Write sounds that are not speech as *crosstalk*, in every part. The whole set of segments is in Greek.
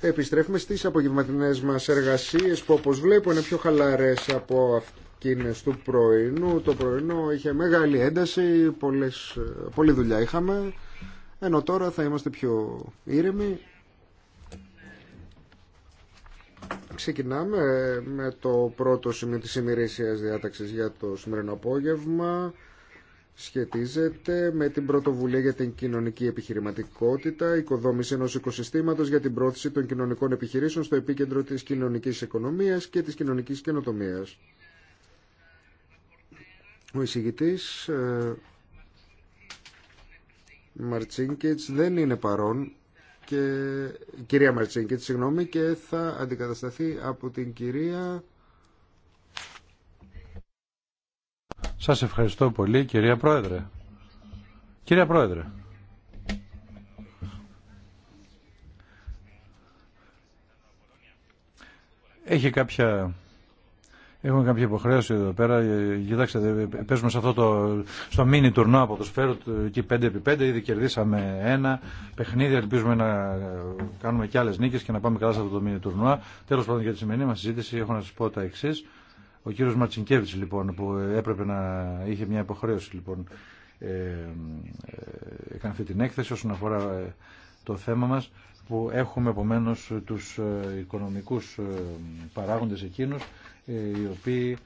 Επιστρέφουμε στι απογευματινέ μα εργασίε που όπω βλέπω είναι πιο χαλαρέ από εκείνε του πρωινού. Το πρωινό είχε μεγάλη ένταση, πολλές, πολλή δουλειά είχαμε, ενώ τώρα θα είμαστε πιο ήρεμοι. Ξεκινάμε με το πρώτο σημείο της ημερησία διάταξη για το σημερινό απόγευμα σχετίζεται με την πρωτοβουλία για την κοινωνική επιχειρηματικότητα, οικοδόμηση ενός οικοσυστήματος για την πρόθεση των κοινωνικών επιχειρήσεων στο επίκεντρο της κοινωνικής οικονομίας και της κοινωνικής καινοτομία. Ο εισηγητή ε, δεν είναι παρόν και κυρία Μαρτσίνκετς, συγγνώμη, και θα αντικατασταθεί από την κυρία Σας ευχαριστώ πολύ κυρία Πρόεδρε. Κυρία Πρόεδρε. Έχει κάποια... Έχουμε κάποια υποχρέωση εδώ πέρα. Κοιτάξτε, παίζουμε σε αυτό το, στο μίνι τουρνό από το σφαίρο εκεί 5x5. Ήδη κερδίσαμε ένα παιχνίδι. Ελπίζουμε να κάνουμε και άλλε νίκε και να πάμε καλά σε αυτό το μίνι τουρνό. Τέλο πάντων, για τη σημερινή μα συζήτηση έχω να σα πω τα εξή. Ο κύριος Ματσινκέβιτς λοιπόν που έπρεπε να είχε μια υποχρέωση λοιπόν ε, ε έκανε αυτή την έκθεση όσον αφορά ε, το θέμα μας που έχουμε επομένω τους ε, οικονομικούς παράγοντες εκείνους οι οποίοι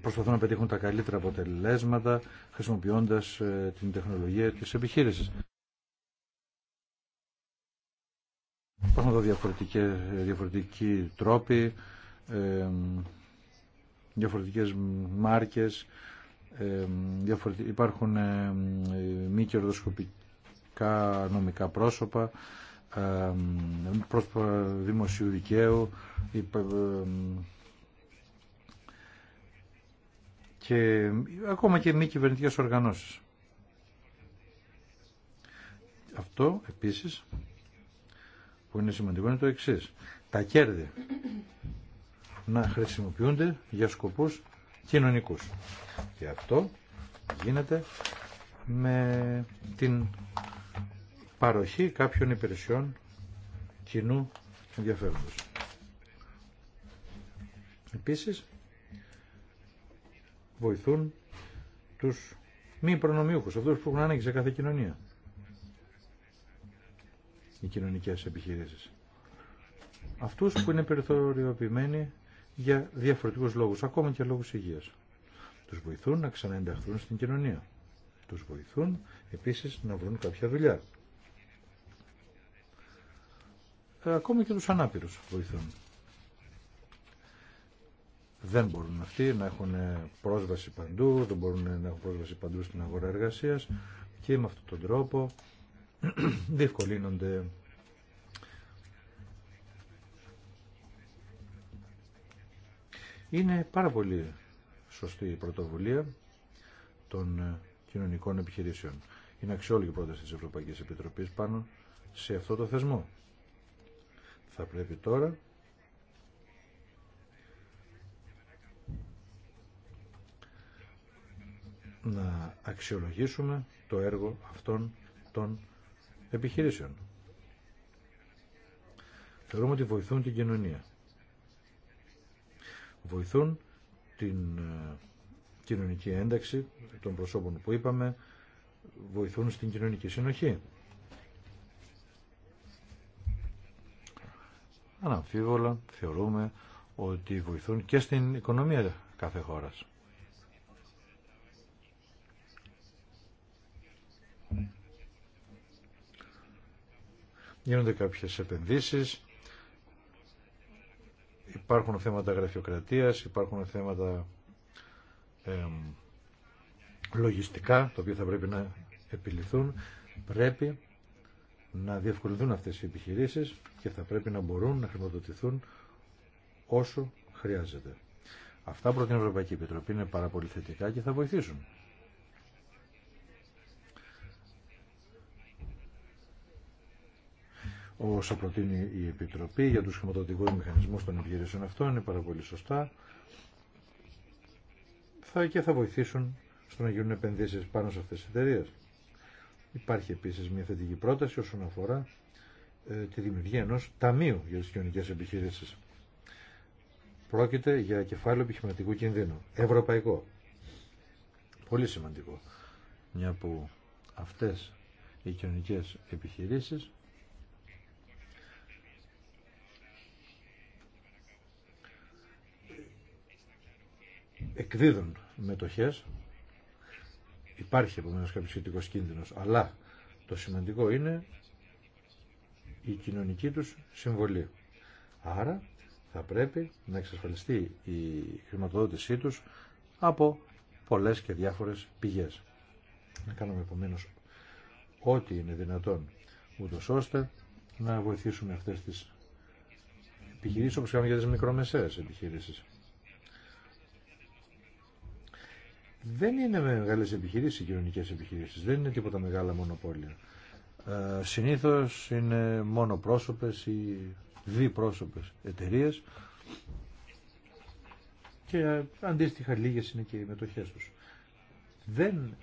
προσπαθούν να πετύχουν τα καλύτερα αποτελέσματα χρησιμοποιώντας την τεχνολογία της επιχείρησης. Υπάρχουν εδώ διαφορετικοί τρόποι ε, διαφορετικές μάρκες, υπάρχουν ε, μη κερδοσκοπικά νομικά πρόσωπα, ε, πρόσωπα δημοσίου δικαίου και ακόμα και μη κυβερνητικές οργανώσεις. Αυτό επίσης που είναι σημαντικό είναι το εξής. Τα κέρδη να χρησιμοποιούνται για σκοπούς κοινωνικούς. Και αυτό γίνεται με την παροχή κάποιων υπηρεσιών κοινού ενδιαφέροντος. Επίσης, βοηθούν τους μη προνομιούχους, αυτούς που έχουν ανάγκη σε κάθε κοινωνία. Οι κοινωνικές επιχειρήσεις. Αυτούς που είναι περιθωριοποιημένοι για διαφορετικούς λόγους, ακόμα και λόγους υγείας. Τους βοηθούν να ξαναενταχθούν στην κοινωνία. Τους βοηθούν επίσης να βρουν κάποια δουλειά. Ε, ακόμα και τους ανάπηρους βοηθούν. Δεν μπορούν αυτοί να έχουν πρόσβαση παντού, δεν μπορούν να έχουν πρόσβαση παντού στην αγορά εργασίας και με αυτόν τον τρόπο *clears throat* διευκολύνονται Είναι πάρα πολύ σωστή η πρωτοβουλία των κοινωνικών επιχειρήσεων. Είναι αξιόλογη πρόταση της Ευρωπαϊκής Επιτροπής πάνω σε αυτό το θεσμό. Θα πρέπει τώρα να αξιολογήσουμε το έργο αυτών των επιχειρήσεων. Θεωρούμε ότι βοηθούν την κοινωνία βοηθούν την ε, κοινωνική ένταξη των προσώπων που είπαμε, βοηθούν στην κοινωνική συνοχή. Αναμφίβολα θεωρούμε ότι βοηθούν και στην οικονομία κάθε χώρας. Γίνονται κάποιες επενδύσεις Υπάρχουν θέματα γραφειοκρατίας, υπάρχουν θέματα λογιστικά, τα οποία θα πρέπει να επιληθούν. Πρέπει να διευκολυνθούν αυτές οι επιχειρήσεις και θα πρέπει να μπορούν να χρηματοδοτηθούν όσο χρειάζεται. Αυτά προ την Ευρωπαϊκή Επιτροπή είναι πάρα πολύ θετικά και θα βοηθήσουν. όσα προτείνει η Επιτροπή για τους χρηματοδοτικούς μηχανισμούς των επιχειρήσεων αυτών είναι πάρα πολύ σωστά θα και θα βοηθήσουν στο να γίνουν επενδύσεις πάνω σε αυτές τις εταιρείε. Υπάρχει επίσης μια θετική πρόταση όσον αφορά ε, τη δημιουργία ενός ταμείου για τις κοινωνικές επιχειρήσεις. Πρόκειται για κεφάλαιο επιχειρηματικού κινδύνου. Ευρωπαϊκό. Πολύ σημαντικό. Μια που αυτές οι κοινωνικές επιχειρήσεις εκδίδουν μετοχές υπάρχει επομένως κάποιος σχετικός κίνδυνος αλλά το σημαντικό είναι η κοινωνική τους συμβολή άρα θα πρέπει να εξασφαλιστεί η χρηματοδότησή τους από πολλές και διάφορες πηγές να κάνουμε επομένως ό,τι είναι δυνατόν ούτως ώστε να βοηθήσουμε αυτές τις επιχειρήσεις όπως κάνουμε για τις μικρομεσαίες επιχειρήσεις. δεν είναι μεγάλε επιχειρήσει οι κοινωνικές επιχειρήσεις, δεν είναι τίποτα μεγάλα μονοπόλια. Ε, συνήθως είναι μόνο πρόσωπε ή διπρόσωπε εταιρείε και αντίστοιχα λίγε είναι και οι μετοχέ του. Δεν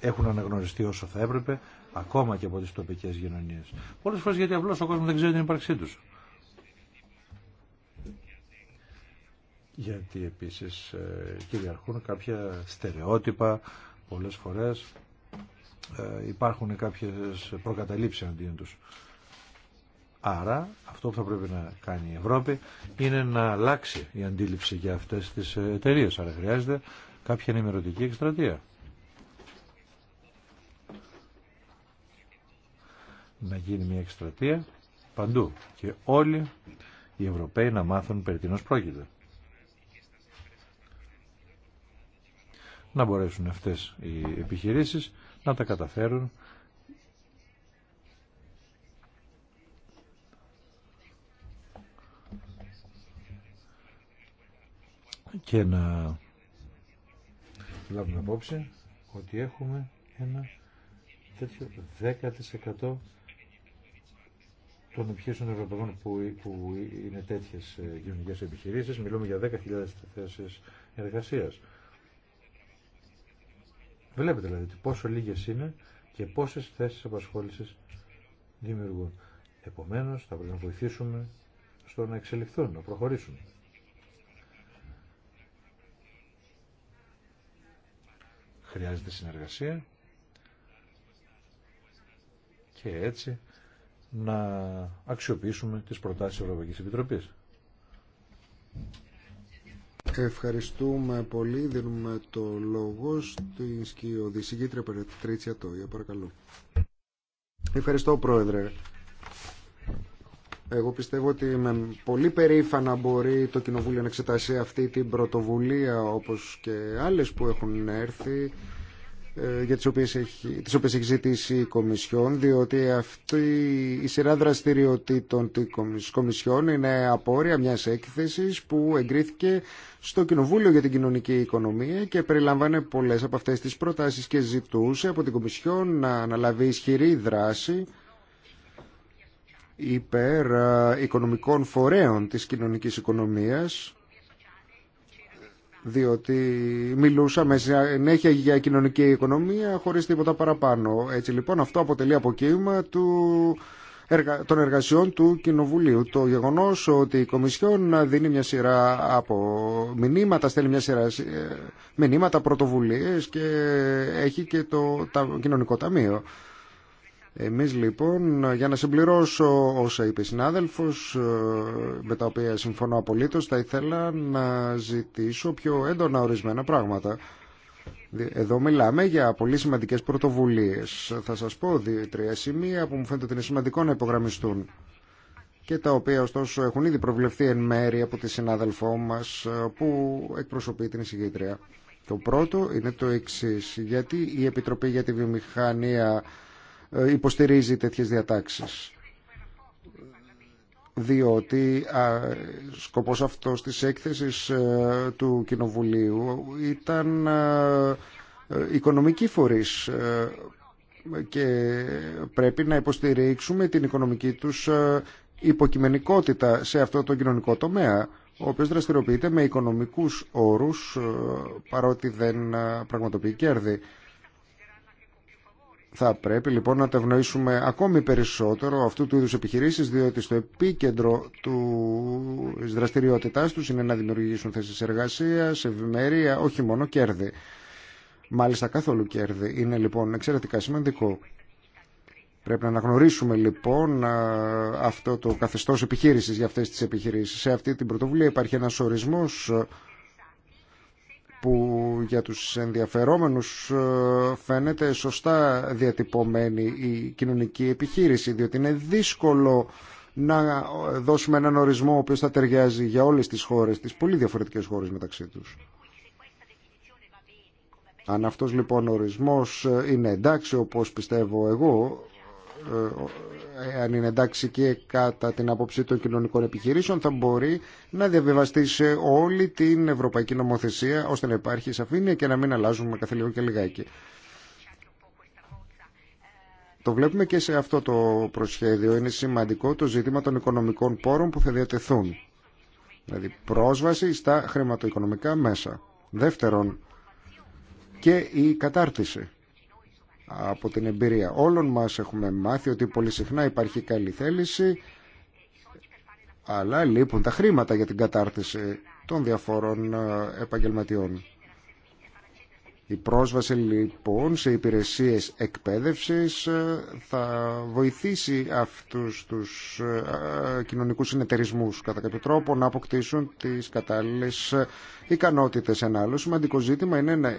έχουν αναγνωριστεί όσο θα έπρεπε ακόμα και από τι τοπικέ κοινωνίε. Πολλές φορές γιατί απλώς ο κόσμος δεν ξέρει την ύπαρξή του. γιατί επίσης ε, κυριαρχούν κάποια στερεότυπα πολλές φορές ε, υπάρχουν κάποιες προκαταλήψεις αντίον τους. Άρα αυτό που θα πρέπει να κάνει η Ευρώπη είναι να αλλάξει η αντίληψη για αυτές τις εταιρείε. Άρα χρειάζεται κάποια ενημερωτική εκστρατεία. Να γίνει μια εκστρατεία παντού και όλοι οι Ευρωπαίοι να μάθουν περί τίνος πρόκειται. να μπορέσουν αυτές οι επιχειρήσεις να τα καταφέρουν και να λάβουμε απόψη ότι έχουμε ένα τέτοιο 10% των επιχειρήσεων Ευρωπαϊκών που, που είναι τέτοιες ε, κοινωνικές επιχειρήσεις. Μιλούμε για 10.000 θέσεις εργασίας. Βλέπετε δηλαδή πόσο λίγες είναι και πόσες θέσεις απασχόλησης δημιουργούν. Επομένως θα πρέπει να βοηθήσουμε στο να εξελιχθούν, να προχωρήσουν. Χρειάζεται συνεργασία και έτσι να αξιοποιήσουμε τις προτάσεις της Ευρωπαϊκής Επιτροπής. Ευχαριστούμε πολύ. Δίνουμε το λόγο στην σκιώδη Συγκίτρια Περιτρίτσια Τόγια. Παρακαλώ. Ευχαριστώ Πρόεδρε. Εγώ πιστεύω ότι με πολύ περήφανα μπορεί το Κοινοβούλιο να εξετάσει αυτή την πρωτοβουλία όπως και άλλες που έχουν έρθει ε, για τις οποίες, έχει, τις οποίες έχει ζητήσει η Κομισιόν, διότι αυτή η σειρά δραστηριοτήτων της Κομισιόν είναι απόρρια μιας έκθεσης που εγκρίθηκε στο Κοινοβούλιο για την Κοινωνική Οικονομία και περιλαμβάνε πολλές από αυτές τις προτάσεις και ζητούσε από την Κομισιόν να αναλάβει ισχυρή δράση υπέρ ε, οικονομικών φορέων της κοινωνικής οικονομίας διότι μιλούσαμε συνέχεια για κοινωνική οικονομία χωρίς τίποτα παραπάνω. Έτσι λοιπόν αυτό αποτελεί αποκύημα του των εργασιών του Κοινοβουλίου. Το γεγονός ότι η Κομισιόν δίνει μια σειρά από μηνύματα, στέλνει μια σειρά ε, μηνύματα, πρωτοβουλίες και έχει και το κοινωνικό ταμείο. Εμείς λοιπόν, για να συμπληρώσω όσα είπε η συνάδελφος, ε, με τα οποία συμφωνώ απολύτως, θα ήθελα να ζητήσω πιο έντονα ορισμένα πράγματα. Εδώ μιλάμε για πολύ σημαντικές πρωτοβουλίες. Θα σας πω δύο-τρία σημεία που μου φαίνεται ότι είναι σημαντικό να υπογραμμιστούν και τα οποία ωστόσο έχουν ήδη προβλεφθεί εν μέρη από τη συνάδελφό μας ε, που εκπροσωπεί την εισηγήτρια. Το πρώτο είναι το εξή γιατί η Επιτροπή για τη Βιομηχανία υποστηρίζει τέτοιες διατάξεις διότι α, σκοπός αυτός της έκθεσης ε, του Κοινοβουλίου ήταν ε, οικονομική φορείς ε, και πρέπει να υποστηρίξουμε την οικονομική τους υποκειμενικότητα σε αυτό το κοινωνικό τομέα ο οποίος δραστηριοποιείται με οικονομικούς όρους παρότι δεν πραγματοποιεί κέρδη. Θα πρέπει λοιπόν να τα ευνοήσουμε ακόμη περισσότερο αυτού του είδους επιχειρήσεις διότι στο επίκεντρο του δραστηριότητάς τους είναι να δημιουργήσουν θέσεις εργασίας, ευημερία, όχι μόνο κέρδη. Μάλιστα καθόλου κέρδη. Είναι λοιπόν εξαιρετικά σημαντικό. Πρέπει να αναγνωρίσουμε λοιπόν αυτό το καθεστώς επιχείρησης για αυτές τις επιχειρήσεις. Σε αυτή την πρωτοβουλία υπάρχει ένας ορισμός που για τους ενδιαφερόμενους ε, φαίνεται σωστά διατυπωμένη η κοινωνική επιχείρηση, διότι είναι δύσκολο να ε, δώσουμε έναν ορισμό ο οποίος θα ταιριάζει για όλες τις χώρες, τις πολύ διαφορετικές χώρες μεταξύ τους. Αν αυτός λοιπόν ο ορισμός ε, είναι εντάξει όπως πιστεύω εγώ, ε, αν είναι εντάξει και κατά την άποψη των κοινωνικών επιχειρήσεων, θα μπορεί να διαβιβαστεί σε όλη την ευρωπαϊκή νομοθεσία, ώστε να υπάρχει σαφήνεια και να μην αλλάζουμε κάθε λίγο και λιγάκι. Το βλέπουμε και σε αυτό το προσχέδιο. Είναι σημαντικό το ζήτημα των οικονομικών πόρων που θα διατεθούν. Δηλαδή πρόσβαση στα χρηματοοικονομικά μέσα. Δεύτερον, και η κατάρτιση από την εμπειρία όλων μας έχουμε μάθει ότι πολύ συχνά υπάρχει καλή θέληση αλλά λείπουν τα χρήματα για την κατάρτιση των διαφόρων ε, επαγγελματιών. Η πρόσβαση λοιπόν σε υπηρεσίες εκπαίδευσης ε, θα βοηθήσει αυτούς τους ε, κοινωνικούς συνεταιρισμούς κατά κάποιο τρόπο να αποκτήσουν τις κατάλληλες ικανότητες. Ένα άλλο σημαντικό ζήτημα είναι να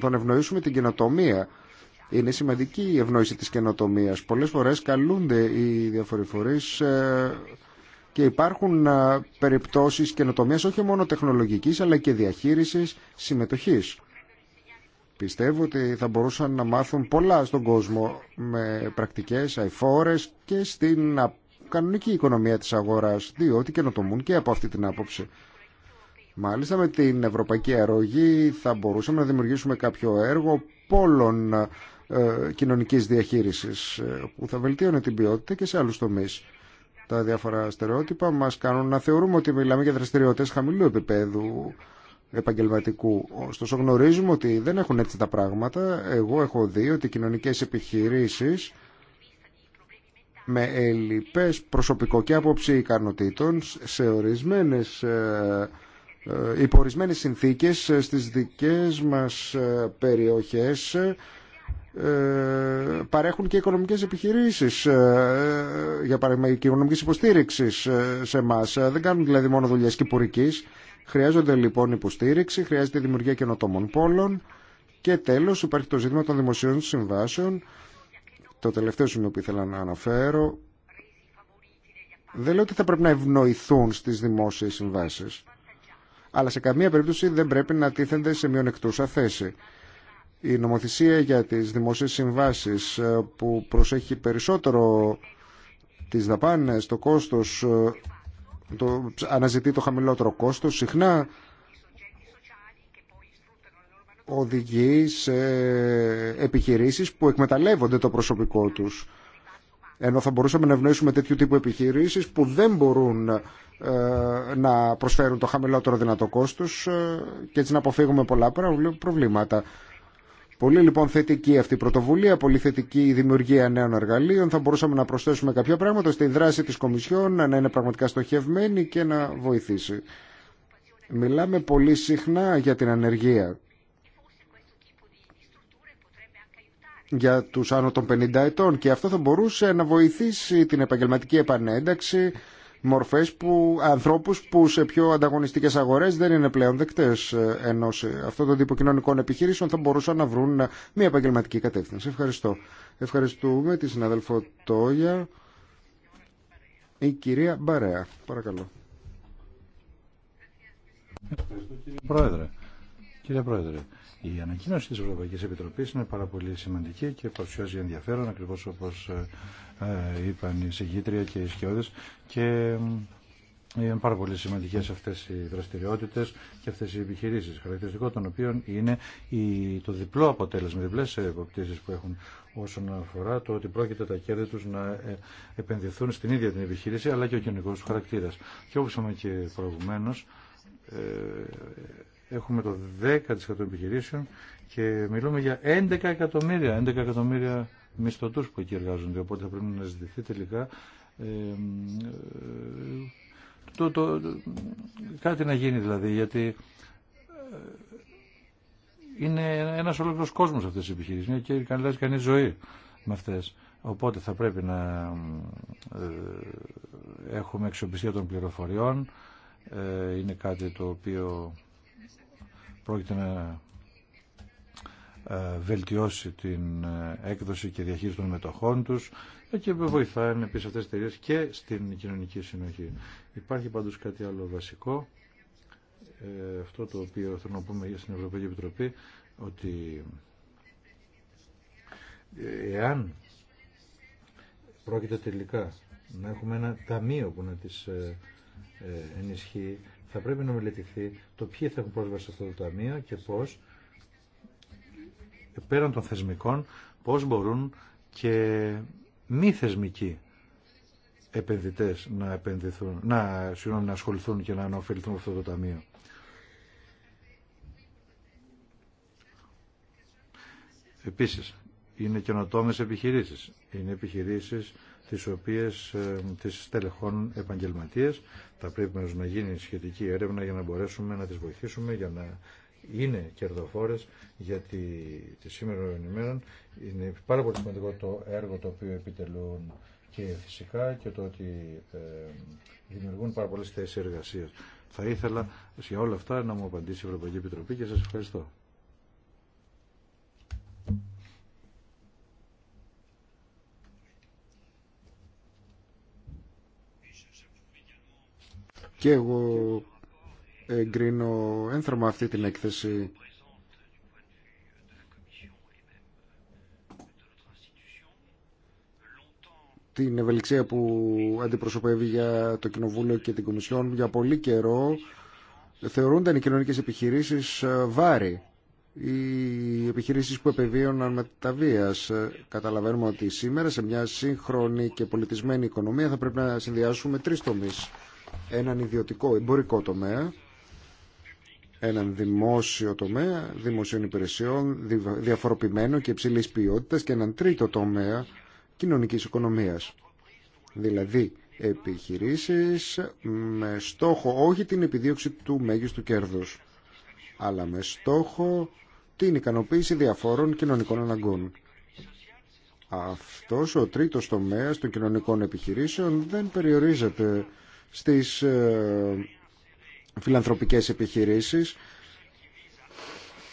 τον ευνοήσουμε την κοινοτομία είναι σημαντική η ευνόηση της καινοτομίας. Πολλές φορές καλούνται οι διαφορεφορείς ε, και υπάρχουν ε, περιπτώσεις καινοτομίας όχι μόνο τεχνολογικής αλλά και διαχείρισης συμμετοχής. Πιστεύω ότι θα μπορούσαν να μάθουν πολλά στον κόσμο με πρακτικές αϊφόρες και στην κανονική οικονομία της αγοράς, διότι καινοτομούν και από αυτή την άποψη. Μάλιστα με την Ευρωπαϊκή Αρρωγή θα μπορούσαμε να δημιουργήσουμε κάποιο έργο πόλων ε, κοινωνικής διαχείρισης ε, που θα βελτίωνε την ποιότητα και σε άλλους τομείς. Τα διάφορα στερεότυπα μας κάνουν να θεωρούμε ότι μιλάμε για δραστηριότητες χαμηλού επίπεδου επαγγελματικού. Ωστόσο γνωρίζουμε ότι δεν έχουν έτσι τα πράγματα. Εγώ έχω δει ότι οι κοινωνικές επιχειρήσεις με ελλειπές προσωπικό και άποψη ικανοτήτων σε ορισμένες ε, υπορισμένες συνθήκες στις δικές μας περιοχές ε, παρέχουν και οικονομικές επιχειρήσεις ε, για παράδειγμα και οικονομικής υποστήριξης ε, σε εμά. δεν κάνουν δηλαδή μόνο δουλειές κυπουρικής χρειάζονται λοιπόν υποστήριξη χρειάζεται η δημιουργία καινοτόμων πόλων και τέλος υπάρχει το ζήτημα των δημοσίων συμβάσεων το τελευταίο σημείο που ήθελα να αναφέρω δεν λέω ότι θα πρέπει να ευνοηθούν στις δημόσιες συμβάσεις αλλά σε καμία περίπτωση δεν πρέπει να τίθενται σε μειονεκτούσα θέση η νομοθεσία για τις δημοσίες συμβάσεις ε, που προσέχει περισσότερο τις δαπάνες, το κόστος, ε, το, αναζητεί το χαμηλότερο κόστος, συχνά οδηγεί σε επιχειρήσεις που εκμεταλλεύονται το προσωπικό τους. Ενώ θα μπορούσαμε να ευνοήσουμε τέτοιου τύπου επιχειρήσεις που δεν μπορούν ε, να προσφέρουν το χαμηλότερο δυνατό κόστος και έτσι να αποφύγουμε πολλά προβλήματα. Πολύ λοιπόν θετική αυτή η πρωτοβουλία, πολύ θετική η δημιουργία νέων εργαλείων. Θα μπορούσαμε να προσθέσουμε κάποια πράγματα στη δράση της Κομισιόν να είναι πραγματικά στοχευμένη και να βοηθήσει. Μιλάμε πολύ συχνά για την ανεργία. για τους άνω των 50 ετών και αυτό θα μπορούσε να βοηθήσει την επαγγελματική επανένταξη μορφές που, ανθρώπους που σε πιο ανταγωνιστικές αγορές δεν είναι πλέον δεκτές ε, ενώ σε αυτό το τύπο κοινωνικών επιχειρήσεων θα μπορούσαν να βρουν ε, μια επαγγελματική κατεύθυνση. Ευχαριστώ. Ευχαριστούμε τη συναδελφό Τόγια. Η κυρία Μπαρέα, παρακαλώ. Ευχαριστώ κύριε Πρόεδρε. Κύριε Πρόεδρε, η ανακοίνωση της Ευρωπαϊκής Επιτροπής είναι πάρα πολύ σημαντική και παρουσιάζει ενδιαφέρον ακριβώς όπως ε, ε, είπαν οι συγκήτρια και οι σκιώδες και ε, είναι πάρα πολύ σημαντικές αυτές οι δραστηριότητες και αυτές οι επιχειρήσεις, χαρακτηριστικό των οποίων είναι το διπλό αποτέλεσμα, διπλές εποπτήσεις που έχουν όσον αφορά το ότι πρόκειται τα κέρδη τους να ε, επενδυθούν στην ίδια την επιχείρηση αλλά και ο κοινωνικός του χαρακτήρας. Και όπως είπαμε και προηγουμένως, έχουμε το 10% επιχειρήσεων και μιλούμε για 11 εκατομμύρια, 11 εκατομμύρια μισθωτούς που εκεί εργάζονται. Οπότε θα πρέπει να ζητηθεί τελικά ε, το, το, κάτι να γίνει δηλαδή, γιατί ε, είναι ένας ολόκληρος κόσμος αυτές οι επιχειρήσεις και κανείς κανείς ζωή με αυτές. Οπότε θα πρέπει να ε, έχουμε εξοπιστία των πληροφοριών, ε, είναι κάτι το οποίο πρόκειται να ε, βελτιώσει την ε, έκδοση και διαχείριση των μετοχών τους ε, και βοηθάνε επίσης αυτές τις εταιρείε και στην κοινωνική συνοχή. Υπάρχει πάντως κάτι άλλο βασικό, αυτό το οποίο θέλω να πούμε στην Ευρωπαϊκή Επιτροπή, ότι εάν πρόκειται τελικά να έχουμε ένα ταμείο που να τις ενισχύει, θα πρέπει να μελετηθεί το ποιοι θα έχουν πρόσβαση σε αυτό το ταμείο και πώς πέραν των θεσμικών πώς μπορούν και μη θεσμικοί επενδυτές να, επενδυθούν, να, συγγνώμη, να ασχοληθούν και να αναφερθούν αυτό το ταμείο. Επίσης, είναι καινοτόμες επιχειρήσεις. Είναι επιχειρήσεις τις οποίες ε, τις τελεχών επαγγελματίες. Θα πρέπει να γίνει σχετική έρευνα για να μπορέσουμε να τις βοηθήσουμε, για να είναι κερδοφόρες γιατί τη σήμερα ημέρα είναι πάρα πολύ σημαντικό το έργο το οποίο επιτελούν και φυσικά και το ότι ε, δημιουργούν πάρα πολλές θέσεις εργασίας. Θα ήθελα για όλα αυτά να μου απαντήσει η Ευρωπαϊκή Επιτροπή και σας ευχαριστώ. Και εγώ εγκρίνω ένθρωμα αυτή την έκθεση. Την ευελιξία που αντιπροσωπεύει για το Κοινοβούλιο και την Κομισιόν για πολύ καιρό θεωρούνταν οι κοινωνικές επιχειρήσεις βάρη. Οι επιχειρήσεις που επεβίωναν με τα βίας. Καταλαβαίνουμε ότι σήμερα σε μια σύγχρονη και πολιτισμένη οικονομία θα πρέπει να συνδυάσουμε τρεις τομείς. Έναν ιδιωτικό εμπορικό τομέα, έναν δημόσιο τομέα δημοσίων υπηρεσιών διαφοροποιημένο και υψηλής ποιότητας και έναν τρίτο τομέα κοινωνικής οικονομίας. Δηλαδή επιχειρήσεις με στόχο όχι την επιδίωξη του μέγιστου κέρδους αλλά με στόχο την ικανοποίηση διαφόρων κοινωνικών αναγκών. Αυτός ο τρίτος τομέας των κοινωνικών επιχειρήσεων δεν περιορίζεται στις ε, φιλανθρωπικές επιχειρήσεις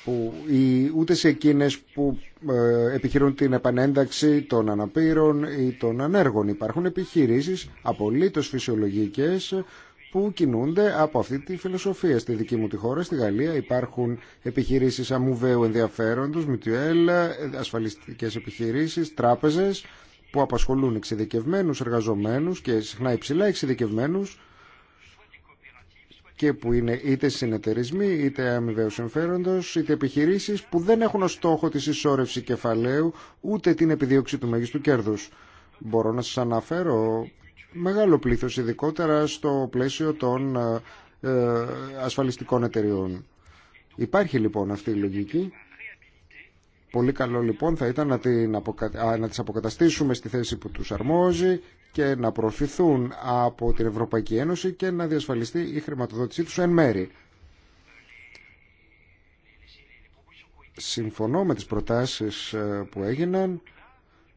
που οι, ούτε σε εκείνες που ε, επιχειρούν την επανένταξη των αναπήρων ή των ανέργων. Υπάρχουν επιχειρήσεις απολύτως φυσιολογικές που κινούνται από αυτή τη φιλοσοφία. Στη δική μου τη χώρα, στη Γαλλία, υπάρχουν επιχειρήσεις αμουβαίου ενδιαφέροντος, Μιτιουέλ, ασφαλιστικές επιχειρήσεις, τράπεζες που απασχολούν εξειδικευμένους εργαζομένους και συχνά υψηλά εξειδικευμένους και που είναι είτε συνεταιρισμοί, είτε αμοιβαίου συμφέροντο, είτε επιχειρήσει που δεν έχουν ως στόχο τη συσσόρευση κεφαλαίου ούτε την επιδίωξη του μέγιστου κέρδου. Μπορώ να σα αναφέρω μεγάλο πλήθο, ειδικότερα στο πλαίσιο των ε, ε, ασφαλιστικών εταιριών. Υπάρχει λοιπόν αυτή η λογική. Πολύ καλό λοιπόν θα ήταν να, την να τις αποκαταστήσουμε στη θέση που τους αρμόζει και να προωθηθούν από την Ευρωπαϊκή Ένωση και να διασφαλιστεί η χρηματοδότησή τους εν μέρη. Συμφωνώ με τις προτάσεις ε, που έγιναν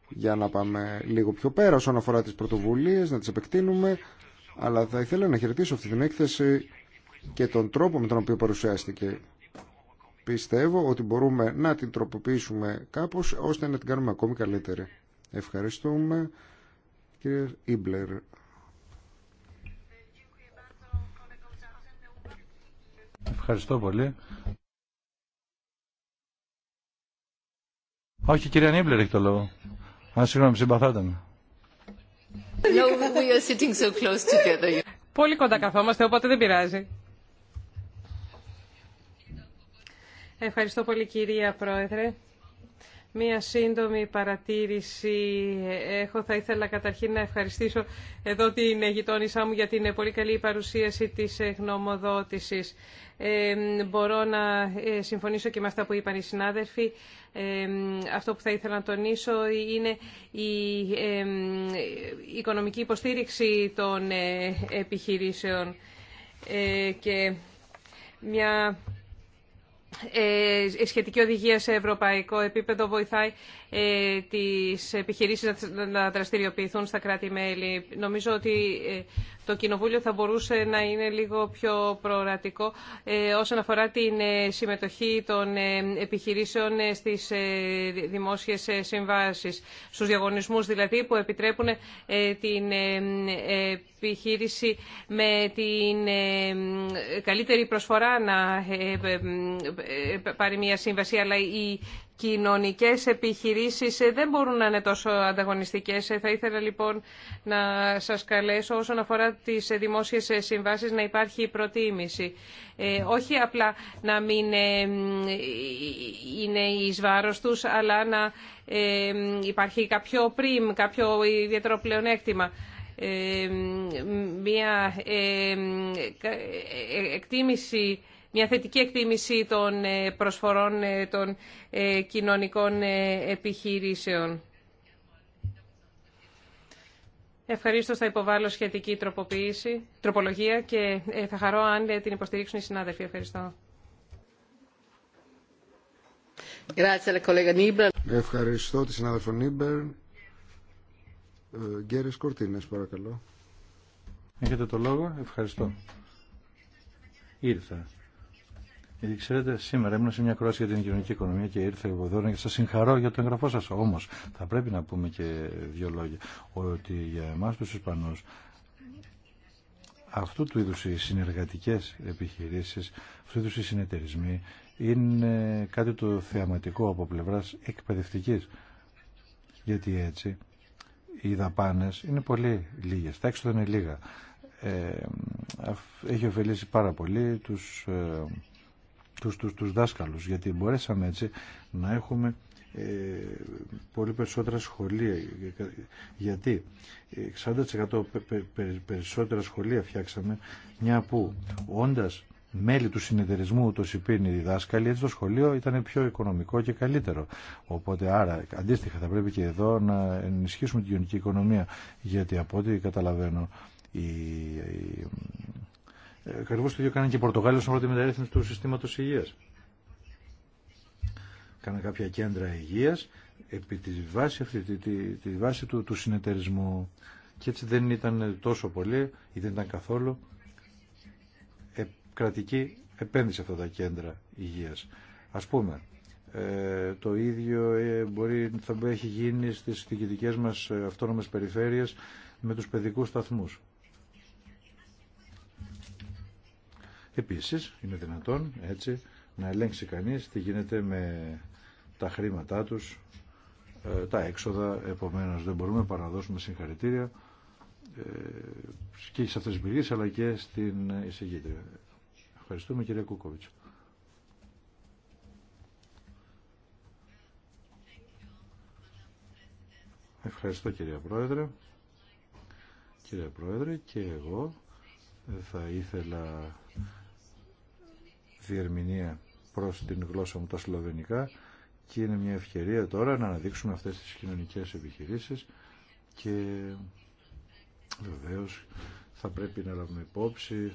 για να πάμε λίγο πιο πέρα όσον αφορά τις πρωτοβουλίες, να τις επεκτείνουμε, αλλά θα ήθελα να χαιρετήσω αυτή την έκθεση και τον τρόπο με τον οποίο παρουσιάστηκε. Πιστεύω ότι μπορούμε να την τροποποιήσουμε κάπως ώστε να την κάνουμε ακόμη καλύτερη. Ευχαριστούμε. Κύριε Ήμπλερ. Ευχαριστώ πολύ. Όχι, κυρία Νίμπλερ έχει το λόγο. Αν συγγνώμη, συμπαθάτε με. Πολύ κοντά καθόμαστε, οπότε δεν πειράζει. Ευχαριστώ πολύ, κυρία Πρόεδρε. Μία σύντομη παρατήρηση έχω. Θα ήθελα καταρχήν να ευχαριστήσω εδώ την γειτόνισά μου για την πολύ καλή παρουσίαση της γνωμοδότησης. Ε, μπορώ να ε, συμφωνήσω και με αυτά που είπαν οι συνάδελφοι. Ε, αυτό που θα ήθελα να τονίσω είναι η οικονομική υποστήριξη των ε, επιχειρήσεων ε, και μια ε, ε, σχετική οδηγία σε ευρωπαϊκό επίπεδο βοηθάει ε, τις επιχειρήσεις να δραστηριοποιηθούν στα κράτη-μέλη. Νομίζω ότι ε, το Κοινοβούλιο θα μπορούσε να είναι λίγο πιο προορατικό ε, όσον αφορά την συμμετοχή των επιχειρήσεων στις δημόσιες συμβάσεις, στους διαγωνισμούς δηλαδή που επιτρέπουν την επιχείρηση με την καλύτερη προσφορά να πάρει μια σύμβαση, αλλά κοινωνικές επιχειρήσεις ε, δεν μπορούν να είναι τόσο ανταγωνιστικές. Ε, θα ήθελα λοιπόν να σας καλέσω όσον αφορά τις ε, δημόσιες συμβάσεις να υπάρχει προτίμηση. όχι απλά να μην είναι εις βάρος τους, αλλά να υπάρχει κάποιο πριμ, κάποιο ιδιαίτερο πλεονέκτημα. μια εκτίμηση μια θετική εκτίμηση των ε, προσφορών ε, των ε, κοινωνικών επιχειρήσεων. Ευχαρίστω θα υποβάλω σχετική τροποποίηση, τροπολογία και θα χαρώ αν την υποστηρίξουν οι συνάδελφοι. Ευχαριστώ. Ευχαριστώ τη συνάδελφο Νίμπερ. Γκέρες Κορτίνες, παρακαλώ. Έχετε το λόγο. Ευχαριστώ. Ήρθα γιατί ξέρετε, σήμερα ήμουν σε μια κρόαση για την κοινωνική οικονομία και ήρθε εγώ εδώ και σα συγχαρώ για το εγγραφό σα. Όμω, θα πρέπει να πούμε και δύο λόγια. Ότι για εμά του Ισπανού αυτού του είδου οι συνεργατικέ επιχειρήσει, αυτού του είδου οι συνεταιρισμοί είναι κάτι το θεαματικό από πλευρά εκπαιδευτική. Γιατί έτσι οι δαπάνε είναι πολύ λίγε. τα έξοδα είναι λίγα. Ε, έχει ωφελήσει πάρα πολύ τους ε, τους, τους, τους δάσκαλους γιατί μπορέσαμε έτσι να έχουμε ε, πολύ περισσότερα σχολεία γιατί 60% ε, περισσότερα σχολεία φτιάξαμε μια που όντας μέλη του συνεταιρισμού το συμπίνει οι δάσκαλοι, έτσι το σχολείο ήταν πιο οικονομικό και καλύτερο. Οπότε άρα αντίστοιχα θα πρέπει και εδώ να ενισχύσουμε την κοινωνική οικονομία γιατί από ό,τι καταλαβαίνω οι, ε, Ακριβώ το ίδιο κάνει και η Πορτογάλια όσον αφορά τη μεταρρύθμιση του συστήματο υγεία. Κάνε κάποια κέντρα υγεία επί τη βάση, τη, βάση του, του συνεταιρισμού. Και έτσι δεν ήταν τόσο πολύ ή δεν ήταν καθόλου ε, κρατική επένδυση αυτά τα κέντρα υγεία. Α πούμε, ε, το ίδιο ε, μπορεί, θα έχει γίνει στι διοικητικέ μα ε, αυτόνομε περιφέρειες με του παιδικού σταθμού Επίσης, είναι δυνατόν έτσι να ελέγξει κανείς τι γίνεται με τα χρήματά τους, ε, τα έξοδα, επομένως δεν μπορούμε παρά να δώσουμε συγχαρητήρια ε, και σε αυτές τις πηγές αλλά και στην εισηγήτρια. Ευχαριστούμε κυρία Κούκοβιτς. Ευχαριστώ κυρία Πρόεδρε. Κύριε Πρόεδρε και εγώ θα ήθελα διερμηνία προς την γλώσσα μου τα σλοβενικά και είναι μια ευκαιρία τώρα να αναδείξουμε αυτές τις κοινωνικές επιχειρήσεις και βεβαίως θα πρέπει να λάβουμε υπόψη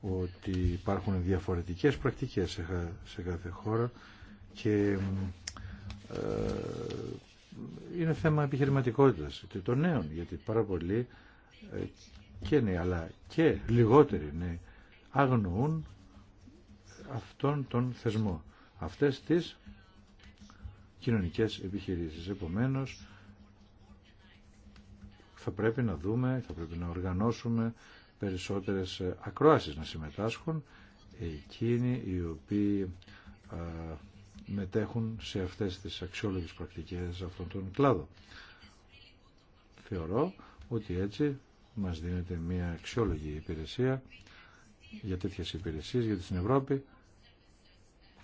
ότι υπάρχουν διαφορετικές πρακτικές σε κάθε χώρα και ε, είναι θέμα επιχειρηματικότητας των νέων γιατί πάρα πολλοί ε, και νέοι αλλά και λιγότεροι νέοι αγνοούν αυτόν τον θεσμό, αυτές τις κοινωνικές επιχειρήσεις. Επομένως, θα πρέπει να δούμε, θα πρέπει να οργανώσουμε περισσότερες ακροάσεις να συμμετάσχουν εκείνοι οι οποίοι μετέχουν σε αυτές τις αξιόλογες πρακτικές αυτών των κλάδων. Θεωρώ ότι έτσι μας δίνεται μια αξιόλογη υπηρεσία για τέτοιες υπηρεσίες, γιατί στην Ευρώπη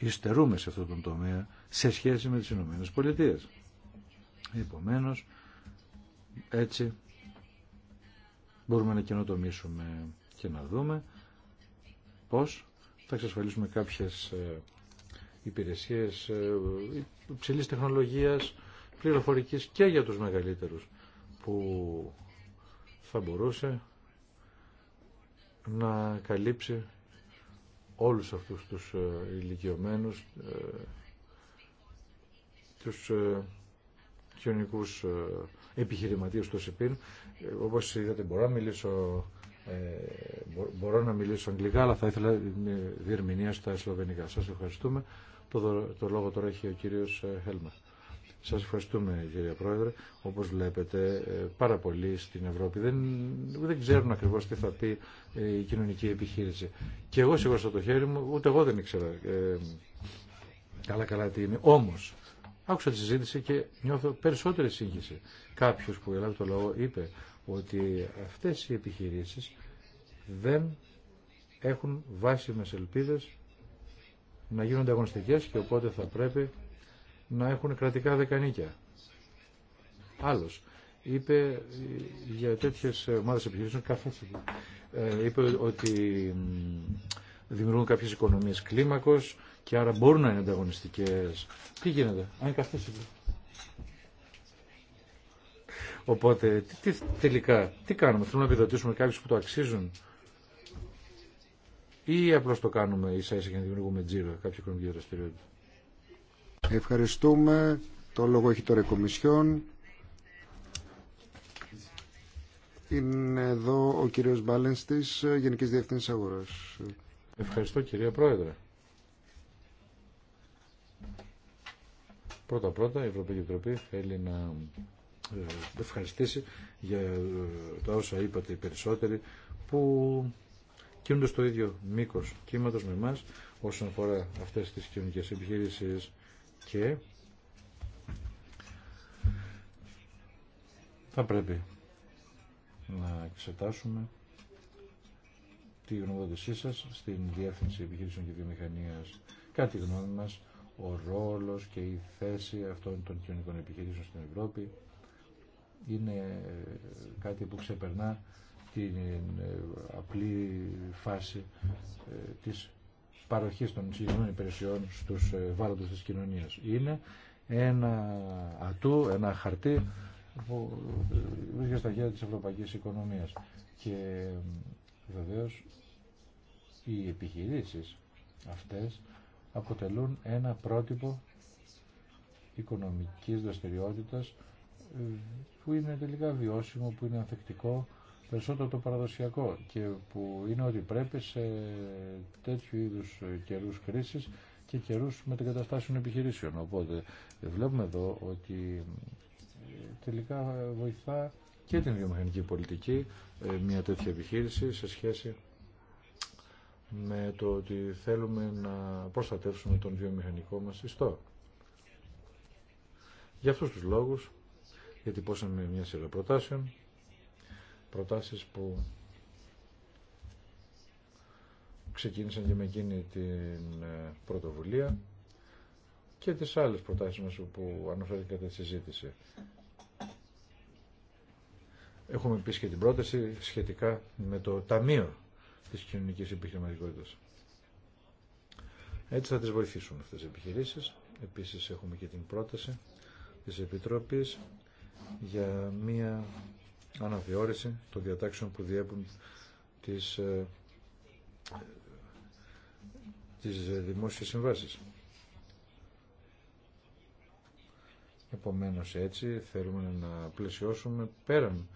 υστερούμε σε αυτόν τον τομέα σε σχέση με τις Ηνωμένες Πολιτείες. Επομένως, έτσι μπορούμε να καινοτομήσουμε και να δούμε πώς θα εξασφαλίσουμε κάποιες ε, υπηρεσίες ε, υψηλής τεχνολογίας, πληροφορικής και για τους μεγαλύτερους που θα μπορούσε να καλύψει όλους αυτούς τους ε, ηλικιωμένους, ε, τους ε, κοινωνικούς επιχειρηματίες του ΣΥΠΗΝ. Όπως είδατε μπορώ να μιλήσω μπορώ να μιλήσω αγγλικά, αλλά θα ήθελα διερμηνία στα σλοβενικά. Σας ευχαριστούμε. Το, το λόγο τώρα έχει ο κύριος Χέλμα. Σας ευχαριστούμε κύριε Πρόεδρε. Όπως βλέπετε ε, πάρα πολύ στην Ευρώπη δεν, δεν ξέρουν ακριβώς τι θα πει ε, η κοινωνική επιχείρηση. Και εγώ σίγουρα το χέρι μου, ούτε εγώ δεν ήξερα ε, καλά καλά τι είναι. Όμως άκουσα τη συζήτηση και νιώθω περισσότερη σύγχυση. Κάποιος που έλαβε το λόγο είπε ότι αυτές οι επιχειρήσεις δεν έχουν βάσιμες ελπίδες να γίνονται αγωνιστικές και οπότε θα πρέπει να έχουν κρατικά δεκανίκια. Άλλος είπε για τέτοιες ε, ομάδες επιχειρήσεων ε, είπε ότι δημιουργούν κάποιες οικονομίες κλίμακος και άρα μπορούν να είναι ανταγωνιστικές. Τι γίνεται, αν είπε. Οπότε, τι, τελικά, τι κάνουμε, θέλουμε να επιδοτήσουμε κάποιους που το αξίζουν ή απλώς το κάνουμε ίσα ίσα για να δημιουργούμε τζίρο κάποια οικονομική δραστηριότητα. Ευχαριστούμε. Το λόγο έχει τώρα η Κομισιόν. Είναι εδώ ο κύριος Μπάλενς της Γενικής Διευθύνσης Αγοράς. Ευχαριστώ κυρία Πρόεδρε. Πρώτα-πρώτα η Ευρωπαϊκή Επιτροπή θέλει να ε, ευχαριστήσει για ε, τα όσα είπατε οι περισσότεροι που κινούνται στο ίδιο μήκος κύματος με εμάς όσον αφορά αυτές τις κοινωνικές επιχειρήσεις και θα πρέπει να εξετάσουμε τη γνωμοδότησή σας στην Διεύθυνση Επιχείρησεων και Βιομηχανίας. Κάτι γνώμη μας, ο ρόλος και η θέση αυτών των κοινωνικών επιχειρήσεων στην Ευρώπη είναι ε, κάτι που ξεπερνά την ε, απλή φάση ε, της πάροχη των συγκεκριμένων υπηρεσιών στους ε, βάρους της κοινωνίας. Είναι ένα ατού, ένα χαρτί που βρίσκεται στα χέρια τη Ευρωπαϊκή οικονομίας. Και ε, βεβαίω οι επιχειρήσει αυτέ αποτελούν ένα πρότυπο οικονομικής δραστηριότητας ε, που είναι τελικά βιώσιμο, που είναι ανθεκτικό περισσότερο το παραδοσιακό και που είναι ότι πρέπει σε τέτοιου είδους καιρούς κρίσης και καιρούς μετεγκαταστάσεων επιχειρήσεων. Οπότε βλέπουμε εδώ ότι ε, τελικά βοηθά και την βιομηχανική πολιτική ε, μια τέτοια επιχείρηση σε σχέση με το ότι θέλουμε να προστατεύσουμε τον βιομηχανικό μας ιστό. Για αυτούς τους λόγους με μια σειρά προτάσεων προτάσεις που ξεκίνησαν και με εκείνη την ε, πρωτοβουλία και τις άλλες προτάσεις μας που αναφέρθηκατε στη συζήτηση. Έχουμε επίσης και την πρόταση σχετικά με το Ταμείο της Κοινωνικής Επιχειρηματικότητας. Έτσι θα τις βοηθήσουν αυτές οι επιχειρήσεις. Επίσης έχουμε και την πρόταση της Επιτρόπης για μία αναθεώρηση των διατάξεων που διέπουν τις, ε, τις δημόσιες συμβάσεις. Επομένως έτσι θέλουμε να πλαισιώσουμε πέραν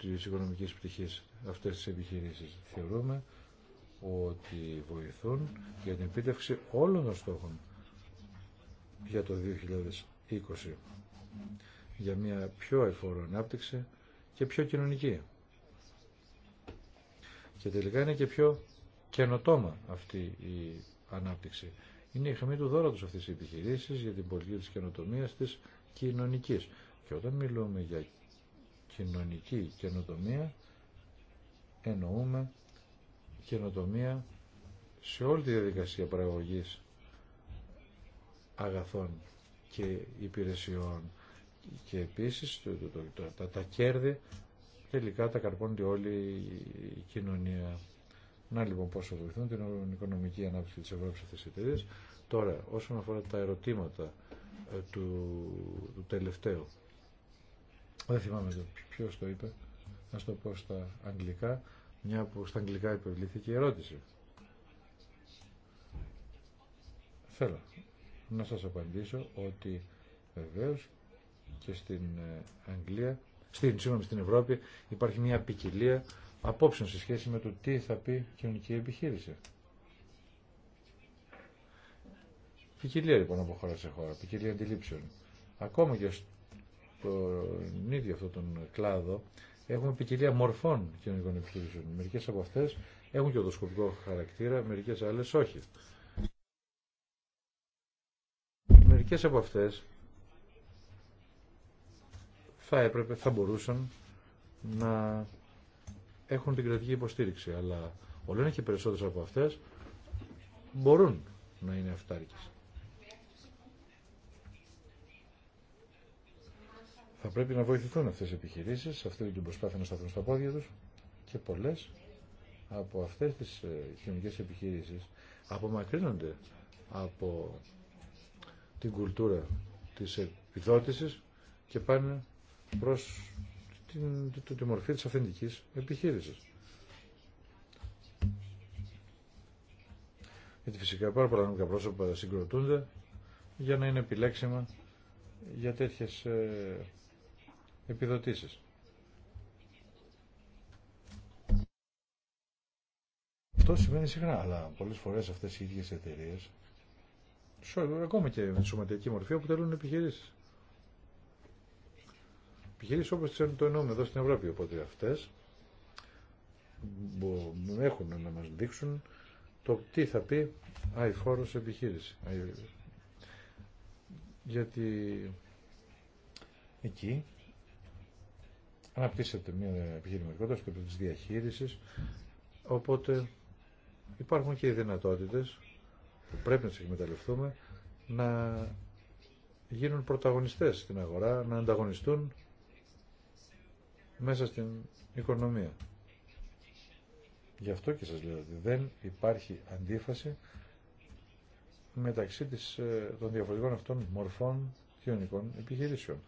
της οικονομικής πτυχής αυτές τις επιχειρήσεις. Θεωρούμε ότι βοηθούν για την επίτευξη όλων των στόχων για το 2020 για μια πιο εφόρο ανάπτυξη και πιο κοινωνική. Και τελικά είναι και πιο καινοτόμα αυτή η ανάπτυξη. Είναι η χαμή του δώρατος αυτής της επιχειρήσης για την πολιτική της καινοτομίας της κοινωνικής. Και όταν μιλούμε για κοινωνική καινοτομία εννοούμε καινοτομία σε όλη τη διαδικασία παραγωγής αγαθών και υπηρεσιών και επίσης το, το, τα, κέρδη τελικά τα καρπώνει όλη η κοινωνία. Να λοιπόν πόσο βοηθούν την οικονομική ανάπτυξη της Ευρώπης αυτής της Τώρα, όσον αφορά τα ερωτήματα ε, του, του τελευταίου, δεν θυμάμαι το, ποιος το είπε, να το πω στα αγγλικά, μια που στα αγγλικά υπευλήθηκε η ερώτηση. Θέλω να σας απαντήσω ότι βεβαίως και στην ε, Αγγλία, στην, στην Ευρώπη υπάρχει μια ποικιλία απόψεων σε σχέση με το τι θα πει κοινωνική επιχείρηση. Ποικιλία λοιπόν από χώρα σε χώρα, ποικιλία αντιλήψεων. Ακόμα και στον ίδιο αυτόν τον κλάδο έχουμε ποικιλία μορφών κοινωνικών επιχειρήσεων. Μερικές από αυτές έχουν και οδοσκοπικό χαρακτήρα, μερικές άλλες όχι. Μερικές από αυτές θα έπρεπε, θα μπορούσαν να έχουν την κρατική υποστήριξη. Αλλά όλο και περισσότερε από αυτές μπορούν να είναι αυτάρκες. Θα πρέπει να βοηθηθούν αυτές οι επιχειρήσεις, σε αυτή την προσπάθεια να σταθούν στα πόδια του. και πολλές από αυτές τις κοινωνικέ ε, επιχειρήσεις απομακρύνονται από την κουλτούρα της επιδότησης και πάνε προ τη, τη μορφή τη αυθεντικής επιχείρηση. Γιατί φυσικά πάρα πολλά νομικά πρόσωπα συγκροτούνται για να είναι επιλέξιμα για τέτοιες ε, επιδοτήσεις. Αυτό σημαίνει συχνά, αλλά πολλές φορές αυτές οι ίδιες εταιρείες, ακόμα και με τη σωματική μορφή, αποτελούν επιχειρήσεις όπω όπως το εννοούμε εδώ στην Ευρώπη. Οπότε αυτές έχουν να μας δείξουν το τι θα πει αηφόρος επιχείρηση. Γιατί εκεί αναπτύσσεται μια επιχειρηματικότητα στο επίπεδο τη διαχείριση, οπότε υπάρχουν και οι δυνατότητες που πρέπει να τι εκμεταλλευτούμε να γίνουν πρωταγωνιστές στην αγορά, να ανταγωνιστούν μέσα στην οικονομία. Γι' αυτό και σας λέω ότι δεν υπάρχει αντίφαση μεταξύ της, ε, των διαφορετικών αυτών μορφών κοινωνικών επιχειρήσεων.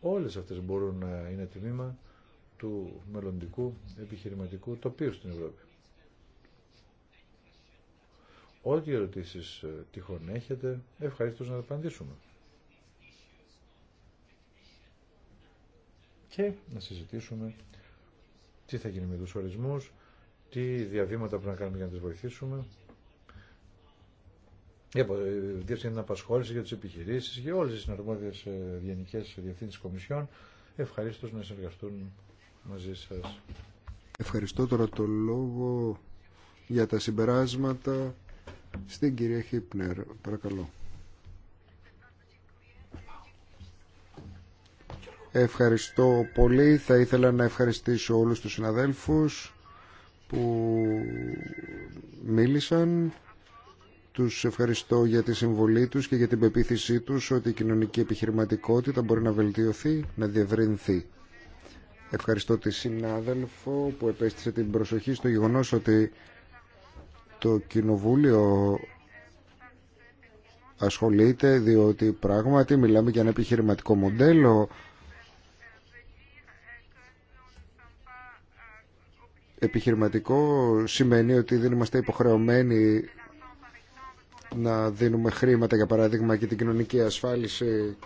Όλες αυτές μπορούν να είναι τμήμα του μελλοντικού επιχειρηματικού τοπίου στην Ευρώπη. Ό,τι ερωτήσεις ε, τυχόν έχετε, ευχαριστώ να απαντήσουμε. και να συζητήσουμε τι θα γίνει με τους ορισμούς, τι διαβήματα πρέπει να κάνουμε για να τις βοηθήσουμε, για την απασχόληση για τις επιχειρήσεις, για όλες τις συναρμόδιες ε, γενικές διευθύνσεις κομισιών. Ευχαριστώ να συνεργαστούν μαζί σας. Ευχαριστώ τώρα το λόγο για τα συμπεράσματα στην κυρία Χίπνερ. Παρακαλώ. Ευχαριστώ πολύ. Θα ήθελα να ευχαριστήσω όλους τους συναδέλφους που μίλησαν. Τους ευχαριστώ για τη συμβολή τους και για την πεποίθησή τους ότι η κοινωνική επιχειρηματικότητα μπορεί να βελτιωθεί, να διευρυνθεί. Ευχαριστώ τη συνάδελφο που επέστησε την προσοχή στο γεγονός ότι το Κοινοβούλιο ασχολείται διότι πράγματι μιλάμε για ένα επιχειρηματικό μοντέλο επιχειρηματικό σημαίνει ότι δεν είμαστε υποχρεωμένοι να δίνουμε χρήματα για παράδειγμα και την κοινωνική ασφάλιση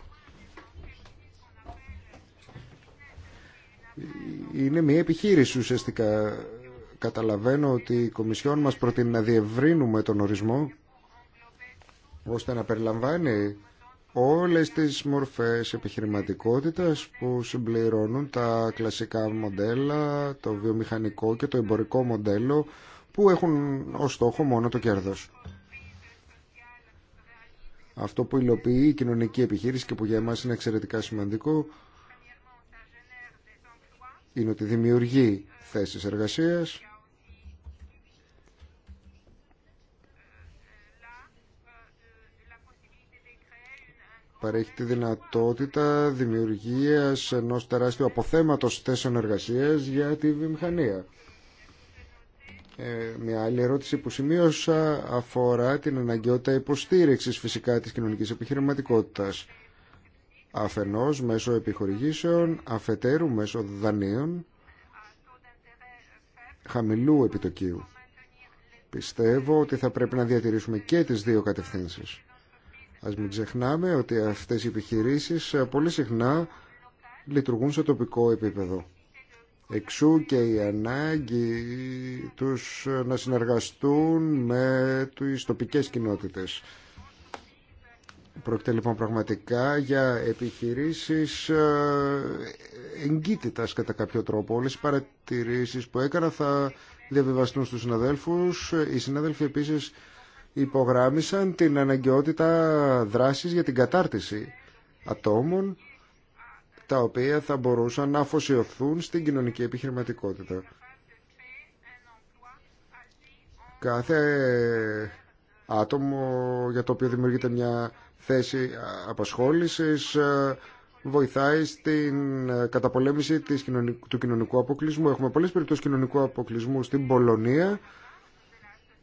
είναι μια επιχείρηση ουσιαστικά καταλαβαίνω ότι η Κομισιόν μας προτείνει να διευρύνουμε τον ορισμό ώστε να περιλαμβάνει όλες τις μορφές επιχειρηματικότητας που συμπληρώνουν τα κλασικά μοντέλα, το βιομηχανικό και το εμπορικό μοντέλο που έχουν ως στόχο μόνο το κέρδος. Αυτό που υλοποιεί η κοινωνική επιχείρηση και που για εμάς είναι εξαιρετικά σημαντικό είναι ότι δημιουργεί θέσεις εργασίας παρέχει τη δυνατότητα δημιουργίας ενός τεράστιου αποθέματος θέσεων εργασίας για τη βιομηχανία. Ε, μια άλλη ερώτηση που σημείωσα αφορά την αναγκαιότητα υποστήριξης φυσικά της κοινωνικής επιχειρηματικότητας. Αφενός μέσω επιχορηγήσεων, αφετέρου μέσω δανείων χαμηλού επιτοκίου. Πιστεύω ότι θα πρέπει να διατηρήσουμε και τις δύο κατευθύνσεις. Ας μην ξεχνάμε ότι αυτές οι επιχειρήσεις ε, πολύ συχνά λειτουργούν σε τοπικό επίπεδο. Εξού και η ανάγκη τους ε, να συνεργαστούν με τις τοπικές κοινότητες. Πρόκειται λοιπόν πραγματικά για επιχειρήσεις ε, εγκύτητας κατά κάποιο τρόπο. Όλες οι παρατηρήσεις που έκανα θα διαβιβαστούν στους συναδέλφους. Οι συνάδελφοι επίσης υπογράμμισαν την αναγκαιότητα δράσης για την κατάρτιση ατόμων τα οποία θα μπορούσαν να αφοσιωθούν στην κοινωνική επιχειρηματικότητα. Κάθε άτομο για το οποίο δημιουργείται μια θέση απασχόλησης ε, βοηθάει στην ε, καταπολέμηση του κοινωνικού αποκλεισμού. Έχουμε πολλές περιπτώσεις κοινωνικού αποκλεισμού στην Πολωνία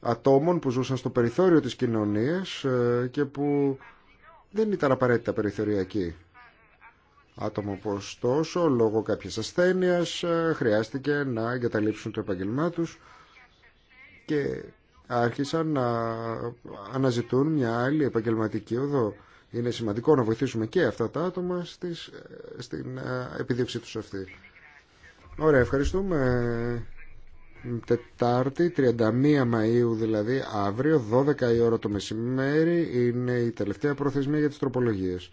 ατόμων που ζούσαν στο περιθώριο της κοινωνίας ε, και που δεν ήταν απαραίτητα περιθωριακοί. άτομο, που ωστόσο λόγω κάποιας ασθένειας ε, χρειάστηκε να εγκαταλείψουν το επαγγελμά τους και άρχισαν να αναζητούν μια άλλη επαγγελματική οδό. Είναι σημαντικό να βοηθήσουμε και αυτά τα άτομα στις, ε, στην επιδίωξή τους αυτή. Ωραία, ευχαριστούμε Τετάρτη, 31 Μαΐου δηλαδή, αύριο, 12 η ώρα το μεσημέρι, είναι η τελευταία προθεσμία για τις τροπολογίες.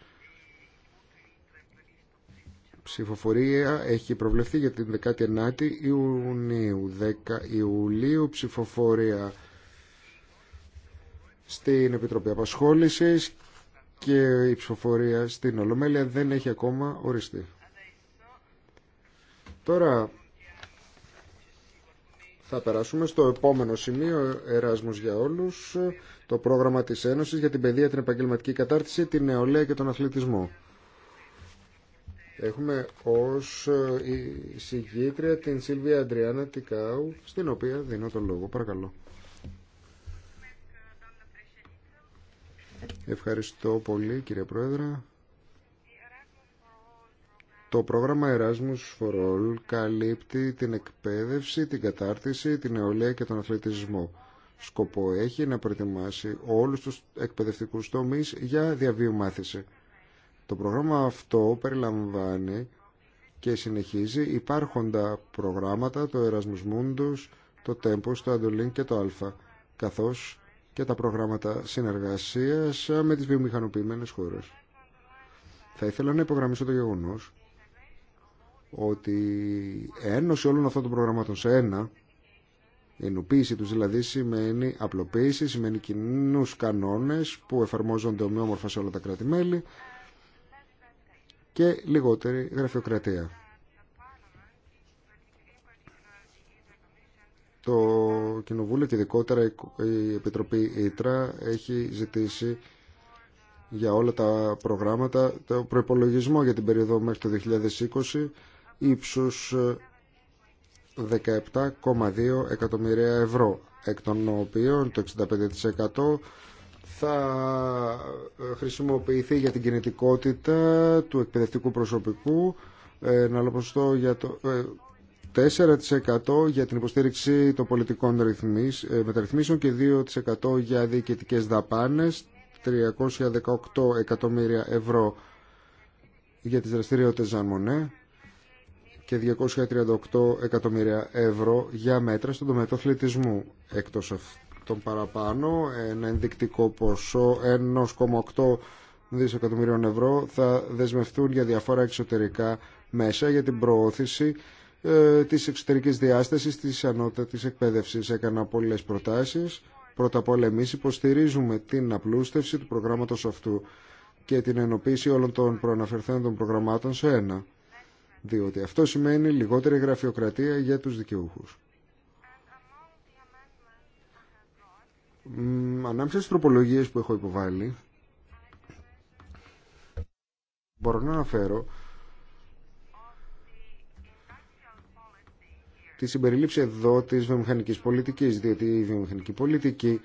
Ψηφοφορία έχει προβλεφθεί για την 19η Ιουνίου, 10 Ιουλίου ψηφοφορία στην Επιτροπή Απασχόλησης και η ψηφοφορία στην Ολομέλεια δεν έχει ακόμα οριστεί. Τώρα θα περάσουμε στο επόμενο σημείο, Εράσμο για όλους, το πρόγραμμα της Ένωσης για την παιδεία, την επαγγελματική κατάρτιση, την νεολαία και τον αθλητισμό. Έχουμε ως ε, συγγήτρια την Σίλβια Αντριάννα Τικάου, στην οποία δίνω τον λόγο. Παρακαλώ. Ευχαριστώ πολύ κύριε Πρόεδρε. Το πρόγραμμα Erasmus for All καλύπτει την εκπαίδευση, την κατάρτιση, την νεολαία και τον αθλητισμό. Σκοπό έχει να προετοιμάσει όλους τους εκπαιδευτικούς τομείς για διαβίωμαθηση. Το πρόγραμμα αυτό περιλαμβάνει και συνεχίζει υπάρχοντα προγράμματα, το Erasmus Mundus, το Tempus, το Αντολίν και το Alpha καθώς και τα προγράμματα συνεργασίας με τις βιομηχανοποιημένες χώρες. Θα ήθελα να υπογραμμίσω το γεγονός ότι ένωση όλων αυτών των προγραμμάτων σε ένα, η ενοποίηση τους δηλαδή σημαίνει απλοποίηση, σημαίνει κοινού κανόνες που εφαρμόζονται ομοιόμορφα σε όλα τα κράτη-μέλη και λιγότερη γραφειοκρατία. Το Κοινοβούλιο και ειδικότερα η Επιτροπή Ήτρα έχει ζητήσει για όλα τα προγράμματα το προϋπολογισμό για την περίοδο μέχρι το 2020 ύψους 17,2 ε, εκατομμυρία ευρώ εκ των οποίων το 65% θα ε, χρησιμοποιηθεί για την κινητικότητα του εκπαιδευτικού προσωπικού ε, ένα άλλο για το 4% για την υποστήριξη των πολιτικών μεταρρυθμίσεων και 2% για διοικητικές δαπάνες 318 εκατομμύρια ευρώ για τις δραστηριότητες Ζαν Μονέ και 238 εκατομμύρια ευρώ για μέτρα στον τομέα του αθλητισμού. Εκτός αυτών παραπάνω, ένα ενδεικτικό ποσό 1,8 δισεκατομμυρίων ευρώ θα δεσμευτούν για διαφορά εξωτερικά μέσα για την προώθηση ε, της εξωτερικής διάστασης της ανώτατης εκπαίδευσης. Έκανα πολλές προτάσεις. Πρώτα απ' όλα εμείς υποστηρίζουμε την απλούστευση του προγράμματος αυτού και την ενοποίηση όλων των προαναφερθέντων προγραμμάτων σε ένα διότι αυτό σημαίνει λιγότερη γραφειοκρατία για τους δικαιούχους. Ανάμεσα στις τροπολογίες που έχω υποβάλει, μπορώ να αναφέρω τη συμπεριλήψη εδώ της βιομηχανικής πολιτικής, διότι η βιομηχανική πολιτική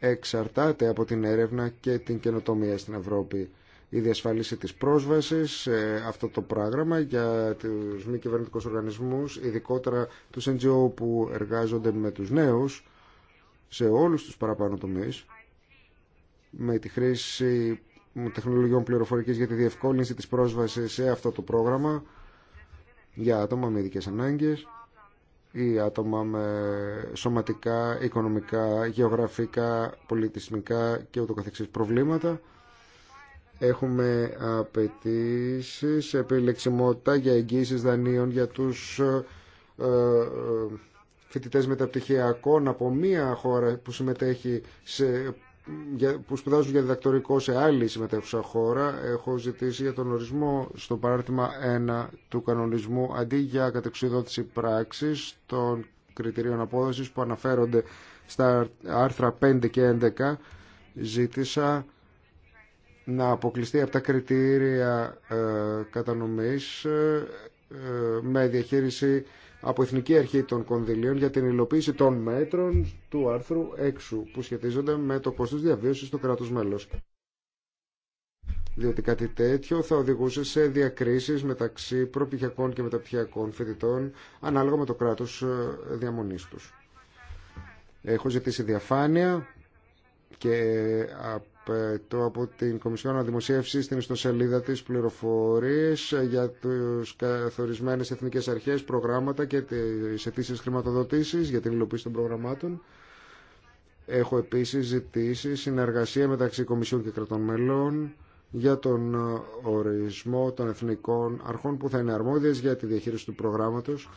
εξαρτάται από την έρευνα και την καινοτομία στην Ευρώπη η διασφάλιση της πρόσβασης σε αυτό το πράγμα για τους μη κυβερνητικούς οργανισμούς, ειδικότερα τους NGO που εργάζονται με τους νέους σε όλους τους παραπάνω τομείς, με τη χρήση τεχνολογιών πληροφορικής για τη διευκόλυνση της πρόσβασης σε αυτό το πρόγραμμα για άτομα με ειδικές ανάγκες ή άτομα με σωματικά, οικονομικά, γεωγραφικά, πολιτισμικά και ούτω καθεξής προβλήματα Έχουμε απαιτήσει επιλεξιμότητα για εγγύησεις δανείων για τους ε, ε, φοιτητέ μεταπτυχιακών από μία χώρα που συμμετέχει σε, που σπουδάζουν για διδακτορικό σε άλλη συμμετέχουσα χώρα. Έχω ζητήσει για τον ορισμό στο παράρτημα 1 του κανονισμού αντί για κατεξοδότηση πράξης των κριτηρίων απόδοσης που αναφέρονται στα άρθρα 5 και 11 ζήτησα να αποκλειστεί από τα κριτήρια ε, κατανομής ε, ε, με διαχείριση από Εθνική Αρχή των Κονδυλίων για την υλοποίηση των μέτρων του άρθρου 6 που σχετίζονται με το κόστος διαβίωσης του κράτους μέλος. Διότι κάτι τέτοιο θα οδηγούσε σε διακρίσεις μεταξύ προπτυχιακών και μεταπτυχιακών φοιτητών ανάλογα με το κράτος ε, διαμονής τους. Έχω ζητήσει διαφάνεια και ε, το από την Κομισιόν να δημοσιεύσει στην ιστοσελίδα της πληροφορίες ε, για τους καθορισμένες εθνικές αρχές, προγράμματα και τις αιτήσεις χρηματοδοτήσεις για την υλοποίηση των προγραμμάτων. Έχω επίσης ζητήσει συνεργασία μεταξύ Κομισιών και κρατών μελών για τον ορισμό των εθνικών αρχών που θα είναι αρμόδιες για τη διαχείριση του προγράμματος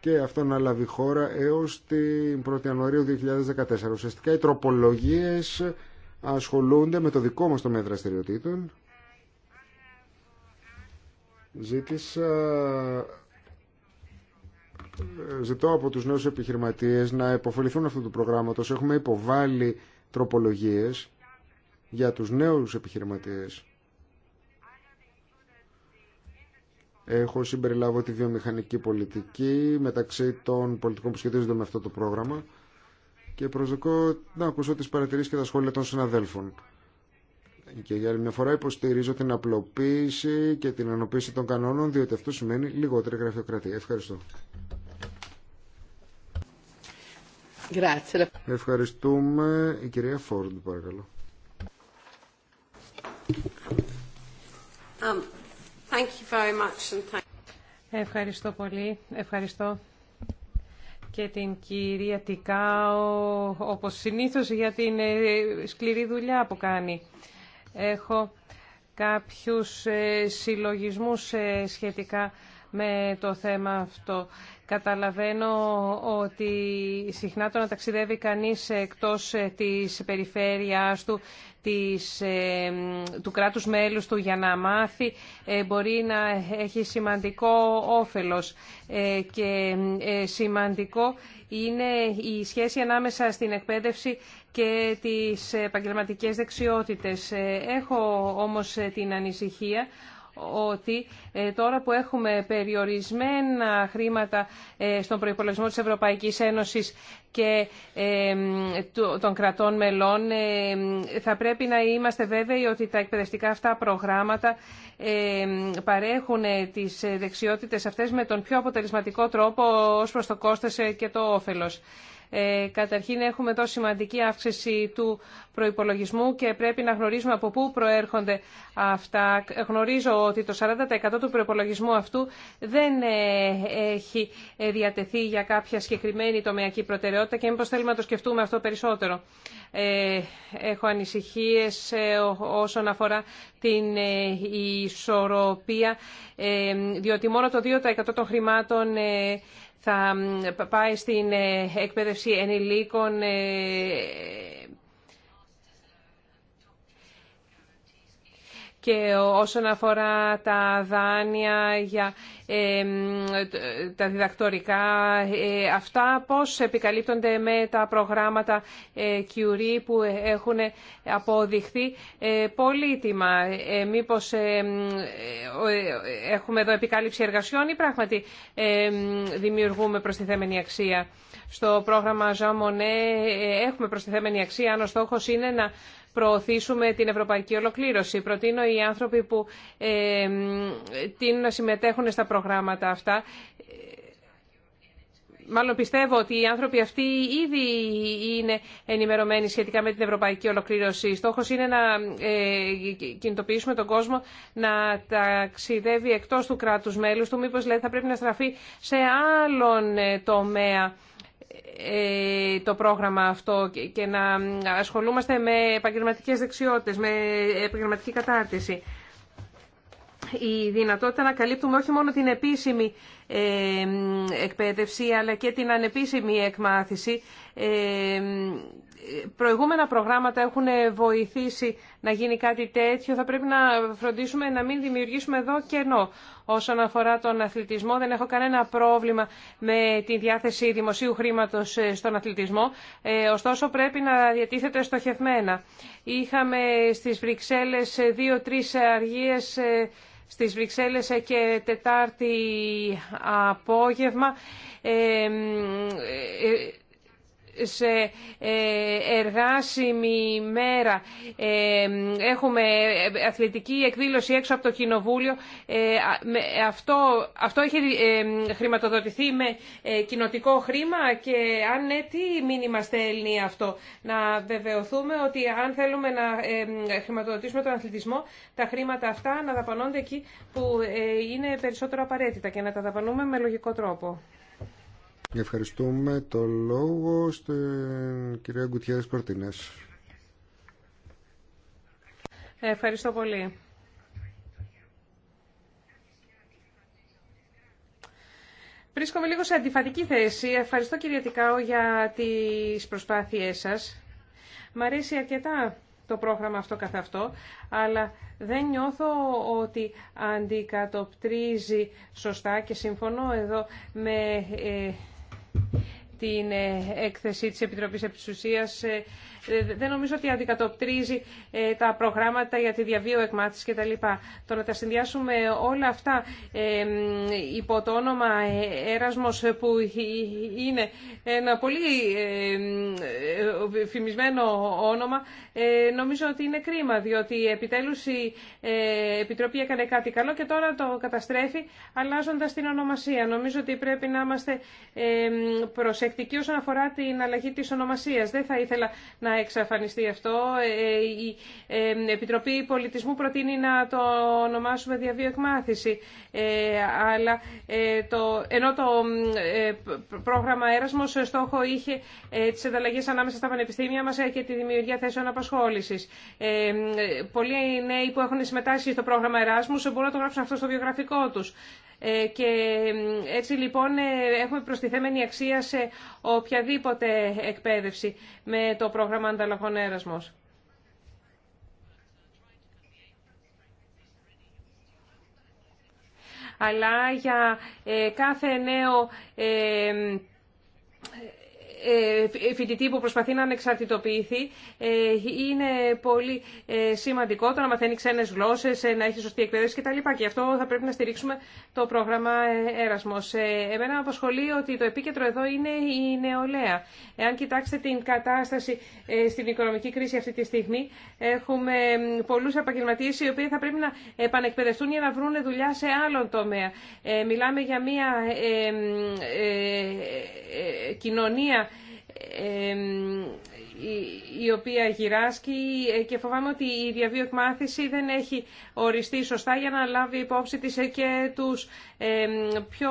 και αυτό να λάβει χώρα έως την 1η Ιανουαρίου 2014. Ουσιαστικά οι τροπολογίες ασχολούνται με το δικό μας τομέα δραστηριοτήτων. Ζήτησα... Ε, ζητώ από τους νέους επιχειρηματίες να υποφεληθούν αυτού του προγράμματος. Έχουμε υποβάλει τροπολογίες για τους νέους επιχειρηματίες. Έχω συμπεριλάβω τη βιομηχανική πολιτική μεταξύ των πολιτικών που σχετίζονται με αυτό το πρόγραμμα και προσδοκώ να ακούσω τις παρατηρήσεις και τα σχόλια των συναδέλφων. Και για άλλη μια φορά υποστηρίζω την απλοποίηση και την ανοποίηση των κανόνων, διότι αυτό σημαίνει λιγότερη γραφειοκρατία. Ευχαριστώ. Ευχαριστούμε. Η κυρία Φόρντ, παρακαλώ. Um, thank you very much and thank... Ευχαριστώ πολύ. Ευχαριστώ και την κυρία Τικάο, όπως συνήθως, για την ε, σκληρή δουλειά που κάνει. Έχω κάποιους ε, συλλογισμούς ε, σχετικά με το θέμα αυτό. Καταλαβαίνω ότι συχνά το να ταξιδεύει κανείς εκτός της περιφέρειάς του ε, του κράτους μέλους του για να μάθει ε, μπορεί να έχει σημαντικό όφελος ε, και σημαντικό είναι η σχέση ανάμεσα στην εκπαίδευση και τις επαγγελματικές δεξιότητες. Έχω όμως την ανησυχία ότι ε, τώρα που έχουμε περιορισμένα χρήματα ε, στον προϋπολογισμό της Ευρωπαϊκής Ένωσης και ε, των κρατών μελών, θα πρέπει να είμαστε βέβαιοι ότι τα εκπαιδευτικά αυτά προγράμματα παρέχουν τις δεξιότητες αυτές με τον πιο αποτελεσματικό τρόπο ως προς το κόστος και το όφελος. Ε, καταρχήν έχουμε εδώ σημαντική αύξηση του προϋπολογισμού και πρέπει να γνωρίζουμε από πού προέρχονται αυτά. Γνωρίζω ότι το 40% του προϋπολογισμού αυτού δεν ε, έχει ε, διατεθεί για κάποια συγκεκριμένη τομεακή προτεραιότητα και μήπως θέλουμε να το σκεφτούμε αυτό περισσότερο. Ε, έχω ανησυχίες όσον αφορά την ισορροπία, διότι μόνο το 2% των χρημάτων θα πάει στην ε, εκπαίδευση ενηλίκων ε, και όσον αφορά τα δάνεια για τα διδακτορικά, ε, αυτά πώς επικαλύπτονται με τα προγράμματα ε, που έχουν αποδειχθεί ε, πολύτιμα. Ε, μήπως έχουμε εδώ επικάλυψη εργασιών ή πράγματι δημιουργούμε προστιθέμενη αξία. Στο πρόγραμμα Jean έχουμε προστιθέμενη αξία αν ο στόχος είναι να προωθήσουμε την ευρωπαϊκή ολοκλήρωση. Προτείνω οι άνθρωποι που ε, τείνουν να συμμετέχουν στα προγράμματα αυτά ε, Μάλλον πιστεύω ότι οι άνθρωποι αυτοί ήδη είναι ενημερωμένοι σχετικά με την ευρωπαϊκή ολοκλήρωση. Στόχος είναι να ε, κινητοποιήσουμε τον κόσμο να ταξιδεύει εκτός του κράτους μέλους του. Μήπως λέει θα πρέπει να στραφεί σε άλλον ε, τομέα ε, το πρόγραμμα αυτό και να ασχολούμαστε με επαγγελματικές δεξιότητες, με επαγγελματική κατάρτιση. Η δυνατότητα να καλύπτουμε όχι μόνο την επίσημη ε, εκπαίδευση αλλά και την ανεπίσημη εκμάθηση προηγούμενα προγράμματα έχουν βοηθήσει να γίνει κάτι τέτοιο, θα πρέπει να φροντίσουμε να μην δημιουργήσουμε εδώ κενό. Όσον αφορά τον αθλητισμό, δεν έχω κανένα πρόβλημα με τη διάθεση δημοσίου χρήματο ε, στον αθλητισμό, ε, ωστόσο πρέπει να διατίθεται στοχευμένα. Είχαμε στις Βρυξέλλες ε, δύο-τρεις αργίες στις Βρυξέλλες και Τετάρτη απόγευμα σε ε, εργάσιμη μέρα ε, έχουμε ε, αθλητική εκδήλωση έξω από το κοινοβούλιο. Αυτό, αυτό έχει χρηματοδοτηθεί με κοινοτικό χρήμα και αν ναι, τι μήνυμα στέλνει αυτό. Να βεβαιωθούμε ότι αν θέλουμε να χρηματοδοτήσουμε τον αθλητισμό, τα χρήματα αυτά να δαπανώνται εκεί που είναι περισσότερο απαραίτητα και να τα δαπανούμε με λογικό τρόπο. Ευχαριστούμε το λόγο στην κυρία Γκουτιέρης Κορτίνες. Ευχαριστώ πολύ. Βρίσκομαι λίγο σε αντιφατική θέση. Ευχαριστώ κυρία Τικάο για τις προσπάθειές σας. Μ' αρέσει αρκετά το πρόγραμμα αυτό καθ' αυτό, αλλά δεν νιώθω ότι αντικατοπτρίζει σωστά και συμφωνώ εδώ με ε, την ε, έκθεση της Επιτροπής Επισουσίας ε, ε, δεν νομίζω ότι αντικατοπτρίζει ε, τα προγράμματα για τη διαβίω εκμάθηση κτλ. Το να τα συνδυάσουμε όλα αυτά ε, υπό το όνομα Έρασμος που είναι ένα πολύ φημισμένο όνομα νομίζω ότι είναι κρίμα διότι επιτέλους η Επιτροπή έκανε κάτι καλό και τώρα το καταστρέφει αλλάζοντας την ονομασία. Νομίζω ότι πρέπει να είμαστε προσεκτικοί όσον αφορά την αλλαγή της ονομασίας. Δεν θα ήθελα να εξαφανιστεί αυτό. Ε, ε, η Επιτροπή Πολιτισμού προτείνει να το ονομάσουμε διαβίω εκμάθηση. Ε, αλλά το, ενώ το πρόγραμμα Έρασμος στόχο είχε τις ανταλλαγές ανάμεσα στα πανεπιστήμια μας και τη δημιουργία θέσεων απασχόλησης. Πολλοί νέοι που έχουν συμμετάσχει στο πρόγραμμα Erasmus μπορούν να το γράψουν αυτό στο βιογραφικό τους. Ε, και έτσι λοιπόν ε, έχουμε προστιθέμενη αξία σε οποιαδήποτε εκπαίδευση με το πρόγραμμα ανταλλαγών έρασμος. Αλλά για ε, κάθε νέο ε, φοιτητή που προσπαθεί να ανεξαρτητοποιηθεί ε, είναι πολύ ε, σημαντικό το να μαθαίνει ξένες γλώσσες, να έχει σωστή εκπαίδευση κτλ. Και αυτό θα πρέπει να στηρίξουμε το πρόγραμμα Έρασμος. Εμένα με απασχολεί ότι το επίκεντρο εδώ είναι η νεολαία. Εάν κοιτάξετε την κατάσταση στην οικονομική κρίση αυτή τη στιγμή, έχουμε πολλού επαγγελματίε οι οποίοι θα πρέπει να επανεκπαιδευτούν για να βρουν δουλειά σε άλλον τομέα. Μιλάμε για μια κοινωνία η οποία γυράσκει και φοβάμαι ότι η διαβίω εκμάθηση δεν έχει οριστεί σωστά για να λάβει υπόψη της και τους πιο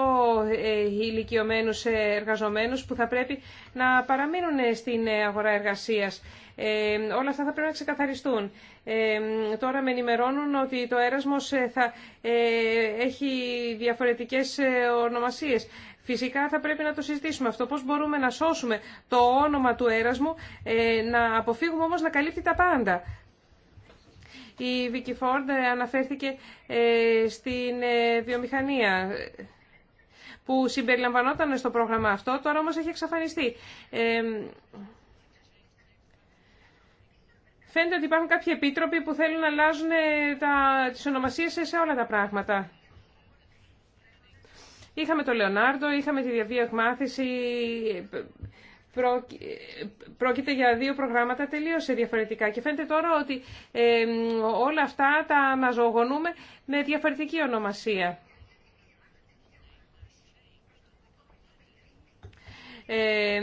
ε, ηλικιωμένους εργαζομένους που θα πρέπει να παραμείνουν στην αγορά εργασίας. όλα αυτά θα πρέπει να ξεκαθαριστούν. τώρα με ενημερώνουν ότι το έρασμος θα ε, έχει διαφορετικές ε, ονομασίες. Φυσικά θα πρέπει να το συζητήσουμε αυτό, πώς μπορούμε να σώσουμε το όνομα του έρασμου, ε, να αποφύγουμε όμως να καλύπτει τα πάντα. Η Βίκη Φόρντ αναφέρθηκε ε, στην ε, βιομηχανία που συμπεριλαμβανόταν στο πρόγραμμα αυτό, τώρα όμως έχει εξαφανιστεί. Φαίνεται ότι υπάρχουν κάποιοι επίτροποι που θέλουν να αλλάζουν τα, τις ονομασίες σε όλα τα πράγματα. Είχαμε το Λεωνάρντο, είχαμε τη διαβίω εκμάθηση. Πρόκειται για δύο προγράμματα τελείωσε διαφορετικά και φαίνεται τώρα ότι ε, όλα αυτά τα αναζωογονούμε με διαφορετική ονομασία. Ε,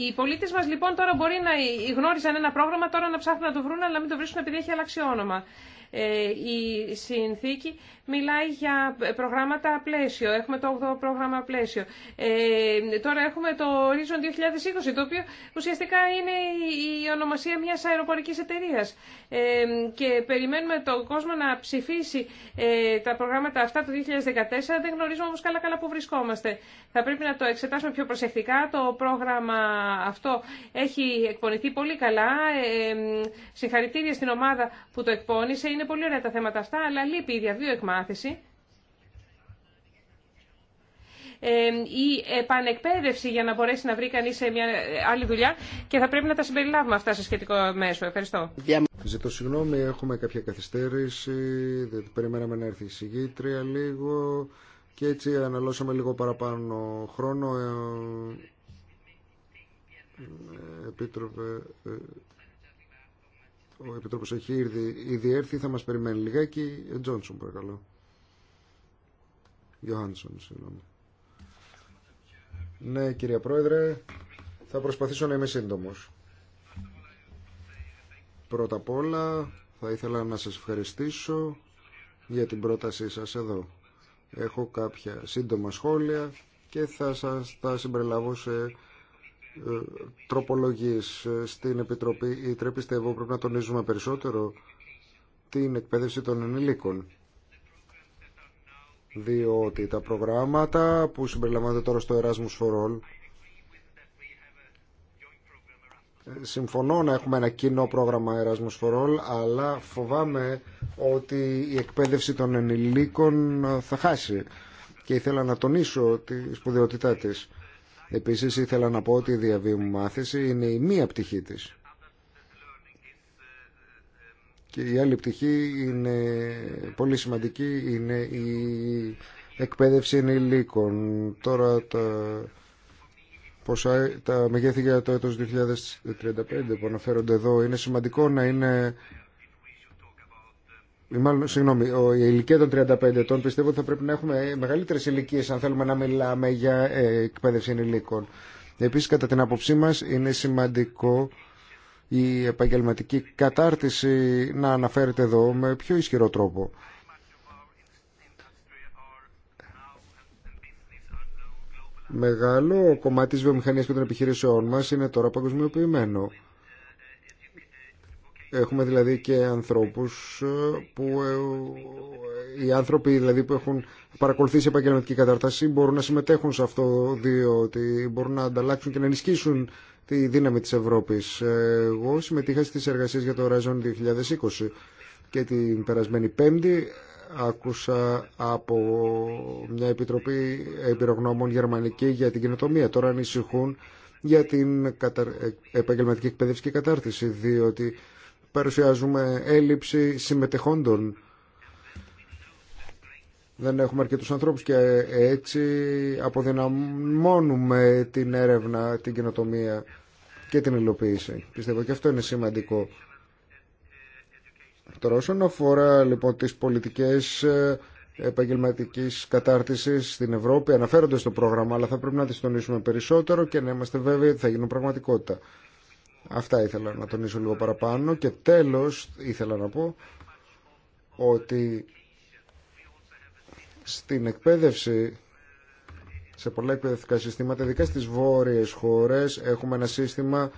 οι πολίτες μας λοιπόν τώρα μπορεί να γνώριζαν ένα πρόγραμμα, τώρα να ψάχνουν να το βρουν αλλά μην το βρίσκουν επειδή έχει αλλάξει όνομα. Ε, η συνθήκη μιλάει για προγράμματα πλαίσιο. Έχουμε το 8ο πρόγραμμα πλαίσιο. Ε, τώρα έχουμε το Horizon 2020, το οποίο ουσιαστικά είναι η ονομασία μιας αεροπορικής εταιρείας. Ε, και περιμένουμε τον κόσμο να ψηφίσει τα προγράμματα αυτά το 2014. Δεν γνωρίζουμε όμως καλά καλά που βρισκόμαστε. Θα πρέπει να το εξετάσουμε πιο προσεκτικά. Το πρόγραμμα αυτό έχει εκπονηθεί πολύ καλά. συγχαρητήρια στην ομάδα που το εκπώνησε είναι πολύ ωραία τα θέματα αυτά, αλλά λείπει η διαβίω εκμάθηση. Ε, η επανεκπαίδευση για να μπορέσει να βρει κανεί σε μια ε, άλλη δουλειά και θα πρέπει να τα συμπεριλάβουμε αυτά σε σχετικό μέσο. Ευχαριστώ. Ζητώ συγγνώμη, έχουμε κάποια καθυστέρηση, Δεν περιμέναμε να έρθει η συγγήτρια λίγο και έτσι αναλώσαμε λίγο παραπάνω χρόνο. Ε, Επίτροπε, ο Επιτρόπο έχει ήδη, ήδη έρθει, θα μα περιμένει λιγάκι. Τζόνσον, παρακαλώ. Γιωάννσον, συγγνώμη. Ναι, κυρία Πρόεδρε, θα προσπαθήσω να είμαι σύντομο. Πρώτα απ' όλα, θα ήθελα να σας ευχαριστήσω για την πρότασή σας εδώ. Έχω κάποια σύντομα σχόλια και θα σας τα συμπεριλάβω σε ε, τροπολογής ε, στην Επιτροπή Ήτρε πιστεύω πρέπει να τονίζουμε περισσότερο την εκπαίδευση των ενηλίκων διότι τα προγράμματα που συμπεριλαμβάνονται τώρα στο Erasmus for All ε, συμφωνώ να έχουμε ένα κοινό πρόγραμμα Erasmus for All αλλά φοβάμαι ότι η εκπαίδευση των ενηλίκων θα χάσει και ήθελα να τονίσω τη σπουδαιότητά της Επίσης ήθελα να πω ότι η διαβίου μάθηση είναι η μία πτυχή της. Και η άλλη πτυχή είναι πολύ σημαντική, είναι η εκπαίδευση ενηλίκων. Τώρα τα, ποσά, τα μεγέθη για το έτος 2035 που αναφέρονται εδώ είναι σημαντικό να είναι ε, μάλλον, συγγνώμη, η ηλικία των 35 ετών πιστεύω ότι θα πρέπει να έχουμε ε, μεγαλύτερε ηλικίε αν θέλουμε να μιλάμε για ε, εκπαίδευση ενηλίκων. Επίση, κατά την άποψή μα, είναι σημαντικό η επαγγελματική κατάρτιση να αναφέρεται εδώ με πιο ισχυρό τρόπο. Μεγάλο κομμάτι τη βιομηχανία και των επιχειρήσεών μα είναι τώρα παγκοσμιοποιημένο. Έχουμε δηλαδή και ανθρώπους ε, που ε, οι άνθρωποι δηλαδή που έχουν παρακολουθήσει επαγγελματική κατάρταση μπορούν να συμμετέχουν σε αυτό διότι μπορούν να ανταλλάξουν και να ενισχύσουν τη δύναμη της Ευρώπης. Ε, εγώ συμμετείχα στις εργασίες για το Horizon 2020 και την περασμένη πέμπτη άκουσα από μια επιτροπή εμπειρογνώμων γερμανική για την κοινοτομία. Τώρα ανησυχούν για την επαγγελματική εκπαίδευση και κατάρτιση, διότι παρουσιάζουμε έλλειψη συμμετεχόντων. Δεν έχουμε αρκετούς ανθρώπους και έτσι αποδυναμώνουμε την έρευνα, την κοινοτομία και την υλοποίηση. Πιστεύω και αυτό είναι σημαντικό. Τώρα όσον αφορά λοιπόν τις πολιτικές ε, επαγγελματικής κατάρτισης στην Ευρώπη αναφέρονται στο πρόγραμμα αλλά θα πρέπει να τις τονίσουμε περισσότερο και να είμαστε βέβαιοι ότι θα γίνουν πραγματικότητα. Αυτά ήθελα να τονίσω λίγο παραπάνω και τέλος ήθελα να πω ότι στην εκπαίδευση σε πολλά εκπαιδευτικά συστήματα, ειδικά στις βόρειες χώρες, έχουμε ένα σύστημα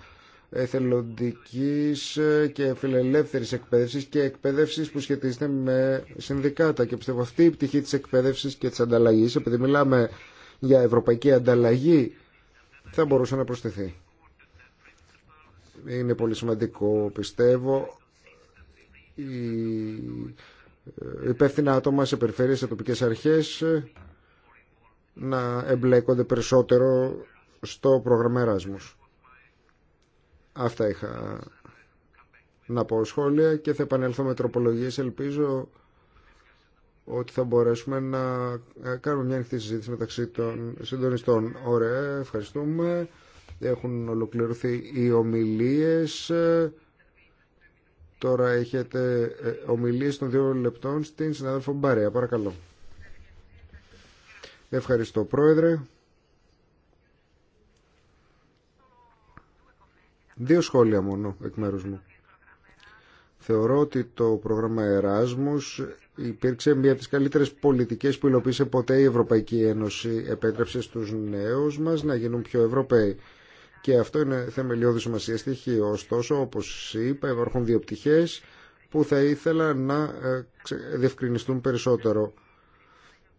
εθελοντικής και φιλελεύθερης εκπαίδευσης και εκπαίδευσης που σχετίζεται με συνδικάτα. Και πιστεύω αυτή η πτυχή της εκπαίδευσης και της ανταλλαγής, επειδή μιλάμε για ευρωπαϊκή ανταλλαγή, θα μπορούσε να προσθεθεί είναι πολύ σημαντικό πιστεύω οι ε, υπεύθυνα άτομα σε περιφέρειες, σε τοπικές αρχές να εμπλέκονται περισσότερο στο πρόγραμμα Εράσμους. Αυτά είχα να πω σχόλια και θα επανέλθω με τροπολογίες. Ελπίζω ότι θα μπορέσουμε να κάνουμε μια ανοιχτή συζήτηση μεταξύ των συντονιστών. Ωραία, ευχαριστούμε. Έχουν ολοκληρωθεί οι ομιλίες. Τώρα έχετε ε, ομιλίες των δύο λεπτών στην συνάδελφο Μπαρέα. Παρακαλώ. Ευχαριστώ πρόεδρε. Δύο σχόλια μόνο εκ μέρους μου. Θεωρώ ότι το πρόγραμμα Εράσμους υπήρξε μία από τις καλύτερες πολιτικές που υλοποίησε ποτέ η Ευρωπαϊκή Ένωση. Επέτρεψε στους νέους μας να γίνουν πιο Ευρωπαίοι και αυτό είναι θεμελιώδη σημασία στοιχείο. Ωστόσο, όπως είπα, υπάρχουν δύο πτυχές που θα ήθελα να ε, διευκρινιστούν περισσότερο.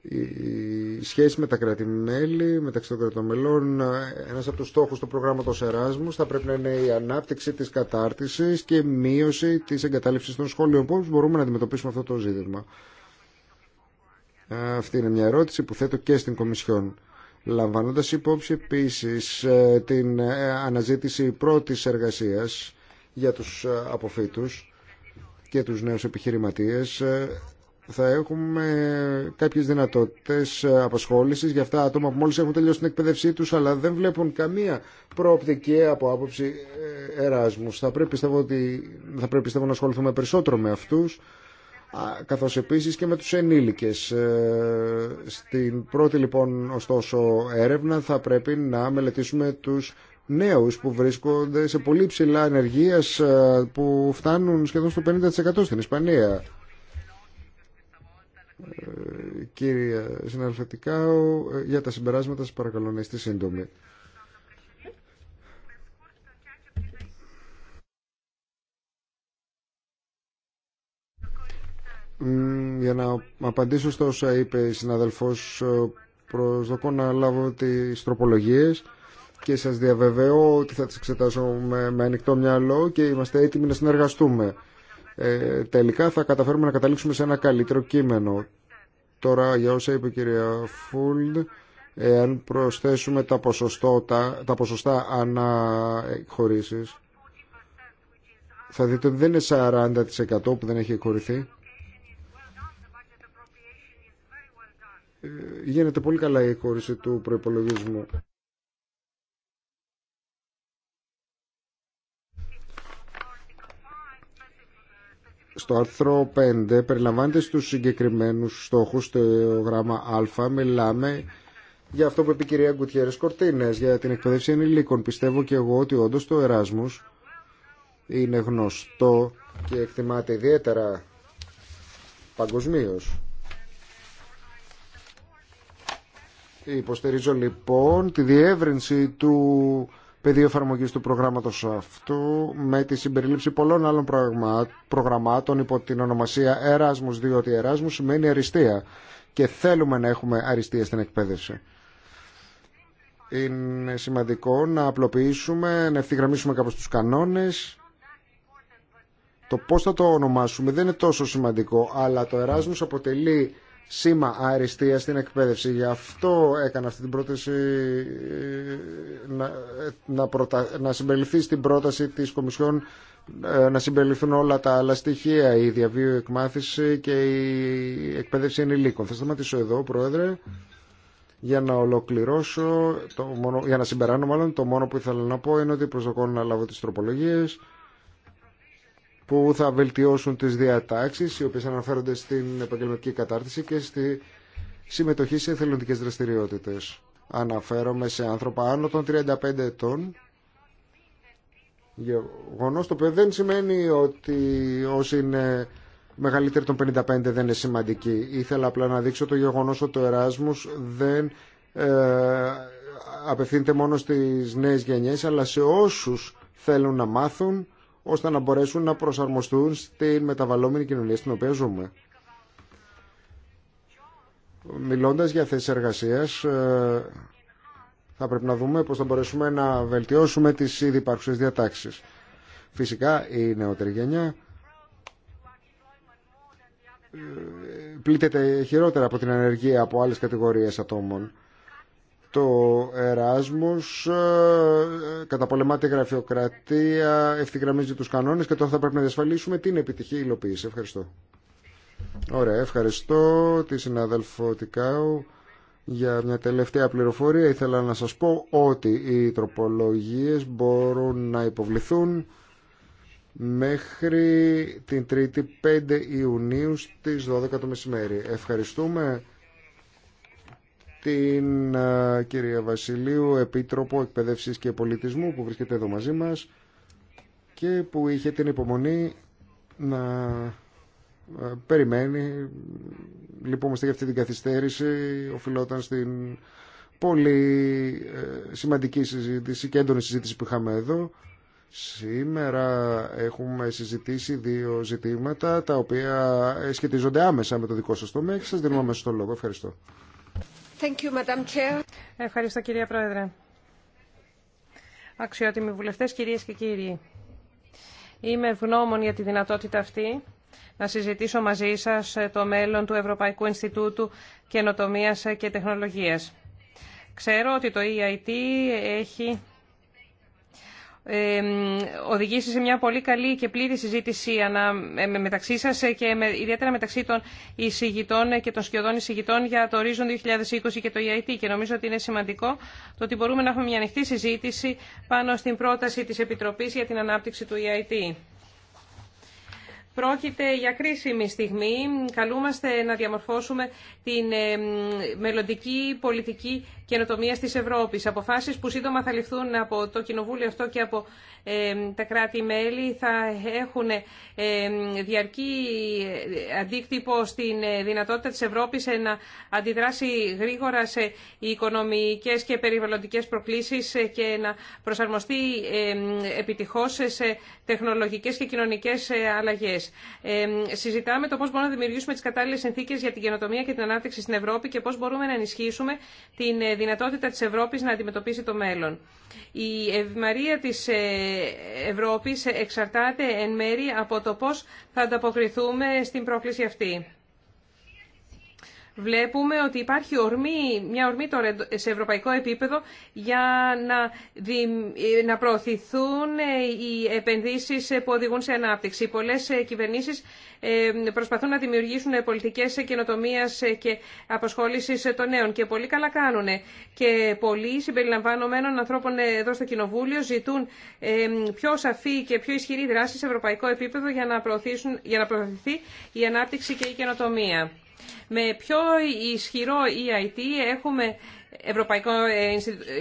Η σχέση με τα κράτη-μέλη, μεταξύ των κρατών μελών, ένας από τους στόχους του προγράμματος Εράσμους θα πρέπει να είναι η ανάπτυξη της κατάρτισης και μείωση της εγκατάλειψης των σχολείων. Πώς μπορούμε να αντιμετωπίσουμε αυτό το ζήτημα. Ε, αυτή είναι μια ερώτηση που θέτω και στην Κομισιόν λαμβάνοντας υπόψη επίσης ε, την ε, αναζήτηση πρώτης εργασίας για τους ε, αποφύτους και τους νέους επιχειρηματίες θα έχουμε κάποιες δυνατότητες απασχόλησης για αυτά άτομα που μόλις έχουν τελειώσει την εκπαίδευσή τους αλλά δεν βλέπουν καμία προοπτική από άποψη εράσμους. Θα πρέπει πιστεύω, ότι, θα πρέπει πιστεύω να ασχοληθούμε περισσότερο με αυτούς καθώς επίσης και με τους ενήλικες. Ε, στην πρώτη λοιπόν ωστόσο έρευνα θα πρέπει να μελετήσουμε τους νέους που βρίσκονται σε πολύ ψηλά ενεργείας ε, που φτάνουν σχεδόν στο 50% στην Ισπανία. Ε, κύριε συναρφετικά, για τα συμπεράσματα σας παρακαλώ να είστε σύντομοι. Για να απαντήσω στο όσα είπε η συναδελφός, ε, προσδοκώ να λάβω τις τροπολογίες και σας διαβεβαιώ ότι θα τις εξετάσω με, ανοιχτό μυαλό και είμαστε έτοιμοι να συνεργαστούμε. Ε, τελικά θα καταφέρουμε να καταλήξουμε σε ένα καλύτερο κείμενο. Τώρα για όσα είπε η κυρία Φούλντ, εάν προσθέσουμε τα, ποσοστότα, τα ποσοστά αναχωρήσεις, θα δείτε ότι δεν είναι 40% που δεν έχει εκχωρηθεί. γίνεται πολύ καλά η χώριση του προϋπολογισμού. Στο άρθρο 5 περιλαμβάνεται στους συγκεκριμένους στόχους στο γράμμα Α μιλάμε για αυτό που είπε η κυρία Γκουτιέρες Κορτίνες για την εκπαίδευση ενηλίκων. Πιστεύω και εγώ ότι όντως το Εράσμους είναι γνωστό και εκτιμάται ιδιαίτερα παγκοσμίως. Υποστηρίζω λοιπόν τη διεύρυνση του πεδίου εφαρμογή του προγράμματος αυτού με τη συμπερίληψη πολλών άλλων προγραμμάτων υπό την ονομασία Εράσμου, διότι Εράσμους σημαίνει αριστεία και θέλουμε να έχουμε αριστεία στην εκπαίδευση. Είναι σημαντικό να απλοποιήσουμε, να ευθυγραμμίσουμε κάπως τους κανόνες. Το πώς θα το ονομάσουμε δεν είναι τόσο σημαντικό, αλλά το Εράσμους αποτελεί σήμα αριστεία στην εκπαίδευση. Γι' αυτό έκανα αυτή την πρόταση ε, να, ε, να, προτα... να συμπεριληφθεί στην πρόταση τη Κομισιόν ε, να συμπεριληφθούν όλα τα άλλα στοιχεία, η διαβίω εκμάθηση και η εκπαίδευση ενηλίκων. Θα σταματήσω εδώ, Πρόεδρε, για να ολοκληρώσω, το μόνο, για να συμπεράνω μάλλον, το μόνο που ήθελα να πω είναι ότι προσδοκώ να λάβω τις τροπολογίες που θα βελτιώσουν τις διατάξεις οι οποίες αναφέρονται στην επαγγελματική κατάρτιση και στη συμμετοχή σε εθελοντικές δραστηριότητες. Αναφέρομαι σε άνθρωπα άνω των 35 ετών γεγονός το οποίο δεν σημαίνει ότι όσοι είναι μεγαλύτεροι των 55 δεν είναι σημαντικοί. Ήθελα απλά να δείξω το γεγονός ότι το Εράσμους δεν ε, απευθύνεται μόνο στις νέες γενιές αλλά σε όσους θέλουν να μάθουν ώστε να μπορέσουν να προσαρμοστούν στη μεταβαλλόμενη κοινωνία στην οποία ζούμε. Μιλώντας για θέσεις εργασίας, ε, θα πρέπει να δούμε πώς θα μπορέσουμε να βελτιώσουμε τις ήδη υπάρχουσες διατάξεις. Φυσικά η νεότερη γενιά ε, πλήττεται χειρότερα από την ανεργία από άλλες κατηγορίες ατόμων το εράσμος ε, καταπολεμά τη γραφειοκρατία, ευθυγραμμίζει τους κανόνες και τώρα θα πρέπει να διασφαλίσουμε την επιτυχή υλοποίηση. Ευχαριστώ. Ωραία, ευχαριστώ τη συνάδελφο Τικάου για μια τελευταία πληροφορία. Ήθελα να σας πω ότι οι τροπολογίες μπορούν να υποβληθούν μέχρι την 3η 5 Ιουνίου στις 12 το μεσημέρι. Ευχαριστούμε την κυρία Βασιλείου, Επίτροπο Εκπαιδεύσης και Πολιτισμού που βρίσκεται εδώ μαζί μας και που είχε την υπομονή να περιμένει. Λυπόμαστε για αυτή την καθυστέρηση, οφειλόταν στην πολύ ε, σημαντική συζήτηση και έντονη συζήτηση που είχαμε εδώ. Σήμερα έχουμε συζητήσει δύο ζητήματα τα οποία σχετίζονται άμεσα με το δικό σας τομέα και σας δίνουμε αμέσως το λόγο. Ευχαριστώ. Ευχαριστώ κυρία Πρόεδρε. Αξιότιμοι βουλευτές, κυρίες και κύριοι. Είμαι ευγνώμων για τη δυνατότητα αυτή να συζητήσω μαζί σας ε, το μέλλον του Ευρωπαϊκού Ινστιτούτου Καινοτομίας ε, και Τεχνολογίας. Ξέρω ότι το EIT έχει οδηγήσει σε μια πολύ καλή και πλήρη συζήτηση ε, μεταξύ σα ε, και ιδιαίτερα μεταξύ των εισηγητών ε, και των σκιωδών εισηγητών για το Ορίζον 2020 και το EIT και νομίζω ότι είναι σημαντικό το ότι μπορούμε να έχουμε μια ανοιχτή συζήτηση πάνω στην πρόταση της Επιτροπής για την ανάπτυξη του EIT. Πρόκειται για κρίσιμη στιγμή. Καλούμαστε να διαμορφώσουμε την μελλοντική πολιτική καινοτομία τη Ευρώπη. Αποφάσει που σύντομα θα ληφθούν από το Κοινοβούλιο αυτό και από ε, τα κράτη-μέλη θα έχουν ε, διαρκή αντίκτυπο στην ε, δυνατότητα της Ευρώπης ε, να αντιδράσει γρήγορα σε οικονομικέ και περιβαλλοντικές προκλήσεις ε, και να προσαρμοστεί επιτυχώ σε τεχνολογικέ και κοινωνικές αλλαγές. Συζητάμε το πώ μπορούμε να δημιουργήσουμε τι κατάλληλε συνθήκε για την καινοτομία και την ανάπτυξη στην Ευρώπη και πώς μπορούμε να ενισχύσουμε την δυνατότητα της Ευρώπης να αντιμετωπίσει το μέλλον. Η ευμαρία της ε, Ευρώπης εξαρτάται εν μέρη από το πώς θα ανταποκριθούμε στην πρόκληση αυτή βλέπουμε ότι υπάρχει ορμή, μια ορμή τώρα σε ευρωπαϊκό επίπεδο για να, να προωθηθούν ε, οι επενδύσεις ε, που οδηγούν σε ανάπτυξη. Πολλές ε, κυβερνήσεις προσπαθούν να δημιουργήσουν πολιτικές καινοτομία και απασχόλησης των νέων και πολύ καλά κάνουν. Και πολλοί συμπεριλαμβανομένων ανθρώπων εδώ στο Κοινοβούλιο ζητούν πιο σαφή και πιο ισχυρή δράση σε ευρωπαϊκό επίπεδο για να, για να προωθηθεί η ανάπτυξη και η καινοτομία. Με πιο ισχυρό EIT έχουμε Ευρωπαϊκό ε,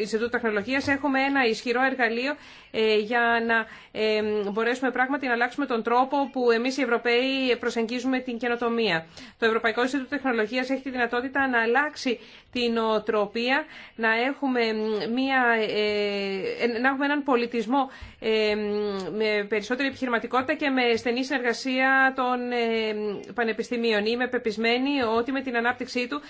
Ινστιτούτο Τεχνολογίας έχουμε ένα ισχυρό εργαλείο ε, για να ε, μπορέσουμε πράγματι να αλλάξουμε τον τρόπο που εμείς οι Ευρωπαίοι προσεγγίζουμε την καινοτομία. Το Ευρωπαϊκό Ινστιτούτο Τεχνολογίας έχει τη δυνατότητα να αλλάξει την οτροπία, να έχουμε, μια, να έχουμε έναν πολιτισμό με περισσότερη επιχειρηματικότητα και με στενή συνεργασία των πανεπιστημίων. Είμαι πεπισμένη ότι με την ανάπτυξή του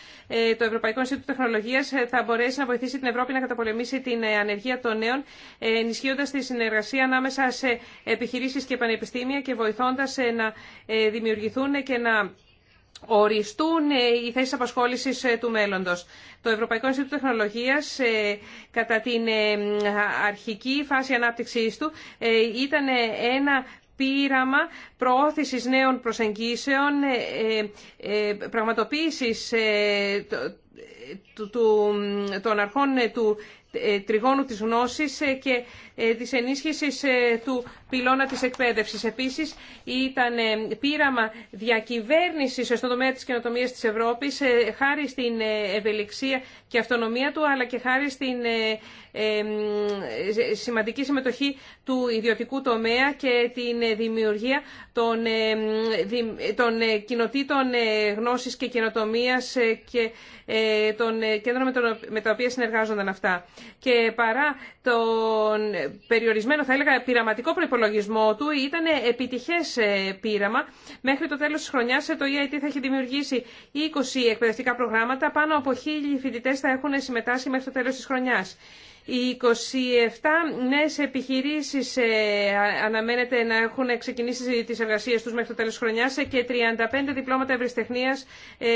το Ευρωπαϊκό Ινστιτούτο Τεχνολογίας θα μπορέσει να βοηθήσει την Ευρώπη να καταπολεμήσει την ε, ανεργία των νέων, ε, ενισχύοντα τη συνεργασία ανάμεσα σε επιχειρήσει και πανεπιστήμια και βοηθώντα ε, να δημιουργηθούν και να οριστούν οι θέσει απασχόληση του μέλλοντο. Το Ευρωπαϊκό Ινστιτούτο Τεχνολογία, κατά την αρχική φάση ανάπτυξή του, ήταν ένα πείραμα προώθησης νέων προσεγγίσεων, πραγματοποίησης ε, των αρχών ε, του ε, τριγώνου της γνώσης και ε, της ενίσχυσης ε, του πυλώνα της εκπαίδευσης. Επίσης, ήταν ε, πείραμα διακυβέρνησης στον τομέα της καινοτομίας της Ευρώπης, χάρη στην ευελιξία και αυτονομία του, αλλά και χάρη στην σημαντική συμμετοχή του ιδιωτικού τομέα και την δημιουργία των, των κοινοτήτων γνώσης και καινοτομίας και των κέντρων με τα οποία συνεργάζονταν αυτά. Και παρά τον περιορισμένο θα έλεγα πειραματικό προπολογισμό του ήταν επιτυχές ε, πείραμα. Μέχρι το τέλο τη χρονιά, ε, το EIT θα έχει δημιουργήσει 20 εκπαιδευτικά προγράμματα, πάνω από 1.000 φοιτητέ θα έχουν συμμετάσχει μέχρι το τέλο τη χρονιά. Οι 27 νέες επιχειρήσεις ε, αναμένεται να έχουν ξεκινήσει τις εργασίες τους μέχρι το τέλος της χρονιάς και 35 διπλώματα ε,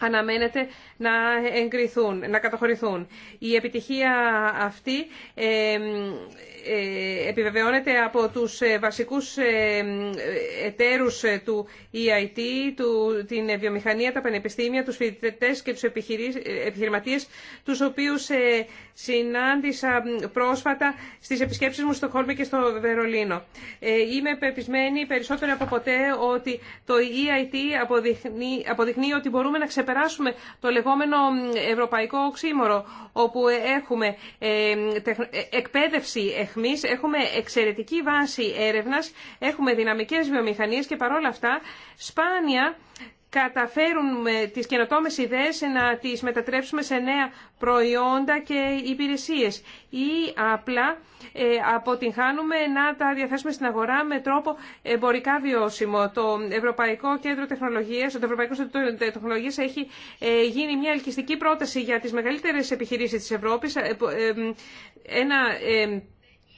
αναμένεται να εγκριθούν, να καταχωρηθούν. Η επιτυχία αυτή ε, ε, επιβεβαιώνεται από τους ε, βασικούς ε, εταίρους του EIT, του, την βιομηχανία, τα πανεπιστήμια, τους φοιτητές και τους επιχειρηματίες, τους οποίους συνάντησα πρόσφατα στις επισκέψεις μου στο Χόλμη και στο Βερολίνο. Είμαι πεπισμένη περισσότερο από ποτέ ότι το EIT αποδειχνεί, ότι μπορούμε να ξεπεράσουμε το λεγόμενο ευρωπαϊκό οξύμορο, όπου έχουμε εκπαίδευση, έχουμε εξαιρετική βάση έρευνας, έχουμε δυναμικές βιομηχανίες και παρόλα αυτά σπάνια καταφέρουν τις καινοτόμες ιδέες να τις μετατρέψουμε σε νέα προϊόντα και υπηρεσίες ή απλά ε, αποτυγχάνουμε να τα διαθέσουμε στην αγορά με τρόπο εμπορικά βιώσιμο. Το Ευρωπαϊκό Κέντρο Τεχνολογίας, το Ευρωπαϊκό Κέντρο Τεχνολογίας έχει ε, γίνει μια ελκυστική πρόταση για τις μεγαλύτερες επιχειρήσεις της Ευρώπης. Ε, ένα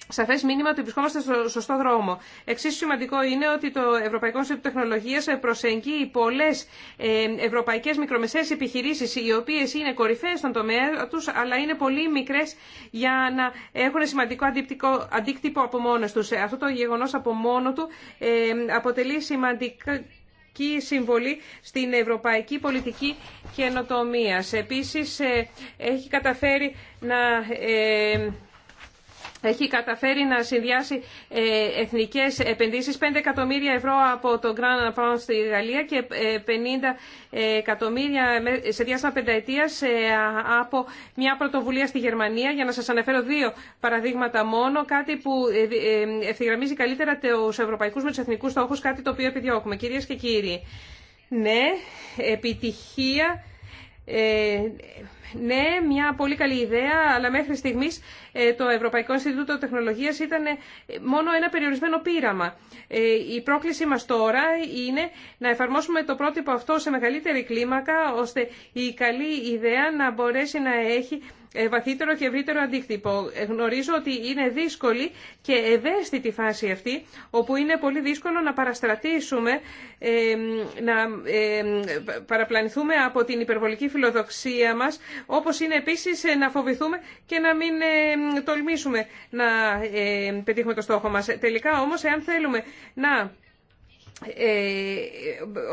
σαφές μήνυμα ότι βρισκόμαστε στο σωστό δρόμο. Εξίσου σημαντικό είναι ότι το Ευρωπαϊκό Ινστιτούτο Τεχνολογία προσεγγεί πολλέ ε, ευρωπαϊκές μικρομεσαίες επιχειρήσεις οι οποίες είναι κορυφαίες στον τομέα του, αλλά είναι πολύ μικρές για να έχουν σημαντικό αντίκτυπο από μόνες τους. Ε, αυτό το γεγονό από μόνο του ε, αποτελεί σημαντικό συμβολή στην ευρωπαϊκή πολιτική καινοτομία. Επίσης, έχει καταφέρει να έχει καταφέρει να συνδυάσει ε, εθνικές επενδύσεις 5 εκατομμύρια ευρώ από το Grand Pound στη Γαλλία και 50 ε, ε, εκατομμύρια σε διάστημα πενταετίας από μια πρωτοβουλία στη Γερμανία για να σας αναφέρω δύο παραδείγματα μόνο κάτι που ευθυγραμμίζει καλύτερα τους ευρωπαϊκούς με τους εθνικούς στόχους κάτι το οποίο επιδιώκουμε. Κυρίες και κύριοι, ναι, επιτυχία ναι, μια πολύ καλή ιδέα, αλλά μέχρι στιγμής ε, το Ευρωπαϊκό Ινστιτούτο Τεχνολογίας ήταν ε, μόνο ένα περιορισμένο πείραμα. Ε, η πρόκληση μα τώρα είναι να εφαρμόσουμε το πρότυπο αυτό σε μεγαλύτερη κλίμακα, ώστε η καλή ιδέα να μπορέσει να έχει ε, βαθύτερο και ευρύτερο αντίκτυπο. Ε, γνωρίζω ότι είναι δύσκολη και ευαίσθητη φάση αυτή, όπου είναι πολύ δύσκολο να παραστρατήσουμε, ε, να παραπλανηθούμε από την υπερβολική φιλοδοξία μας, όπως είναι επίσης να φοβηθούμε και να μην τολμήσουμε να πετύχουμε το στόχο μας. Τελικά όμως, εάν θέλουμε να ε,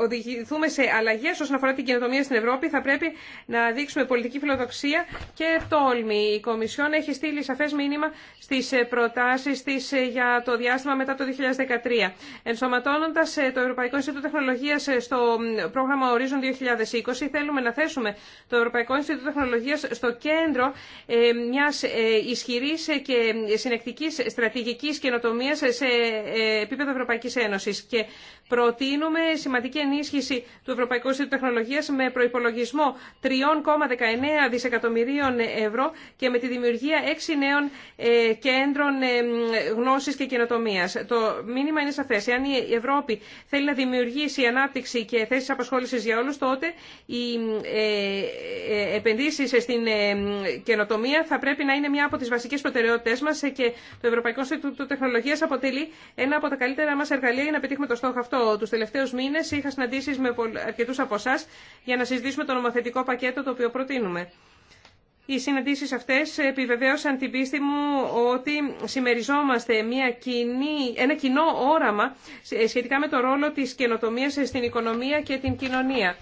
οδηγηθούμε σε αλλαγέ όσον αφορά την καινοτομία στην Ευρώπη θα πρέπει να δείξουμε πολιτική φιλοδοξία και τόλμη. Η Κομισιόν έχει στείλει σαφέ μήνυμα στι προτάσει τη για το διάστημα μετά το 2013. Ενσωματώνοντας το Ευρωπαϊκό Ινστιτούτο Τεχνολογία στο πρόγραμμα Horizon 2020 θέλουμε να θέσουμε το Ευρωπαϊκό Ινστιτούτο Τεχνολογία στο κέντρο ε, μιας ε, ισχυρή και συνεκτικής στρατηγική καινοτομία σε επίπεδο Ευρωπαϊκή Ένωση. Και προτείνουμε σημαντική ενίσχυση του Ευρωπαϊκού Ινστιτούτου Τεχνολογίας με προϋπολογισμό 3,19 δισεκατομμυρίων ευρώ και με τη δημιουργία έξι νέων ε, κέντρων ε, γνώσης και καινοτομίας. Το μήνυμα είναι σαφές. Εάν η Ευρώπη θέλει να δημιουργήσει ανάπτυξη και θέσεις απασχόλησης για όλους, τότε οι ε, επενδύσεις στην καινοτομία θα πρέπει να είναι μια από τις βασικές προτεραιότητες μας και το Ευρωπαϊκό Ινστιτούτο Τεχνολογίας αποτελεί ένα από τα καλύτερα μας εργαλεία για να πετύχουμε το στόχο αυτό. Του τους μήνε μήνες είχα συναντήσει με αρκετού από εσά για να συζητήσουμε το νομοθετικό πακέτο το οποίο προτείνουμε. Οι συναντήσει αυτέ επιβεβαίωσαν την πίστη μου ότι συμμεριζόμαστε μια κοινή, ένα κοινό όραμα σχετικά με το ρόλο τη καινοτομία στην οικονομία και την κοινωνία.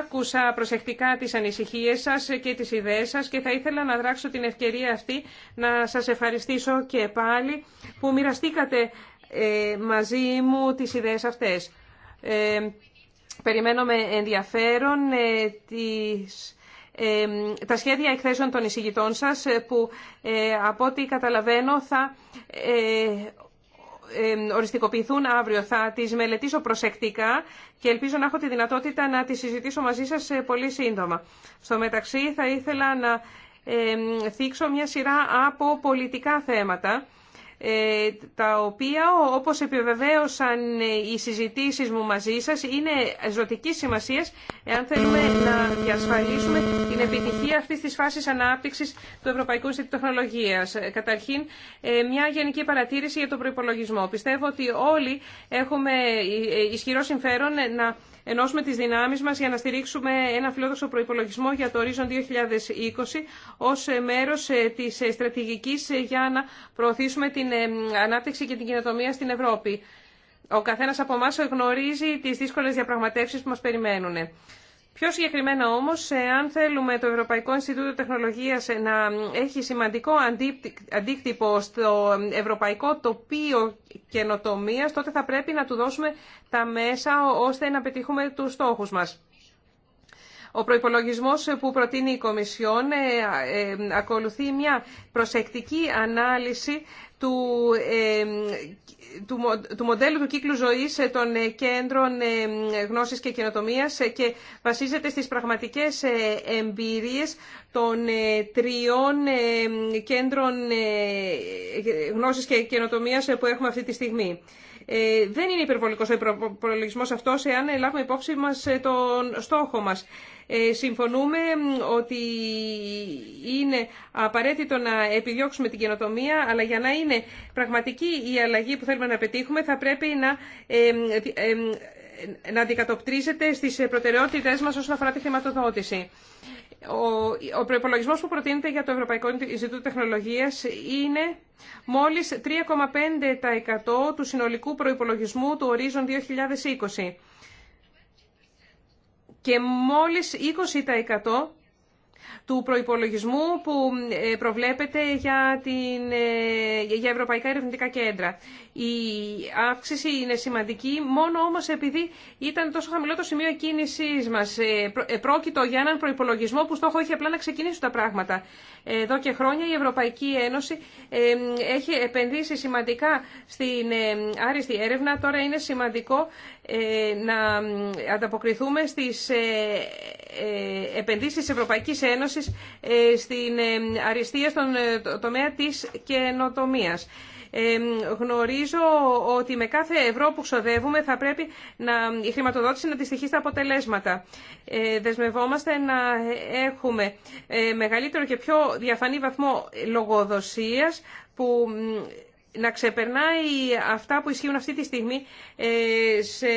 Άκουσα προσεκτικά τι ανησυχίε σα και τι ιδέε σα και θα ήθελα να δράξω την ευκαιρία αυτή να σα ευχαριστήσω και πάλι που μοιραστήκατε ε, μαζί μου τις ιδέες αυτές. Ε, περιμένω με ενδιαφέρον ε, τις τα σχέδια εκθέσεων των εισηγητών σας που από ό,τι καταλαβαίνω θα οριστικοποιηθούν αύριο. Θα τις μελετήσω προσεκτικά και ελπίζω να έχω τη δυνατότητα να τις συζητήσω μαζί σας πολύ σύντομα. Στο μεταξύ θα ήθελα να θίξω μια σειρά από πολιτικά θέματα ε, τα οποία, όπως επιβεβαίωσαν οι συζητήσεις μου μαζί σας, είναι ζωτική σημασίας εάν θέλουμε να διασφαλίσουμε την επιτυχία αυτής της φάσης ανάπτυξης του Ευρωπαϊκού Ινστιτούτου Τεχνολογίας. Ε, καταρχήν, ε, μια γενική παρατήρηση για τον προϋπολογισμό. Πιστεύω ότι όλοι έχουμε ισχυρό συμφέρον να ενώσουμε τις δυνάμεις μας για να στηρίξουμε ένα φιλόδοξο προϋπολογισμό για το ορίζον 2020 ως ε, μέρος ε, της ε, στρατηγικής για να προωθήσουμε την ανάπτυξη και την κοινοτομία στην Ευρώπη. Ο καθένας από εμά γνωρίζει τις δύσκολες διαπραγματεύσεις που μας περιμένουν. Πιο συγκεκριμένα όμως, ε, αν θέλουμε το Ευρωπαϊκό Ινστιτούτο Τεχνολογίας ε, να έχει σημαντικό αντίκτυπο στο ευρωπαϊκό τοπίο καινοτομίας, τότε θα πρέπει να του δώσουμε τα μέσα ώστε να πετύχουμε τους στόχους μας. Ο προϋπολογισμός που προτείνει η Κομισιόν ε, ακολουθεί μια προσεκτική ανάλυση του του, του μοντέλου του κύκλου ζωής ε, των ε, κέντρων ε, γνώσης και καινοτομίας και βασίζεται στις πραγματικές εμπειρίες των τριών κέντρων γνώσης και καινοτομίας που έχουμε αυτή τη στιγμή. Δεν είναι υπερβολικός ο προλογισμός αυτός εάν λάβουμε υπόψη μας τον στόχο μας. Ε, συμφωνούμε ότι είναι απαραίτητο να επιδιώξουμε την καινοτομία, αλλά για να είναι πραγματική η αλλαγή που θέλουμε να πετύχουμε, θα πρέπει να ε, ε, να αντικατοπτρίζεται στις προτεραιότητές μας όσον αφορά τη χρηματοδότηση. Ο, ο προπολογισμό που προτείνεται για το Ευρωπαϊκό Ινστιτούτο Τεχνολογία είναι μόλι 3,5% του συνολικού προπολογισμού του ορίζον 2020 και μόλις 20% του προϋπολογισμού που ε, προβλέπεται για, την, ε, για ευρωπαϊκά ερευνητικά κέντρα. Η αύξηση είναι σημαντική, μόνο όμως επειδή ήταν τόσο χαμηλό το σημείο κίνησής μας. Ε, πρόκειτο για έναν προϋπολογισμό που στόχο είχε απλά να ξεκινήσουν τα πράγματα. Εδώ και χρόνια η Ευρωπαϊκή Ένωση έχει επενδύσει σημαντικά στην άριστη έρευνα. Τώρα είναι σημαντικό ε, να ανταποκριθούμε στις ε, ε, επενδύσεις της Ευρωπαϊκής Ένωσης στην αριστεία στον τομέα της καινοτομίας. Γνωρίζω ότι με κάθε ευρώ που ξοδεύουμε θα πρέπει να, η χρηματοδότηση να τη στοιχεί στα αποτελέσματα. Δεσμευόμαστε να έχουμε μεγαλύτερο και πιο διαφανή βαθμό λογοδοσίας που να ξεπερνάει αυτά που ισχύουν αυτή τη στιγμή ε, σε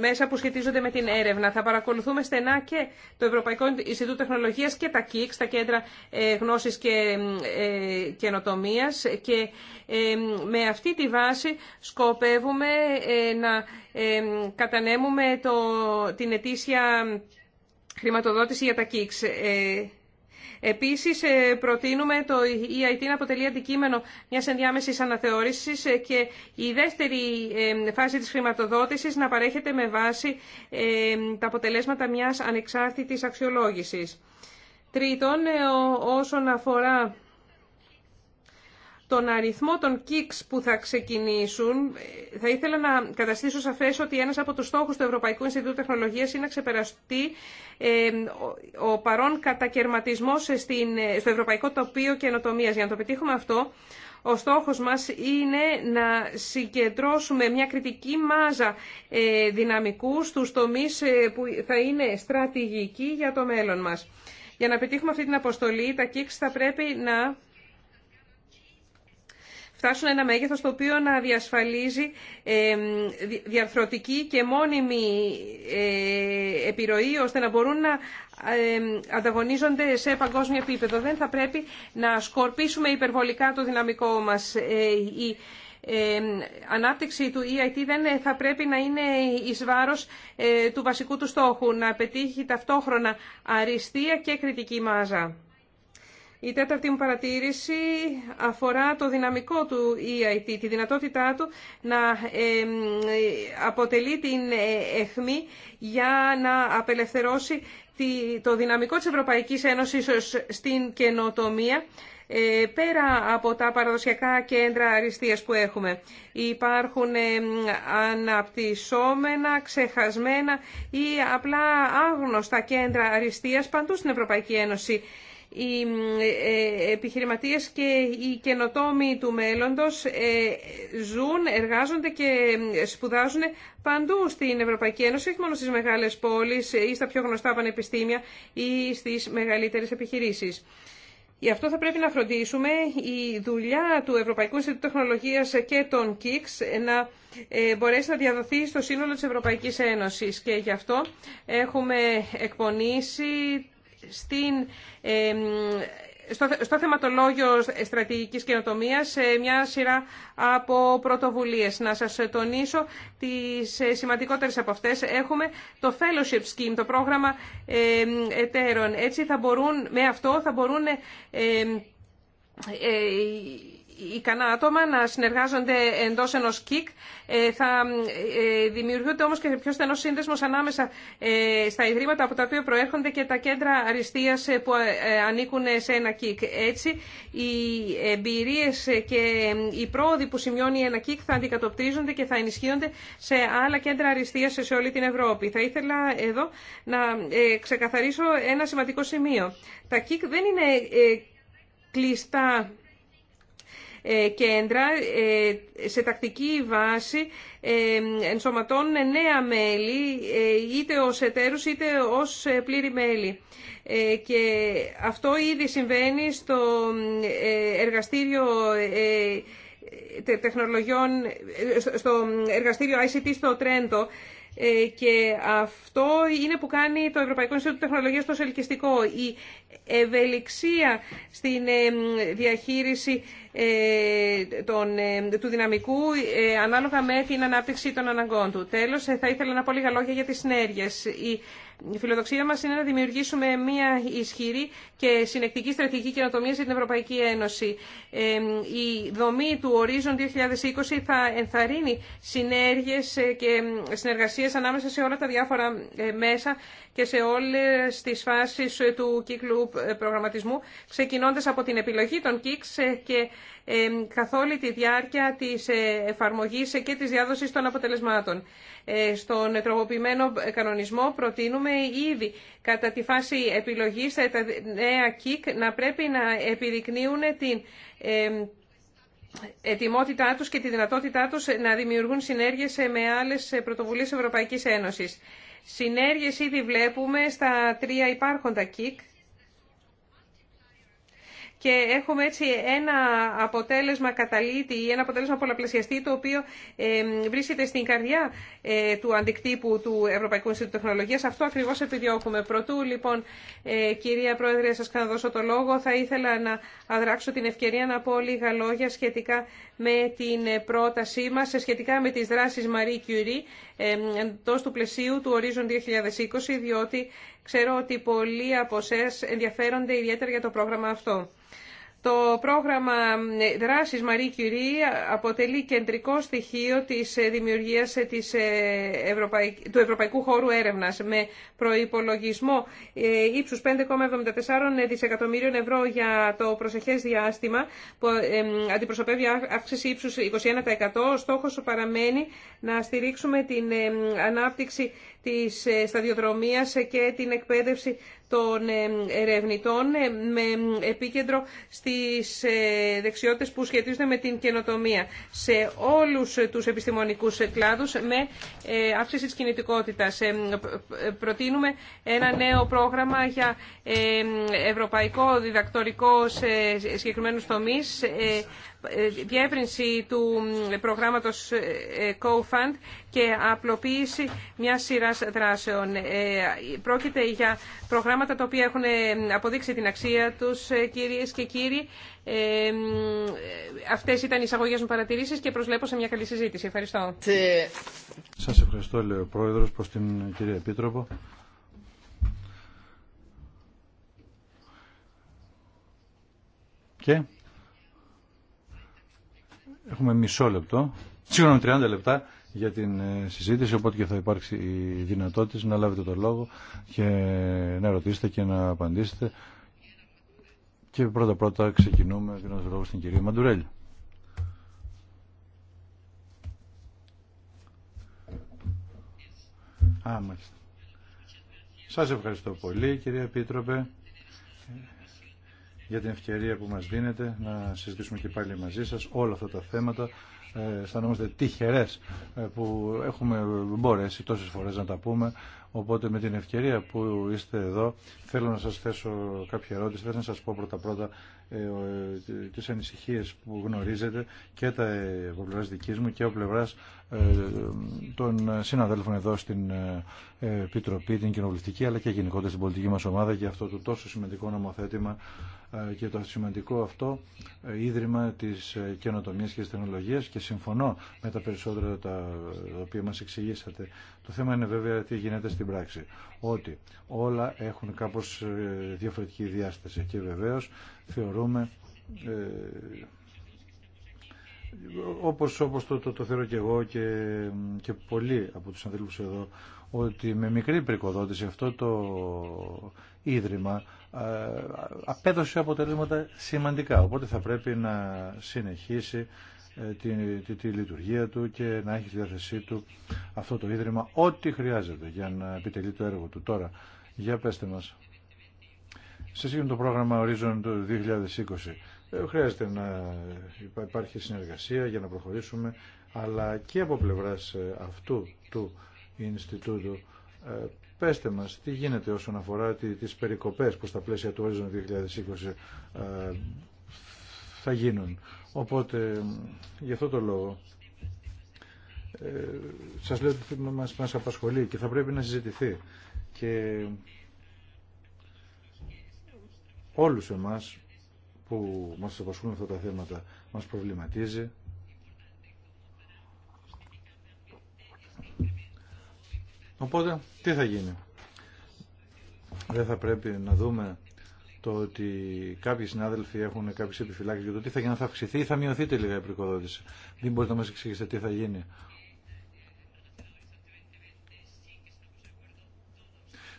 μέσα που σχετίζονται με την έρευνα. Θα παρακολουθούμε στενά και το Ευρωπαϊκό Ινστιτούτο Τεχνολογίας και τα ΚΙΚΣ, τα Κέντρα ε, Γνώσης και ε, Καινοτομίας και με αυτή τη βάση σκοπεύουμε να κατανέμουμε το, την ετήσια χρηματοδότηση για τα ΚΙΚΣ. Επίσης, ε, προτείνουμε το EIT να αποτελεί αντικείμενο μιας ενδιάμεσης αναθεώρησης ε, και η δεύτερη ε, φάση της χρηματοδότηση να παρέχεται με βάση τα αποτελέσματα μιας ανεξάρτητη αξιολόγησης. Τρίτον, όσον αφορά τον αριθμό των κικς που θα ξεκινήσουν, ε, θα ήθελα να καταστήσω σαφές ότι ένας από τους στόχους του Ευρωπαϊκού Ινστιτούτου Τεχνολογίας είναι να ξεπεραστεί ε, ο παρόν κατακαιρματισμό ε, στο ευρωπαϊκό τοπίο καινοτομία. Για να το πετύχουμε αυτό, ο στόχος μας είναι να συγκεντρώσουμε μια κριτική μάζα δυναμικού στους τομείς που θα είναι στρατηγικοί για το μέλλον μας. Για να πετύχουμε αυτή την αποστολή, τα ΚΙΚΣ θα πρέπει να φτάσουν ένα μέγεθος το οποίο να διασφαλίζει ε, διαρθρωτική και μόνιμη ε, επιρροή ώστε να μπορούν να ε, ανταγωνίζονται σε παγκόσμιο επίπεδο. Δεν θα πρέπει να σκορπίσουμε υπερβολικά το δυναμικό μας. Η ανάπτυξη του EIT δεν θα πρέπει να είναι εις βάρος του βασικού του στόχου, να πετύχει ταυτόχρονα αριστεία και κριτική μάζα. Η τέταρτη μου παρατήρηση αφορά το δυναμικό του EIT, τη δυνατότητά του να αποτελεί την εχμή για να απελευθερώσει το δυναμικό της Ευρωπαϊκής Ένωσης στην καινοτομία ε, πέρα από τα παραδοσιακά κέντρα αριστείας που έχουμε. Υπάρχουν αναπτυσσόμενα, ξεχασμένα ή απλά άγνωστα κέντρα αριστείας παντού στην Ευρωπαϊκή Ένωση οι ε, ε, επιχειρηματίες και οι καινοτόμοι του μέλλοντος ε, ζουν, εργάζονται και σπουδάζουν παντού στην Ευρωπαϊκή Ένωση, όχι μόνο στις μεγάλες πόλεις ή στα πιο γνωστά πανεπιστήμια ή στις μεγαλύτερες επιχειρήσεις. Γι' αυτό θα πρέπει να φροντίσουμε η δουλειά του Ευρωπαϊκού Ινστιτούτου Τεχνολογίας και των ΚΙΚΣ να μπορέσει να διαδοθεί στο σύνολο της Ευρωπαϊκής Ένωσης. Και γι' αυτό έχουμε εκπονήσει στην, στο, στο θεματολόγιο στρατηγικής καινοτομίας ε, μια σειρά από πρωτοβουλίες. Να σας τονίσω τις ε, σημαντικότερες από αυτές. Έχουμε το Fellowship Scheme, το πρόγραμμα εταίρων. Έτσι θα μπορούν, με αυτό θα μπορούν ε, ικανά άτομα να συνεργάζονται εντό ενός ΚΙΚ. Ε, θα ε, δημιουργούνται όμω και πιο στενό σύνδεσμος ανάμεσα ε, στα ιδρύματα από τα οποία προέρχονται και τα κέντρα αριστείας που ανήκουν σε ένα ΚΙΚ. Έτσι, οι εμπειρίε και οι πρόοδοι που σημειώνει ένα ΚΙΚ θα αντικατοπτρίζονται και θα ενισχύονται σε άλλα κέντρα αριστείας σε όλη την Ευρώπη. Θα ήθελα εδώ να ξεκαθαρίσω ένα σημαντικό σημείο. Τα ΚΙΚ δεν είναι κλειστά ε, κέντρα ε, σε τακτική βάση ε, ενσωματώνουν νέα μέλη είτε ως εταίρους είτε ως πλήρη μέλη. Και αυτό ήδη συμβαίνει στο εργαστήριο τεχνολογιών, στο εργαστήριο ICT στο Τρέντο ε, και αυτό είναι που κάνει το Ευρωπαϊκό Ινστιτούτο Τεχνολογίας τόσο ελκυστικό. Η ευελιξία στην ε, διαχείριση ε, του δυναμικού ανάλογα με την ανάπτυξη των αναγκών του. Τέλος, θα ήθελα να πω λίγα λόγια για τις συνέργειες. Η η φιλοδοξία μας είναι να δημιουργήσουμε μια ισχυρή και συνεκτική στρατηγική καινοτομία για την Ευρωπαϊκή Ένωση. η δομή του Horizon 2020 θα ενθαρρύνει συνέργειες ε, και συνεργασίες ανάμεσα σε όλα τα διάφορα ε, μέσα και σε όλες τις φάσεις του κύκλου ε, προγραμματισμού, ξεκινώντας από την επιλογή των ΚΙΚΣ ε, και ε, καθ' όλη τη διάρκεια της εφαρμογής και της διάδοσης των αποτελεσμάτων. Στον τροποποιημένο κανονισμό προτείνουμε ήδη κατά τη φάση επιλογής τα νέα ΚΙΚ να πρέπει να επιδεικνύουν την ετοιμότητά τους και τη δυνατότητά τους να δημιουργούν συνέργειες με άλλες πρωτοβουλίες Ευρωπαϊκής Ένωσης. Συνέργειες ήδη βλέπουμε στα τρία υπάρχοντα ΚΙΚ και έχουμε έτσι ένα αποτέλεσμα καταλήτη ή ένα αποτέλεσμα πολλαπλασιαστή το οποίο βρίσκεται στην καρδιά ε, του αντικτύπου του Ευρωπαϊκού Ινστιτούτου Τεχνολογία. Αυτό ακριβώ επιδιώκουμε. Πρωτού λοιπόν ε, κυρία Πρόεδρε σα ξαναδώσω το λόγο θα ήθελα να αδράξω την ευκαιρία να πω λίγα λόγια σχετικά με την πρότασή μα σχετικά με τι δράσει Marie Curie εντό του πλαισίου του Horizon 2020 διότι Ξέρω ότι πολλοί από εσέ ενδιαφέρονται ιδιαίτερα για το πρόγραμμα αυτό. Το πρόγραμμα ε, δράσης Marie Curie αποτελεί κεντρικό στοιχείο της ε, δημιουργίας ε, της του Ευρωπαϊκού Χώρου Έρευνας με προϋπολογισμό ύψους 5,74 δισεκατομμύριων ευρώ για το προσεχές διάστημα που αντιπροσωπεύει αύξηση ύψους 21%. Ο στόχος παραμένει να στηρίξουμε την ανάπτυξη της ε, σταδιοδρομίας και την εκπαίδευση των ε, ερευνητών ε, με επίκεντρο στις δεξιότητες που σχετίζονται με την καινοτομία σε όλους τους επιστημονικούς κλάδους με αύξηση της κινητικότητας. Προτείνουμε ένα νέο πρόγραμμα για ευρωπαϊκό διδακτορικό σε συγκεκριμένους τομείς διεύρυνση του προγράμματος ε, CoFund και απλοποίηση μια σειράς δράσεων. Ε, πρόκειται για προγράμματα τα οποία έχουν ε, αποδείξει την αξία τους, κυρίες και κύριοι. Αυτές ήταν οι εισαγωγές μου παρατηρήσεις και προσλέπω σε μια καλή συζήτηση. Ευχαριστώ. Σας ευχαριστώ, λέει ο Πρόεδρος, προς την κυρία Επίτροπο. Και Έχουμε μισό λεπτό, συγγνώμη 30 λεπτά για την ε, συζήτηση, οπότε και θα υπάρξει η δυνατότητα να λάβετε το λόγο και να ρωτήσετε και να απαντήσετε. Και πρώτα-πρώτα ξεκινούμε το λόγο στην κυρία Μαντουρέλη. Α, Σας ευχαριστώ πολύ κυρία Πίτροπε για την ευκαιρία που μας δίνετε να συζητήσουμε και πάλι μαζί σας όλα αυτά τα θέματα. Ε, αισθανόμαστε τυχερές ε, που έχουμε μπορέσει τόσες φορές να τα πούμε. Οπότε με την ευκαιρία που είστε εδώ θέλω να σας θέσω κάποια ερώτηση. Θέλω να σας πω πρώτα πρώτα ε, τις ανησυχίες που γνωρίζετε και τα, ε, από πλευράς δικής μου και από πλευράς ε, των συναδέλφων εδώ στην ε, Επιτροπή, την Κοινοβουλευτική αλλά και γενικότερα στην πολιτική μας ομάδα για αυτό το τόσο σημαντικό νομοθέτημα ε, και το σημαντικό αυτό ε, ίδρυμα της ε, καινοτομίας και της τεχνολογίας και συμφωνώ με τα περισσότερα τα οποία μας εξηγήσατε. Το θέμα είναι βέβαια τι γίνεται στην πράξη. Ότι όλα έχουν κάπως διαφορετική διάσταση και βεβαίως θεωρούμε όπως, όπως το, το, θεωρώ και εγώ και, και πολλοί από τους ανθρώπους εδώ ότι με μικρή πρικοδότηση αυτό το ίδρυμα ε, απέδωσε αποτελέσματα σημαντικά. Οπότε θα πρέπει να συνεχίσει ε, τη, τη, τη λειτουργία του και να έχει τη διάθεσή του αυτό το Ίδρυμα ό,τι χρειάζεται για να επιτελεί το έργο του. Τώρα, για πέστε μας. Σε σχέση το πρόγραμμα Horizon 2020, ε, χρειάζεται να υπάρχει συνεργασία για να προχωρήσουμε, αλλά και από πλευράς αυτού του Ινστιτούτου Πέστε μας, τι γίνεται όσον αφορά τις περικοπές που στα πλαίσια του Horizon 2020 ε, θα γίνουν. Οπότε, γι' αυτό το λόγο, ε, σας λέω ότι μας, μας απασχολεί και θα πρέπει να συζητηθεί. Και όλους εμάς που μας απασχολούν αυτά τα θέματα μας προβληματίζει Οπότε, τι θα γίνει. Δεν θα πρέπει να δούμε το ότι κάποιοι συνάδελφοι έχουν κάποιε επιφυλάξει για το τι θα γίνει, αν θα αυξηθεί ή θα μειωθεί τελικά η πρικοδότηση. Δεν μπορείτε να μα εξηγήσετε τι θα γίνει.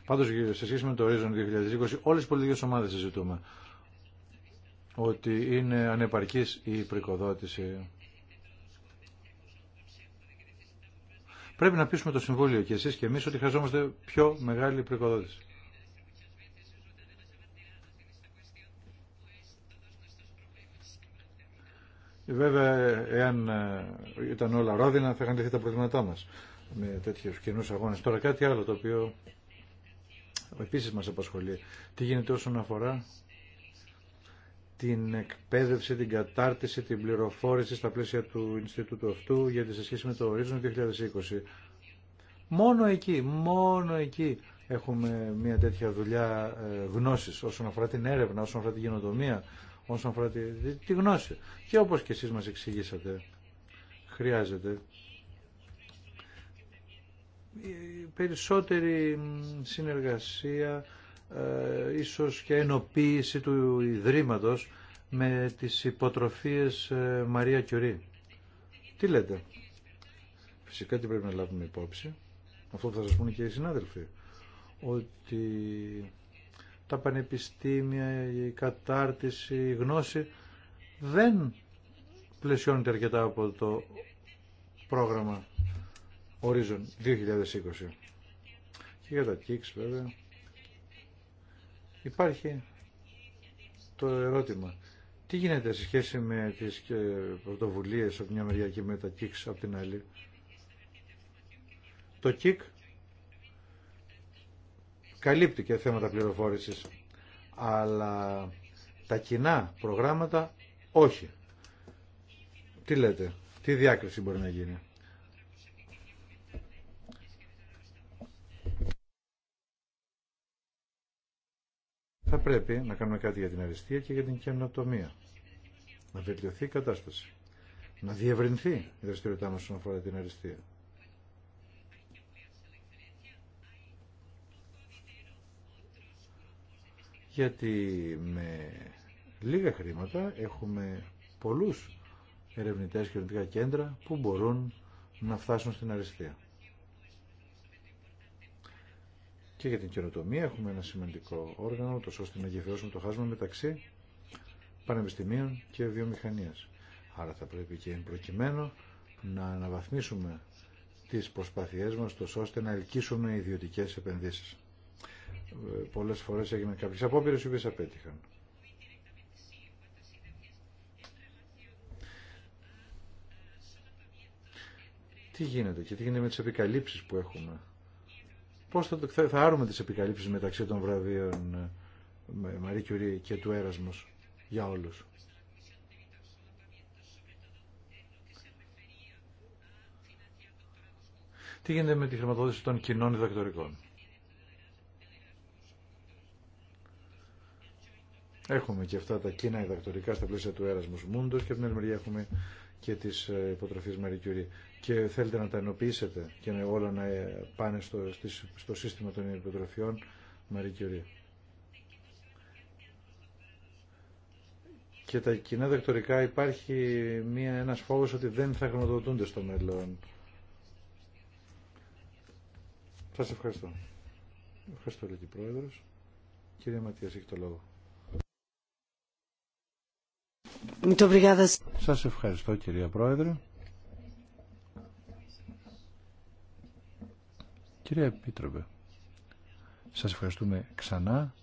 Πάντως σε σχέση με το Horizon 2020 όλες οι πολιτικές ομάδες συζητούμε ότι είναι ανεπαρκής η πρικοδότηση. Πρέπει να πείσουμε το Συμβούλιο και εσείς και εμείς ότι χρειαζόμαστε πιο μεγάλη προοικοδότηση. Βέβαια, εάν ε, ήταν όλα ρόδινα, θα είχαν λυθεί τα προβλήματά μας με τέτοιους κοινούς αγώνες. Τώρα κάτι άλλο το οποίο επίσης μας απασχολεί. Τι γίνεται όσον αφορά την εκπαίδευση, την κατάρτιση, την πληροφόρηση στα πλαίσια του Ινστιτούτου αυτού για τη σχέση με το ορίζον 2020. Μόνο εκεί, μόνο εκεί έχουμε μια τέτοια δουλειά ε, γνώσης όσον αφορά την έρευνα, όσον αφορά την γενοτομία, όσον αφορά τη, τη γνώση. Και όπως και εσείς μας εξηγήσατε, χρειάζεται περισσότερη συνεργασία ε, ίσως και ενοποίηση του Ιδρύματος με τις υποτροφίες ε, Μαρία Κιουρί. Τι λέτε. Φυσικά τι πρέπει να λάβουμε υπόψη. Αυτό θα σας πούνε και οι συνάδελφοι. Ότι τα πανεπιστήμια, η κατάρτιση, η γνώση δεν πλαισιώνεται αρκετά από το πρόγραμμα Horizon 2020. Και για τα Kicks βέβαια Υπάρχει το ερώτημα. Τι γίνεται σε σχέση με τις πρωτοβουλίε από μια μεριά και με τα ΚΙΚΣ από την άλλη. Το ΚΙΚ καλύπτει και θέματα πληροφόρησης, αλλά τα κοινά προγράμματα όχι. Τι λέτε, τι διάκριση μπορεί να γίνει. θα πρέπει να κάνουμε κάτι για την αριστεία και για την καινοτομία. Να βελτιωθεί η κατάσταση. Να διευρυνθεί η δραστηριότητά μας όσον αφορά την αριστεία. Γιατί με λίγα χρήματα έχουμε πολλούς ερευνητές και ερευνητικά κέντρα που μπορούν να φτάσουν στην αριστεία. και για την καινοτομία έχουμε ένα σημαντικό όργανο, τόσο ώστε να γεφυρώσουμε το χάσμα μεταξύ πανεπιστημίων και βιομηχανίας. Άρα θα πρέπει και εν προκειμένου να αναβαθμίσουμε τις προσπάθειές μας, ώστε να ελκύσουμε ιδιωτικές επενδύσεις. Ε, πολλές φορές έγιναν κάποιες απόπειρες οι οποίες απέτυχαν. Τι γίνεται και τι γίνεται με τις επικαλύψεις που έχουμε πώς θα, θα, θα άρουμε τις επικαλύψεις μεταξύ των βραβείων ε, Μαρή Κιουρί και του Έρασμος για όλους. Τι γίνεται με τη χρηματοδότηση των κοινών διδακτορικών. Έχουμε και αυτά τα κοινά διδακτορικά στα πλαίσια του Έρασμος Μούντος και από την άλλη μεριά έχουμε και τις ε, υποτροφίες Κιουρί και θέλετε να τα ενοποιήσετε και να όλα να πάνε στο, σύστημα των υποτροφιών Κυρία. Και τα κοινά δεκτορικά υπάρχει μία, ένας φόβος ότι δεν θα γνωδοτούνται στο μέλλον. Σας ευχαριστώ. Ευχαριστώ λέει και Πρόεδρος. Κύριε Ματίας, έχει το λόγο. Σας ευχαριστώ κυρία Πρόεδρε. Κύριε Επίτροπε, σας ευχαριστούμε ξανά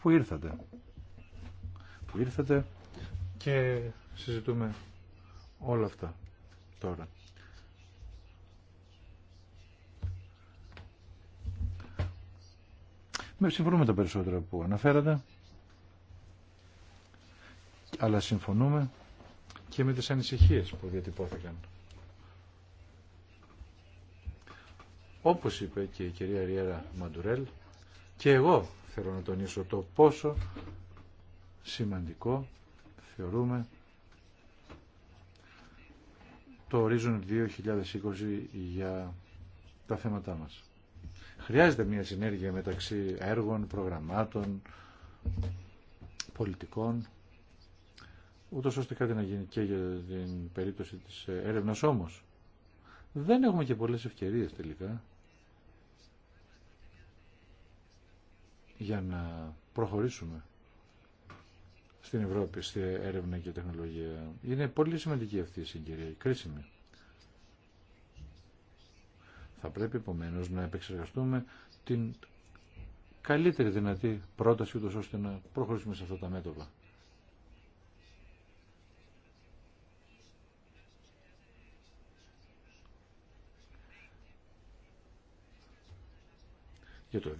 που ήρθατε. Που ήρθατε και συζητούμε όλα αυτά τώρα. Με συμφωνούμε τα περισσότερα που αναφέρατε, αλλά συμφωνούμε και με τις ανησυχίες που διατυπώθηκαν. Όπως είπε και η κυρία Ριέρα Μαντουρέλ, και εγώ θέλω να τονίσω το πόσο σημαντικό θεωρούμε το Horizon 2020 για τα θέματά μας. Χρειάζεται μια συνέργεια μεταξύ έργων, προγραμμάτων, πολιτικών, ούτως ώστε κάτι να γίνει και για την περίπτωση της έρευνας όμως. Δεν έχουμε και πολλές ευκαιρίες τελικά για να προχωρήσουμε στην Ευρώπη, στη έρευνα και τεχνολογία. Είναι πολύ σημαντική αυτή η συγκυρία, κρίσιμη. Θα πρέπει επομένως να επεξεργαστούμε την καλύτερη δυνατή πρόταση ώστε να προχωρήσουμε σε αυτά τα μέτωπα. Για το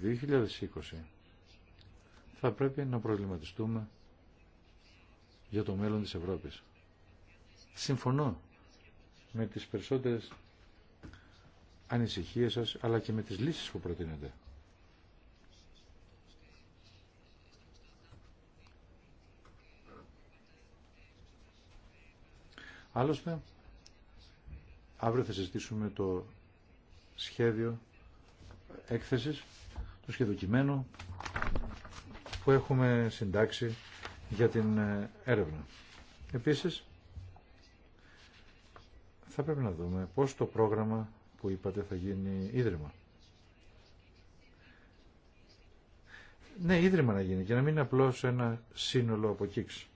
2020 θα πρέπει να προβληματιστούμε για το μέλλον της Ευρώπης. Συμφωνώ με τις περισσότερες ανησυχίες σας, αλλά και με τις λύσεις που προτείνετε. Άλλωστε, αύριο θα συζητήσουμε το σχέδιο έκθεσης, το σχεδοκειμένο έχουμε συντάξει για την ε, έρευνα. Επίσης, θα πρέπει να δούμε πώς το πρόγραμμα που είπατε θα γίνει ίδρυμα. Ναι, ίδρυμα να γίνει και να μην είναι απλώς ένα σύνολο από κίξ.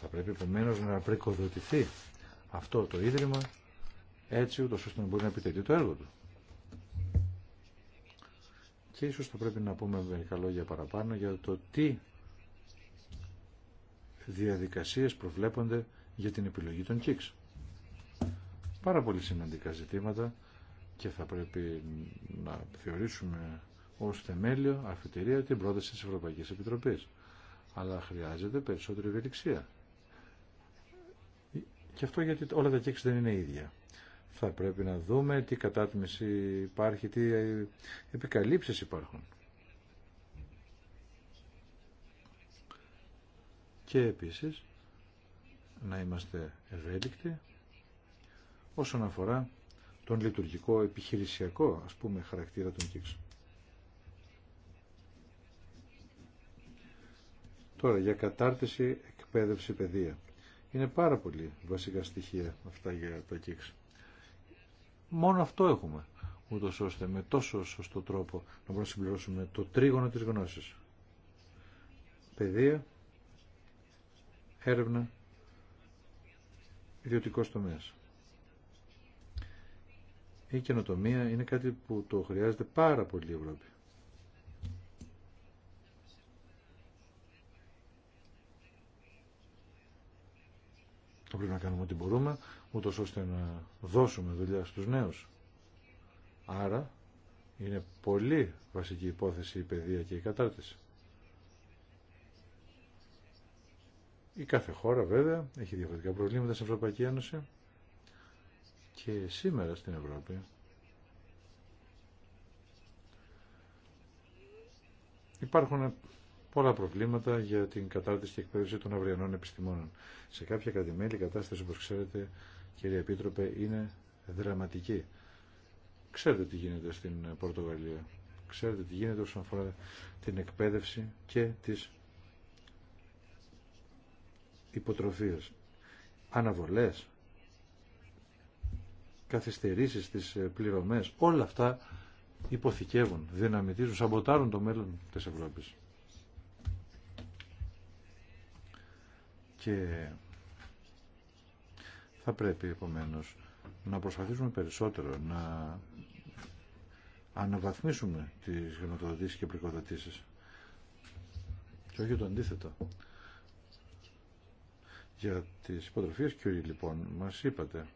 Θα πρέπει επομένω να πρικοδοτηθεί αυτό το ίδρυμα έτσι ούτως ώστε να μπορεί να επιτελεί το έργο του και ίσως θα πρέπει να πούμε μερικά λόγια παραπάνω για το τι διαδικασίες προβλέπονται για την επιλογή των ΚΙΚΣ. Πάρα πολύ σημαντικά ζητήματα και θα πρέπει να θεωρήσουμε ως θεμέλιο αφιτηρία την πρόταση της Ευρωπαϊκής Επιτροπής. Αλλά χρειάζεται περισσότερη ευελιξία. Και αυτό γιατί όλα τα ΚΙΚΣ δεν είναι ίδια θα πρέπει να δούμε τι κατάτμιση υπάρχει, τι επικαλύψεις υπάρχουν. Και επίσης να είμαστε ευέλικτοι όσον αφορά τον λειτουργικό επιχειρησιακό ας πούμε χαρακτήρα των ΚΙΚΣ. Τώρα για κατάρτιση, εκπαίδευση, παιδεία. Είναι πάρα πολύ βασικά στοιχεία αυτά για τα ΚΙΚΣ. Μόνο αυτό έχουμε, ούτω ώστε με τόσο σωστό τρόπο να μπορούμε να συμπληρώσουμε το τρίγωνο της γνώσης. Παιδεία, έρευνα, ιδιωτικός τομέας. Η καινοτομία είναι κάτι που το χρειάζεται πάρα πολύ η Ευρώπη. Το πρέπει να κάνουμε ό,τι μπορούμε ούτως ώστε να δώσουμε δουλειά στους νέους. Άρα είναι πολύ βασική υπόθεση η παιδεία και η κατάρτιση. Η κάθε χώρα βέβαια έχει διαφορετικά προβλήματα στην Ευρωπαϊκή Ένωση και σήμερα στην Ευρώπη υπάρχουν πολλά προβλήματα για την κατάρτιση και εκπαίδευση των αυριανών επιστημόνων. Σε κάποια κατημέλη κατάσταση όπως ξέρετε κύριε Επίτροπε, είναι δραματική. Ξέρετε τι γίνεται στην Πορτογαλία. Ξέρετε τι γίνεται όσον αφορά την εκπαίδευση και τις υποτροφίες. Αναβολές, καθυστερήσεις στις πληρωμές, όλα αυτά υποθηκεύουν, δυναμητίζουν, σαμποτάρουν το μέλλον της Ευρώπης. Και θα πρέπει επομένως να προσπαθήσουμε περισσότερο να αναβαθμίσουμε τις χρηματοδοτήσεις και πληκοδοτήσεις. Και όχι το αντίθετο. Για τις υποτροφίες, κύριε λοιπόν, μας είπατε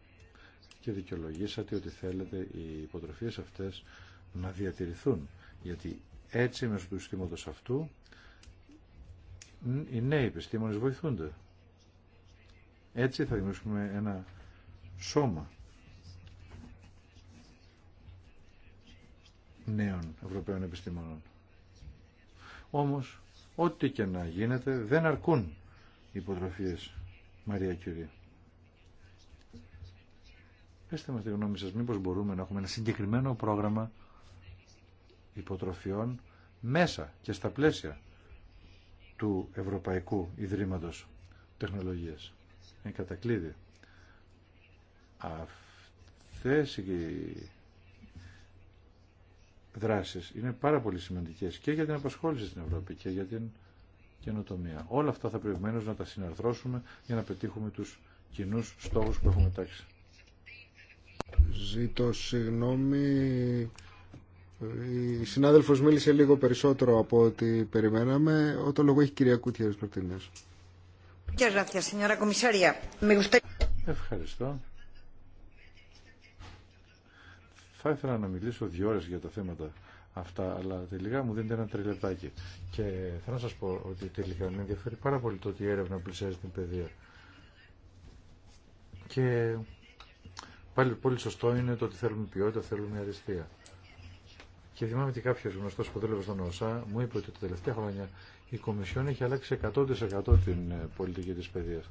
και δικαιολογήσατε ότι θέλετε οι υποτροφίες αυτές να διατηρηθούν. Γιατί έτσι μέσω του συστήματος αυτού οι νέοι επιστήμονες βοηθούνται. Έτσι θα δημιουργήσουμε ένα σώμα νέων Ευρωπαίων επιστήμονων. Όμως, ό,τι και να γίνεται, δεν αρκούν οι υποτροφίες Μαρία Κυρία. Πεςτε μας τη γνώμη σας, μήπως μπορούμε να έχουμε ένα συγκεκριμένο πρόγραμμα υποτροφιών μέσα και στα πλαίσια του Ευρωπαϊκού Ιδρύματος Τεχνολογίας είναι κατακλείδη. Αυτές οι δράσεις είναι πάρα πολύ σημαντικές και για την απασχόληση στην Ευρώπη και για την καινοτομία. Όλα αυτά θα προηγουμένω να τα συναρθρώσουμε για να πετύχουμε τους κοινού στόχους που έχουμε τάξει. Ζήτω συγγνώμη. Η συνάδελφος μίλησε λίγο περισσότερο από ό,τι περιμέναμε. Όταν λόγο έχει κυρία Κούτια Ρεσπαρτίνες. Ευχαριστώ. Θα ήθελα να μιλήσω δύο ώρες για τα θέματα αυτά, αλλά τελικά μου δίνετε ένα τριλεπτάκι. Και θέλω να σας πω ότι τελικά με ενδιαφέρει πάρα πολύ το ότι η έρευνα πλησιάζει την παιδεία. Και πάλι πολύ σωστό είναι το ότι θέλουμε ποιότητα, θέλουμε αριστεία. Και θυμάμαι ότι κάποιο γνωστό που δούλευε στον ΟΣΑ μου είπε ότι τα τελευταία χρόνια η Κομισιόν έχει αλλάξει 100% την ε, πολιτική της παιδείας.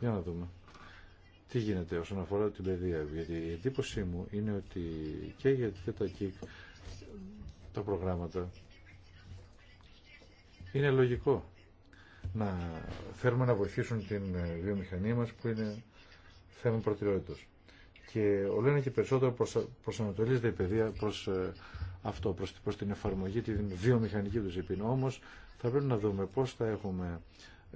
Για να δούμε. Τι γίνεται όσον αφορά την παιδεία. Γιατί η εντύπωσή μου είναι ότι και για τα ΚΙΚ τα προγράμματα είναι λογικό να θέλουμε να βοηθήσουν την ε, βιομηχανία μας που είναι θέμα προτεραιότητας. Και όλο ένα και περισσότερο προσανατολίζεται η παιδεία προς ε, αυτό προς, προς την εφαρμογή, τη βιομηχανική του ζυπήν. Όμως θα πρέπει να δούμε πώς θα έχουμε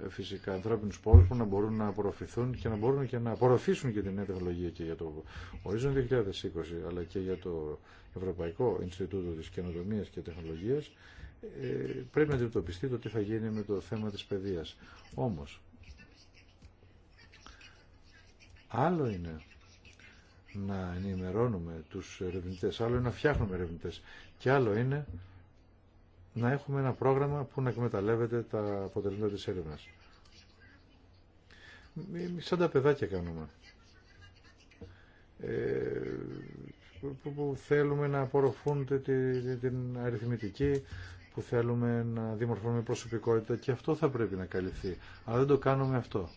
ε, φυσικά ανθρώπινους πόρους που να μπορούν να απορροφηθούν και να μπορούν και να απορροφήσουν και την νέα τεχνολογία και για το ορίζον 2020 αλλά και για το Ευρωπαϊκό Ινστιτούτο της Καινοτομίας και Τεχνολογίας ε, πρέπει να αντιμετωπιστεί το τι θα γίνει με το θέμα της παιδείας. Όμως, άλλο είναι να ενημερώνουμε τους ερευνητέ, άλλο είναι να φτιάχνουμε ερευνητέ και άλλο είναι να έχουμε ένα πρόγραμμα που να εκμεταλλεύεται τα αποτελέσματα της έρευνας. Σαν τα παιδάκια κάνουμε. Ε, που, που θέλουμε να απορροφούν τη, την αριθμητική, που θέλουμε να δημορφώνουμε προσωπικότητα και αυτό θα πρέπει να καλυφθεί. Αλλά δεν το κάνουμε αυτό.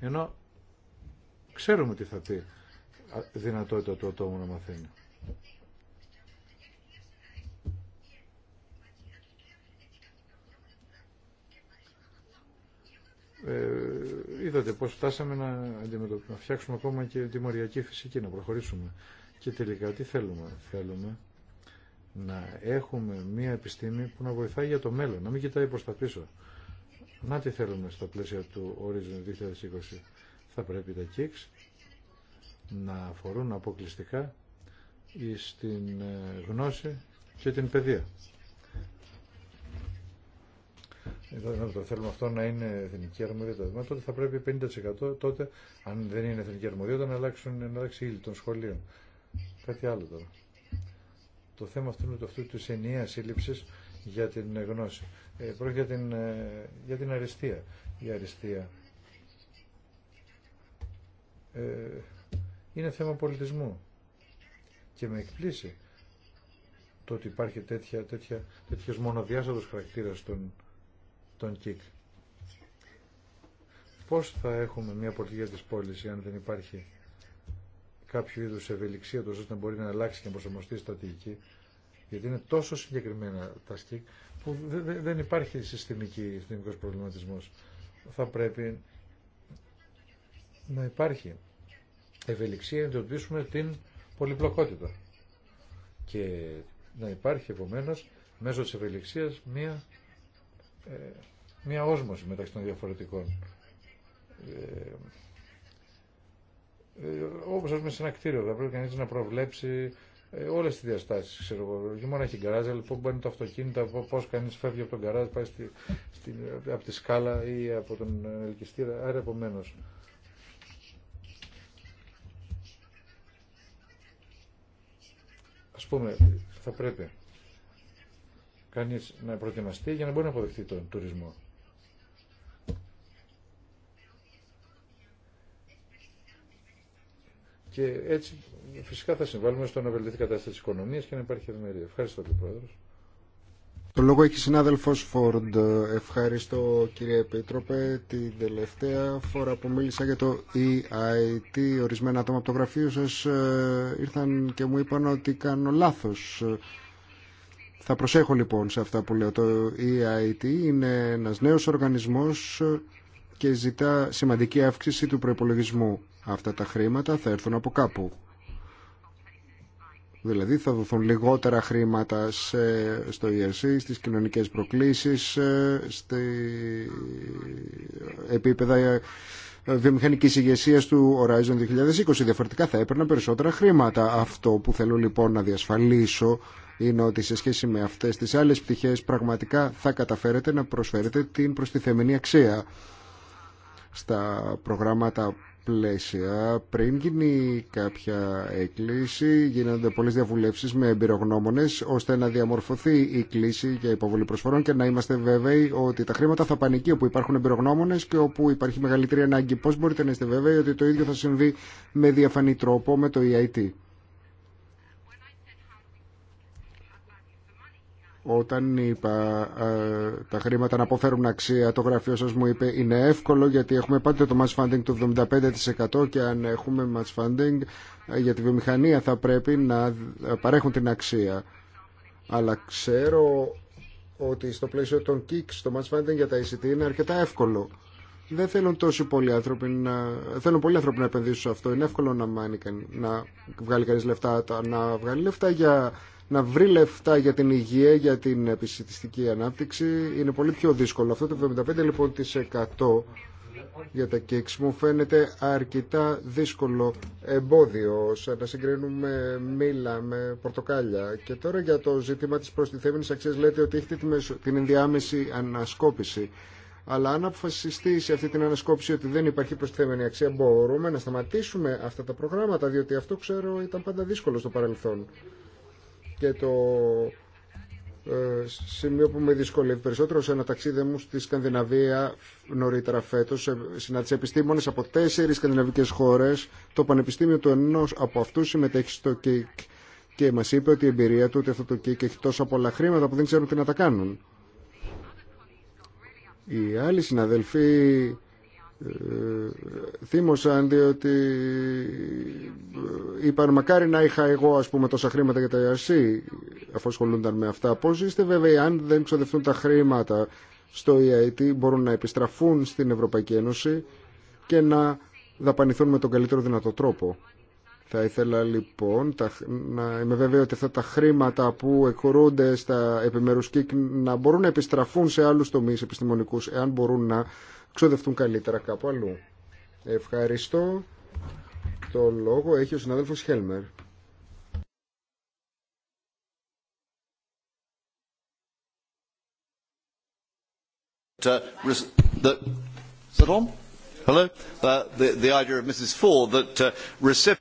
Ενώ ξέρουμε τι θα πει δυνατότητα του ατόμου να μαθαίνει. Ε, είδατε πώς φτάσαμε να, να φτιάξουμε ακόμα και τη μοριακή φυσική, να προχωρήσουμε. Και τελικά τι θέλουμε. Θέλουμε να έχουμε μία επιστήμη που να βοηθάει για το μέλλον, να μην κοιτάει προς τα πίσω. Να τι θέλουμε στα πλαίσια του Horizon 2020. Θα πρέπει τα ΚΙΚΣ να αφορούν αποκλειστικά στην ε, γνώση και την παιδεία. Εδώ, το θέλουμε αυτό να είναι εθνική αρμοδιότητα. Μα τότε θα πρέπει 50% τότε, αν δεν είναι εθνική αρμοδιότητα, να, αλλάξουν, να αλλάξει η ύλη των σχολείων. Κάτι άλλο τώρα. Το θέμα αυτό είναι το αυτού τη ενιαία σύλληψη για την γνώση. Ε, πρόκειται για την, ε, για την αριστεία. Η αριστεία. Ε, είναι θέμα πολιτισμού. Και με εκπλήσει το ότι υπάρχει τέτοια, τέτοια, τέτοιος μονοδιάστατος χαρακτήρας των, των ΚΙΚ. Πώς θα έχουμε μια πολιτική της πόλης αν δεν υπάρχει κάποιο είδου ευελιξία τόσο ώστε να μπορεί να αλλάξει και να προσαρμοστεί η στρατηγική. Γιατί είναι τόσο συγκεκριμένα τα σκικ που δεν υπάρχει συστημική, συστημικός προβληματισμός. Θα πρέπει να υπάρχει ευελιξία να εντοπίσουμε την πολυπλοκότητα. Και να υπάρχει επομένω μέσω της ευελιξίας μία, ε, μία όσμωση μεταξύ των διαφορετικών. Ε, ε, όπως ας πούμε σε ένα κτίριο θα πρέπει κανείς να προβλέψει ε, όλες τις διαστάσεις, ξέρω εγώ, όχι μόνο έχει γκαράζ, αλλά πού μπαίνει το αυτοκίνητο, πώς κανείς φεύγει από τον γκαράζ, πάει στη, από τη σκάλα ή από τον ελκυστήρα, άρα επομένως Ας πούμε, θα πρέπει κανείς να προετοιμαστεί για να μπορεί να αποδεχτεί τον τουρισμό. Και έτσι φυσικά θα συμβάλλουμε στο να βελτιωθεί η κατάσταση της οικονομίας και να υπάρχει ευημερία. Ευχαριστώ, κύριε Πρόεδρος. Το λόγο έχει συνάδελφος Φόρντ. Ευχαριστώ κύριε Επίτροπε. Την τελευταία φορά που μίλησα για το EIT, ορισμένα άτομα από το γραφείο σας ε, ήρθαν και μου είπαν ότι κάνω λάθος. Θα προσέχω λοιπόν σε αυτά που λέω. Το EIT είναι ένας νέος οργανισμός και ζητά σημαντική αύξηση του προπολογισμού. Αυτά τα χρήματα θα έρθουν από κάπου. Δηλαδή θα δοθούν λιγότερα χρήματα σε, στο ERC, στις κοινωνικές προκλήσεις, ε, στη ε, επίπεδα ε, βιομηχανικής ηγεσία του Horizon 2020. Διαφορετικά θα έπαιρνα περισσότερα χρήματα. Αυτό που θέλω λοιπόν να διασφαλίσω είναι ότι σε σχέση με αυτές τις άλλες πτυχές πραγματικά θα καταφέρετε να προσφέρετε την προστιθέμενη αξία στα προγράμματα πλαίσια πριν γίνει κάποια έκκληση γίνονται πολλές διαβουλεύσεις με εμπειρογνώμονες ώστε να διαμορφωθεί η κλίση για υποβολή προσφορών και να είμαστε βέβαιοι ότι τα χρήματα θα πάνε εκεί όπου υπάρχουν εμπειρογνώμονες και όπου υπάρχει μεγαλύτερη ανάγκη. Πώς μπορείτε να είστε βέβαιοι ότι το ίδιο θα συμβεί με διαφανή τρόπο με το EIT. Όταν είπα ε, τα χρήματα να αποφέρουν αξία, το γραφείο σας μου είπε είναι εύκολο γιατί έχουμε πάντα το match funding του 75% και αν έχουμε match funding ε, για τη βιομηχανία θα πρέπει να ε, παρέχουν την αξία. Αλλά ξέρω ότι στο πλαίσιο των kicks το match funding για τα ICT e είναι αρκετά εύκολο. Δεν θέλουν πολλοί άνθρωποι να, θέλουν πολλοί άνθρωποι να επενδύσουν σε αυτό. Είναι εύκολο να, μάνει, να βγάλει κανεί λεφτά, να βγάλει λεφτά για να βρει λεφτά για την υγεία, για την επιστημιστική ανάπτυξη είναι πολύ πιο δύσκολο. Αυτό το 75% λοιπόν, για τα κέξ μου φαίνεται αρκετά δύσκολο εμπόδιο σαν να συγκρίνουμε μήλα με πορτοκάλια και τώρα για το ζήτημα της προστιθέμενης αξίας λέτε ότι έχετε την ενδιάμεση ανασκόπηση αλλά αν αποφασιστεί σε αυτή την ανασκόπηση ότι δεν υπάρχει προστιθέμενη αξία μπορούμε να σταματήσουμε αυτά τα προγράμματα διότι αυτό ξέρω ήταν πάντα δύσκολο στο παρελθόν και το ε, σημείο που με δυσκολεύει περισσότερο σε ένα ταξίδι μου στη Σκανδιναβία νωρίτερα φέτος ε, συνάντησε επιστήμονες από τέσσερις σκανδιναβικές χώρες το πανεπιστήμιο του ενός από αυτούς συμμετέχει στο ΚΙΚ και μας είπε ότι η εμπειρία του ότι αυτό το ΚΙΚ έχει τόσα πολλά χρήματα που δεν ξέρουν τι να τα κάνουν οι άλλοι συναδελφοί ε, θύμωσαν διότι ε, είπαν μακάρι να είχα εγώ ας πούμε τόσα χρήματα για τα ERC αφού ασχολούνταν με αυτά πώς είστε βέβαιοι αν δεν ξοδευτούν τα χρήματα στο EIT μπορούν να επιστραφούν στην Ευρωπαϊκή Ένωση και να δαπανηθούν με τον καλύτερο δυνατό τρόπο θα ήθελα λοιπόν να είμαι βέβαιο ότι αυτά τα χρήματα που εκχωρούνται στα επιμερούς να μπορούν να επιστραφούν σε άλλους τομείς επιστημονικούς εάν μπορούν να ξοδευτούν καλύτερα κάπου αλλού. Ευχαριστώ. Το λόγο έχει ο συνάδελφος Χέλμερ.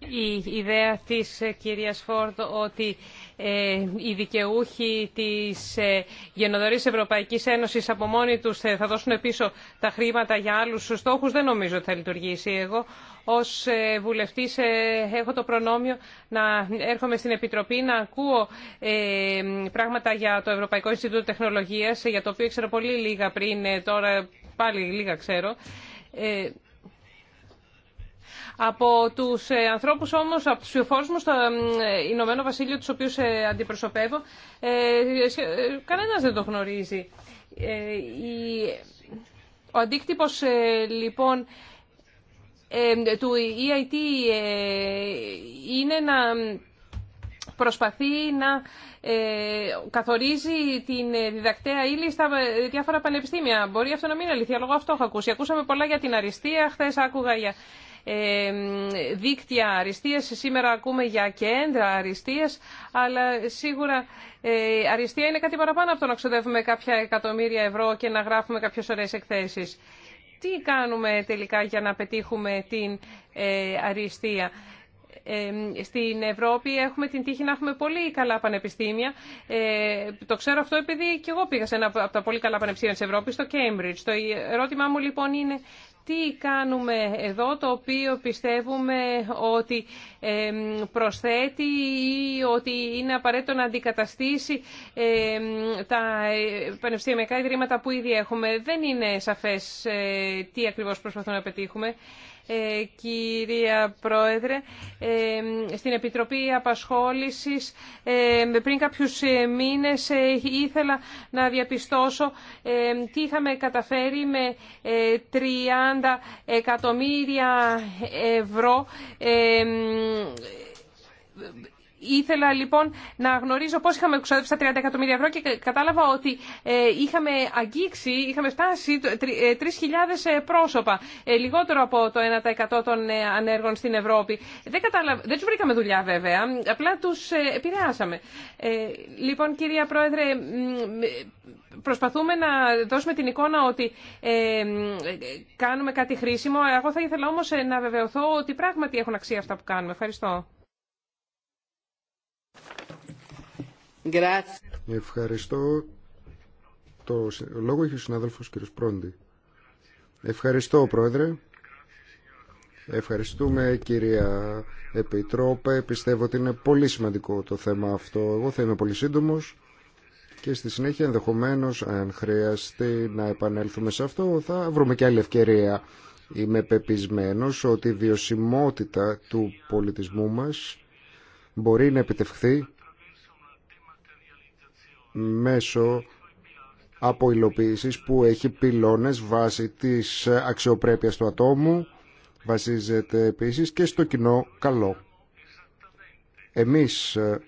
Η ιδέα της ε, κυρίας Φόρντ ότι ε, οι δικαιούχοι της ε, Γενοδορής Ευρωπαϊκής Ένωσης από μόνοι τους ε, θα δώσουν πίσω τα χρήματα για άλλους στόχους, δεν νομίζω ότι θα λειτουργήσει. Εγώ ως βουλευτής έχω το προνόμιο να έρχομαι στην Επιτροπή να ακούω πράγματα για το Ευρωπαϊκό Ινστιτούτο Τεχνολογίας, για το οποίο ήξερα πολύ λίγα πριν, τώρα πάλι λίγα ξέρω. Από τους ε, ανθρώπους όμως, από του ψηφοφόρου μου στο ε, Ηνωμένο Βασίλειο, τους οποίους ε, αντιπροσωπεύω, κανένας δεν το γνωρίζει. Ο αντίκτυπος λοιπόν του EIT είναι να προσπαθεί να καθορίζει την διδακτέα ύλη στα διάφορα πανεπιστήμια. Μπορεί αυτό να μην είναι αλήθεια, λόγω αυτό έχω ακούσει. Ακούσαμε πολλά για την αριστεία, χθε άκουγα για δίκτυα αριστείας. Σήμερα ακούμε για κέντρα αριστείας, αλλά σίγουρα ε, αριστεία είναι κάτι παραπάνω από το να ξοδεύουμε κάποια εκατομμύρια ευρώ και να γράφουμε κάποιες ωραίες εκθέσεις. Τι κάνουμε τελικά για να πετύχουμε την ε, αριστεία. Στην Ευρώπη έχουμε την τύχη να έχουμε πολύ καλά πανεπιστήμια. Ε, το ξέρω αυτό επειδή και εγώ πήγα σε ένα από τα πολύ καλά πανεπιστήμια της Ευρώπης, στο Cambridge. Το ερώτημά μου λοιπόν είναι τι κάνουμε εδώ το οποίο πιστεύουμε ότι προσθέτει ή ότι είναι απαραίτητο να αντικαταστήσει τα ε, πανεπιστημιακά ιδρύματα που ήδη έχουμε. Δεν είναι σαφές ε, τι ακριβώς προσπαθούμε να πετύχουμε. Ε, κυρία Πρόεδρε, ε, στην Επιτροπή Απασχόλησης. Ε, πριν κάποιους μήνες ήθελα να διαπιστώσω τι είχαμε καταφέρει με 30 εκατομμύρια ευρώ Ήθελα λοιπόν να γνωρίζω πώς είχαμε εξοδεύσει τα 30 εκατομμύρια ευρώ και κατάλαβα ότι ε, είχαμε αγγίξει, είχαμε φτάσει 3.000 ε, ε, πρόσωπα, λιγότερο από το 1% των ανέργων στην Ευρώπη. Δεν, κατάλαβα, δεν τους βρήκαμε δουλειά βέβαια, απλά τους επηρεάσαμε. λοιπόν κυρία Πρόεδρε, προσπαθούμε να δώσουμε την εικόνα ότι κάνουμε κάτι χρήσιμο. Εγώ θα ήθελα όμως να βεβαιωθώ ότι πράγματι έχουν αξία αυτά που κάνουμε. Ευχαριστώ. Ευχαριστώ. Το λόγο έχει ο συνάδελφος κ. Πρόντι. Ευχαριστώ, Πρόεδρε. Ευχαριστούμε κυρία Επιτρόπε. Πιστεύω ότι είναι πολύ σημαντικό το θέμα αυτό. Εγώ θα είμαι πολύ σύντομο και στη συνέχεια ενδεχομένως αν χρειαστεί να επανέλθουμε σε αυτό θα βρούμε και άλλη ευκαιρία. Είμαι πεπισμένος ότι η βιωσιμότητα του πολιτισμού μας μπορεί να επιτευχθεί μέσω από υλοποίησης που έχει πυλώνες βάσει της αξιοπρέπειας του ατόμου βασίζεται επίσης και στο κοινό καλό. Εμείς ε,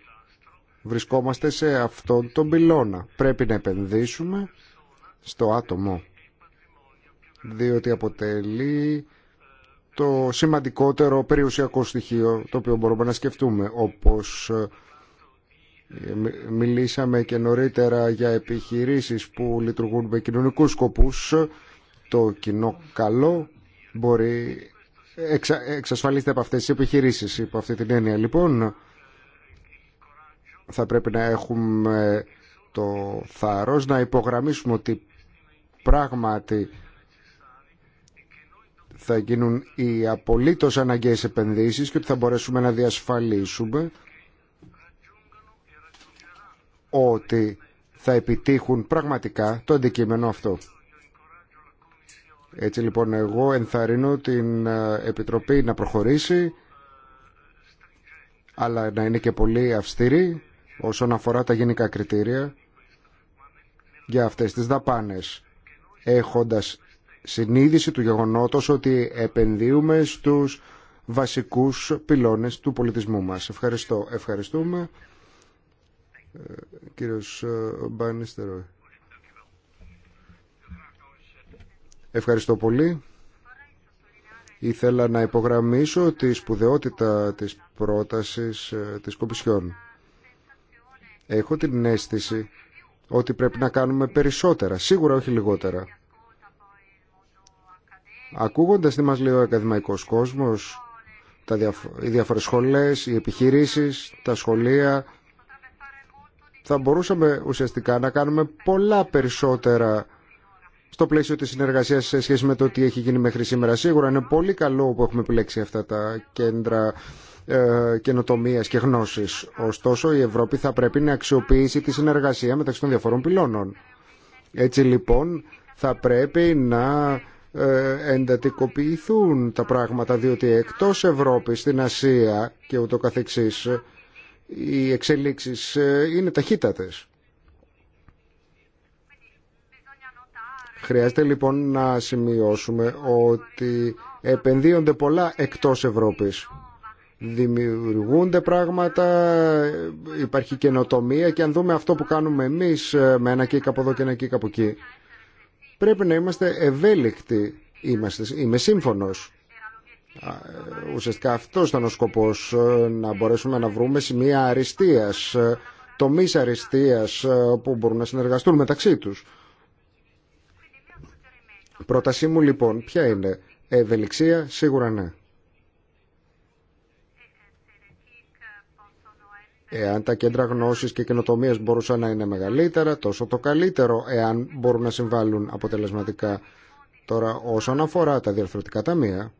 βρισκόμαστε σε αυτόν τον πυλώνα. Πρέπει να επενδύσουμε στο άτομο διότι αποτελεί το σημαντικότερο περιουσιακό στοιχείο το οποίο μπορούμε να σκεφτούμε όπως ε, ε, μιλήσαμε και νωρίτερα για επιχειρήσεις που λειτουργούν με κοινωνικούς σκοπούς. Το κοινό καλό μπορεί εξα, εξασφαλίζεται από αυτές τις επιχειρήσεις. Υπό αυτή την έννοια λοιπόν θα πρέπει να έχουμε το θάρρος να υπογραμμίσουμε ότι πράγματι θα γίνουν οι απολύτως αναγκαίες επενδύσεις και ότι θα μπορέσουμε να διασφαλίσουμε ότι θα επιτύχουν πραγματικά το αντικείμενο αυτό. Έτσι λοιπόν εγώ ενθαρρύνω την ε, Επιτροπή να προχωρήσει αλλά να είναι και πολύ αυστηρή όσον αφορά τα γενικά κριτήρια για αυτές τις δαπάνες έχοντας συνείδηση του γεγονότος ότι επενδύουμε στους βασικούς πυλώνες του πολιτισμού μας. Ευχαριστώ. Ευχαριστούμε κύριος ε, Μπανίστερο. Ευχαριστώ πολύ. Ήθελα να υπογραμμίσω τη σπουδαιότητα της πρότασης ε, της Κομπισιόν. Έχω την αίσθηση ότι πρέπει να κάνουμε περισσότερα, σίγουρα όχι λιγότερα. Ακούγοντας τι μας λέει ο ακαδημαϊκός κόσμος, τα οι διάφορες σχολές, οι επιχειρήσεις, τα σχολεία, θα μπορούσαμε ουσιαστικά να κάνουμε πολλά περισσότερα στο πλαίσιο της συνεργασίας σε σχέση με το τι έχει γίνει μέχρι σήμερα. Σίγουρα είναι πολύ καλό που έχουμε επιλέξει αυτά τα κέντρα ε, καινοτομία και γνώσης. Ωστόσο η Ευρώπη θα πρέπει να αξιοποιήσει τη συνεργασία μεταξύ των διαφορών πυλώνων. Έτσι λοιπόν θα πρέπει να ε, εντατικοποιηθούν τα πράγματα διότι εκτός Ευρώπης, στην Ασία και ούτω καθεξής οι εξελίξεις ε, είναι ταχύτατες. Χρειάζεται λοιπόν να σημειώσουμε ότι επενδύονται πολλά εκτός Ευρώπης. Δημιουργούνται πράγματα, υπάρχει καινοτομία και αν δούμε αυτό που κάνουμε εμείς ε, με ένα κίκ από εδώ και ένα κίκ από εκεί, πρέπει να είμαστε ευέλικτοι. είμαι σύμφωνος ε, ουσιαστικά αυτό ήταν ο σκοπός, ε, να μπορέσουμε να βρούμε σημεία αριστείας, ε, τομεί αριστείας που μπορούν να συνεργαστούν μεταξύ του. Πρότασή μου λοιπόν ποια είναι. Ευελιξία σίγουρα ναι. Εάν τα κέντρα γνώσης και καινοτομία μπορούσαν να είναι μεγαλύτερα, τόσο το καλύτερο, εάν μπορούν να συμβάλλουν αποτελεσματικά. Τώρα, όσον αφορά τα διαρθρωτικά ταμεία,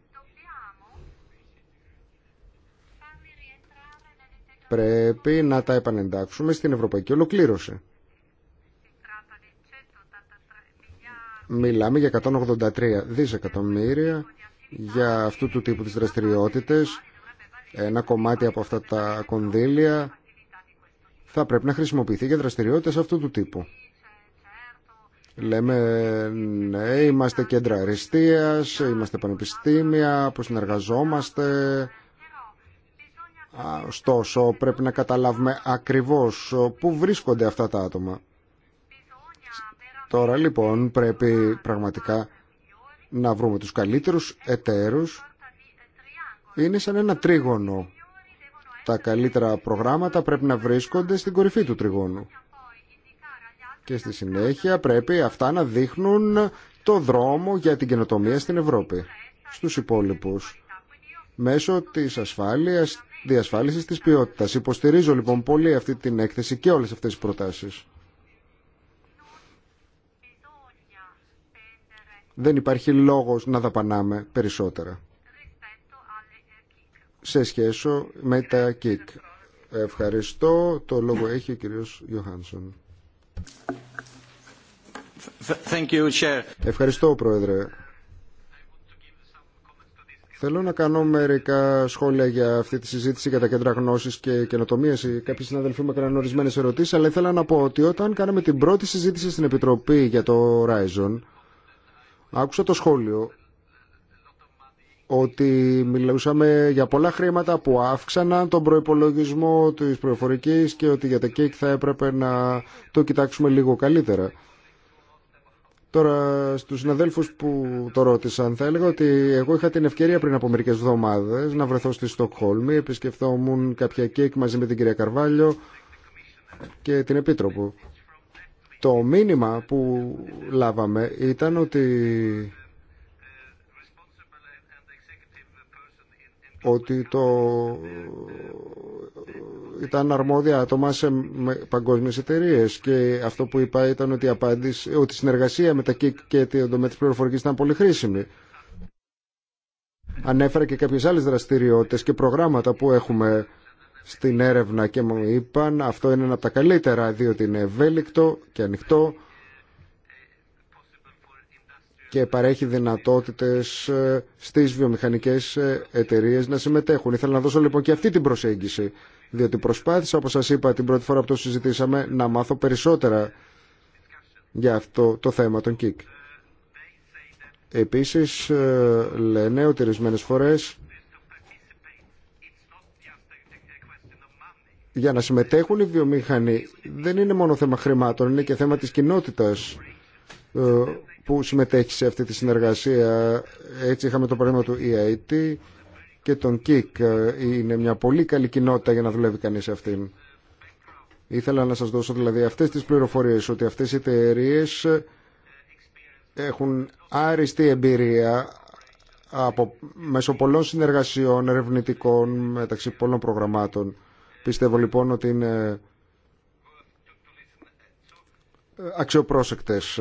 πρέπει να τα επανεντάξουμε στην ευρωπαϊκή ολοκλήρωση. Μιλάμε για 183 δισεκατομμύρια για αυτού του τύπου τις δραστηριότητες. Ένα κομμάτι από αυτά τα κονδύλια θα πρέπει να χρησιμοποιηθεί για δραστηριότητες αυτού του τύπου. Λέμε, ναι, είμαστε κέντρα αριστείας, είμαστε πανεπιστήμια που συνεργαζόμαστε, Ωστόσο, πρέπει να καταλάβουμε ακριβώς πού βρίσκονται αυτά τα άτομα. Τώρα, λοιπόν, πρέπει πραγματικά να βρούμε τους καλύτερους εταίρους. Είναι σαν ένα τρίγωνο. Τα καλύτερα προγράμματα πρέπει να βρίσκονται στην κορυφή του τριγώνου. Και στη συνέχεια πρέπει αυτά να δείχνουν το δρόμο για την καινοτομία στην Ευρώπη, στους υπόλοιπους, μέσω της ασφάλειας, διασφάλισης της ποιότητας. Υποστηρίζω λοιπόν πολύ αυτή την έκθεση και όλες αυτές τις προτάσεις. Δεν υπάρχει λόγος να δαπανάμε περισσότερα σε σχέση με τα ΚΙΚ. Ευχαριστώ. Το λόγο έχει ο κύριος Ιωάννσον. Ευχαριστώ, Πρόεδρε. Θέλω να κάνω μερικά σχόλια για αυτή τη συζήτηση για τα κέντρα γνώση και καινοτομία. Κάποιοι συναδελφοί μου έκαναν ορισμένε ερωτήσει, αλλά ήθελα να πω ότι όταν κάναμε την πρώτη συζήτηση στην Επιτροπή για το Horizon, άκουσα το σχόλιο ότι μιλούσαμε για πολλά χρήματα που αύξαναν τον προϋπολογισμό της προφορικής και ότι για τα ΚΕΙΚ θα έπρεπε να το κοιτάξουμε λίγο καλύτερα. Τώρα στους συναδέλφους που το ρώτησαν θα έλεγα ότι εγώ είχα την ευκαιρία πριν από μερικές εβδομάδες να βρεθώ στη Στοκχόλμη, επισκεφτόμουν κάποια κέικ μαζί με την κυρία Καρβάλιο και την Επίτροπο. Το μήνυμα που λάβαμε ήταν ότι ότι το... ήταν αρμόδια άτομα σε παγκόσμιες εταιρείε και αυτό που είπα ήταν ότι, απάντηση, ότι η συνεργασία με τα ΚΙΚ και το τομέα της πληροφορικής ήταν πολύ χρήσιμη. Ανέφερα και κάποιες άλλες δραστηριότητες και προγράμματα που έχουμε στην έρευνα και μου είπαν αυτό είναι ένα από τα καλύτερα διότι είναι ευέλικτο και ανοιχτό και παρέχει δυνατότητες ε, στις βιομηχανικές ε, εταιρείες να συμμετέχουν. Ήθελα να δώσω λοιπόν και αυτή την προσέγγιση, διότι προσπάθησα, όπως σας είπα την πρώτη φορά που το συζητήσαμε, να μάθω περισσότερα για αυτό το θέμα των ΚΙΚ. Επίσης ε, λένε ότι ορισμένε φορές για να συμμετέχουν οι βιομηχανοί δεν είναι μόνο θέμα χρημάτων, είναι και θέμα της κοινότητας που συμμετέχει σε αυτή τη συνεργασία. Έτσι είχαμε το παράδειγμα του EIT και τον ΚΙΚ. Είναι μια πολύ καλή κοινότητα για να δουλεύει κανείς σε αυτήν. Ήθελα να σας δώσω δηλαδή αυτές τις πληροφορίες ότι αυτές οι εταιρείε έχουν άριστη εμπειρία από, μέσω πολλών συνεργασιών ερευνητικών μεταξύ πολλών προγραμμάτων. Πιστεύω λοιπόν ότι είναι αξιοπρόσεκτες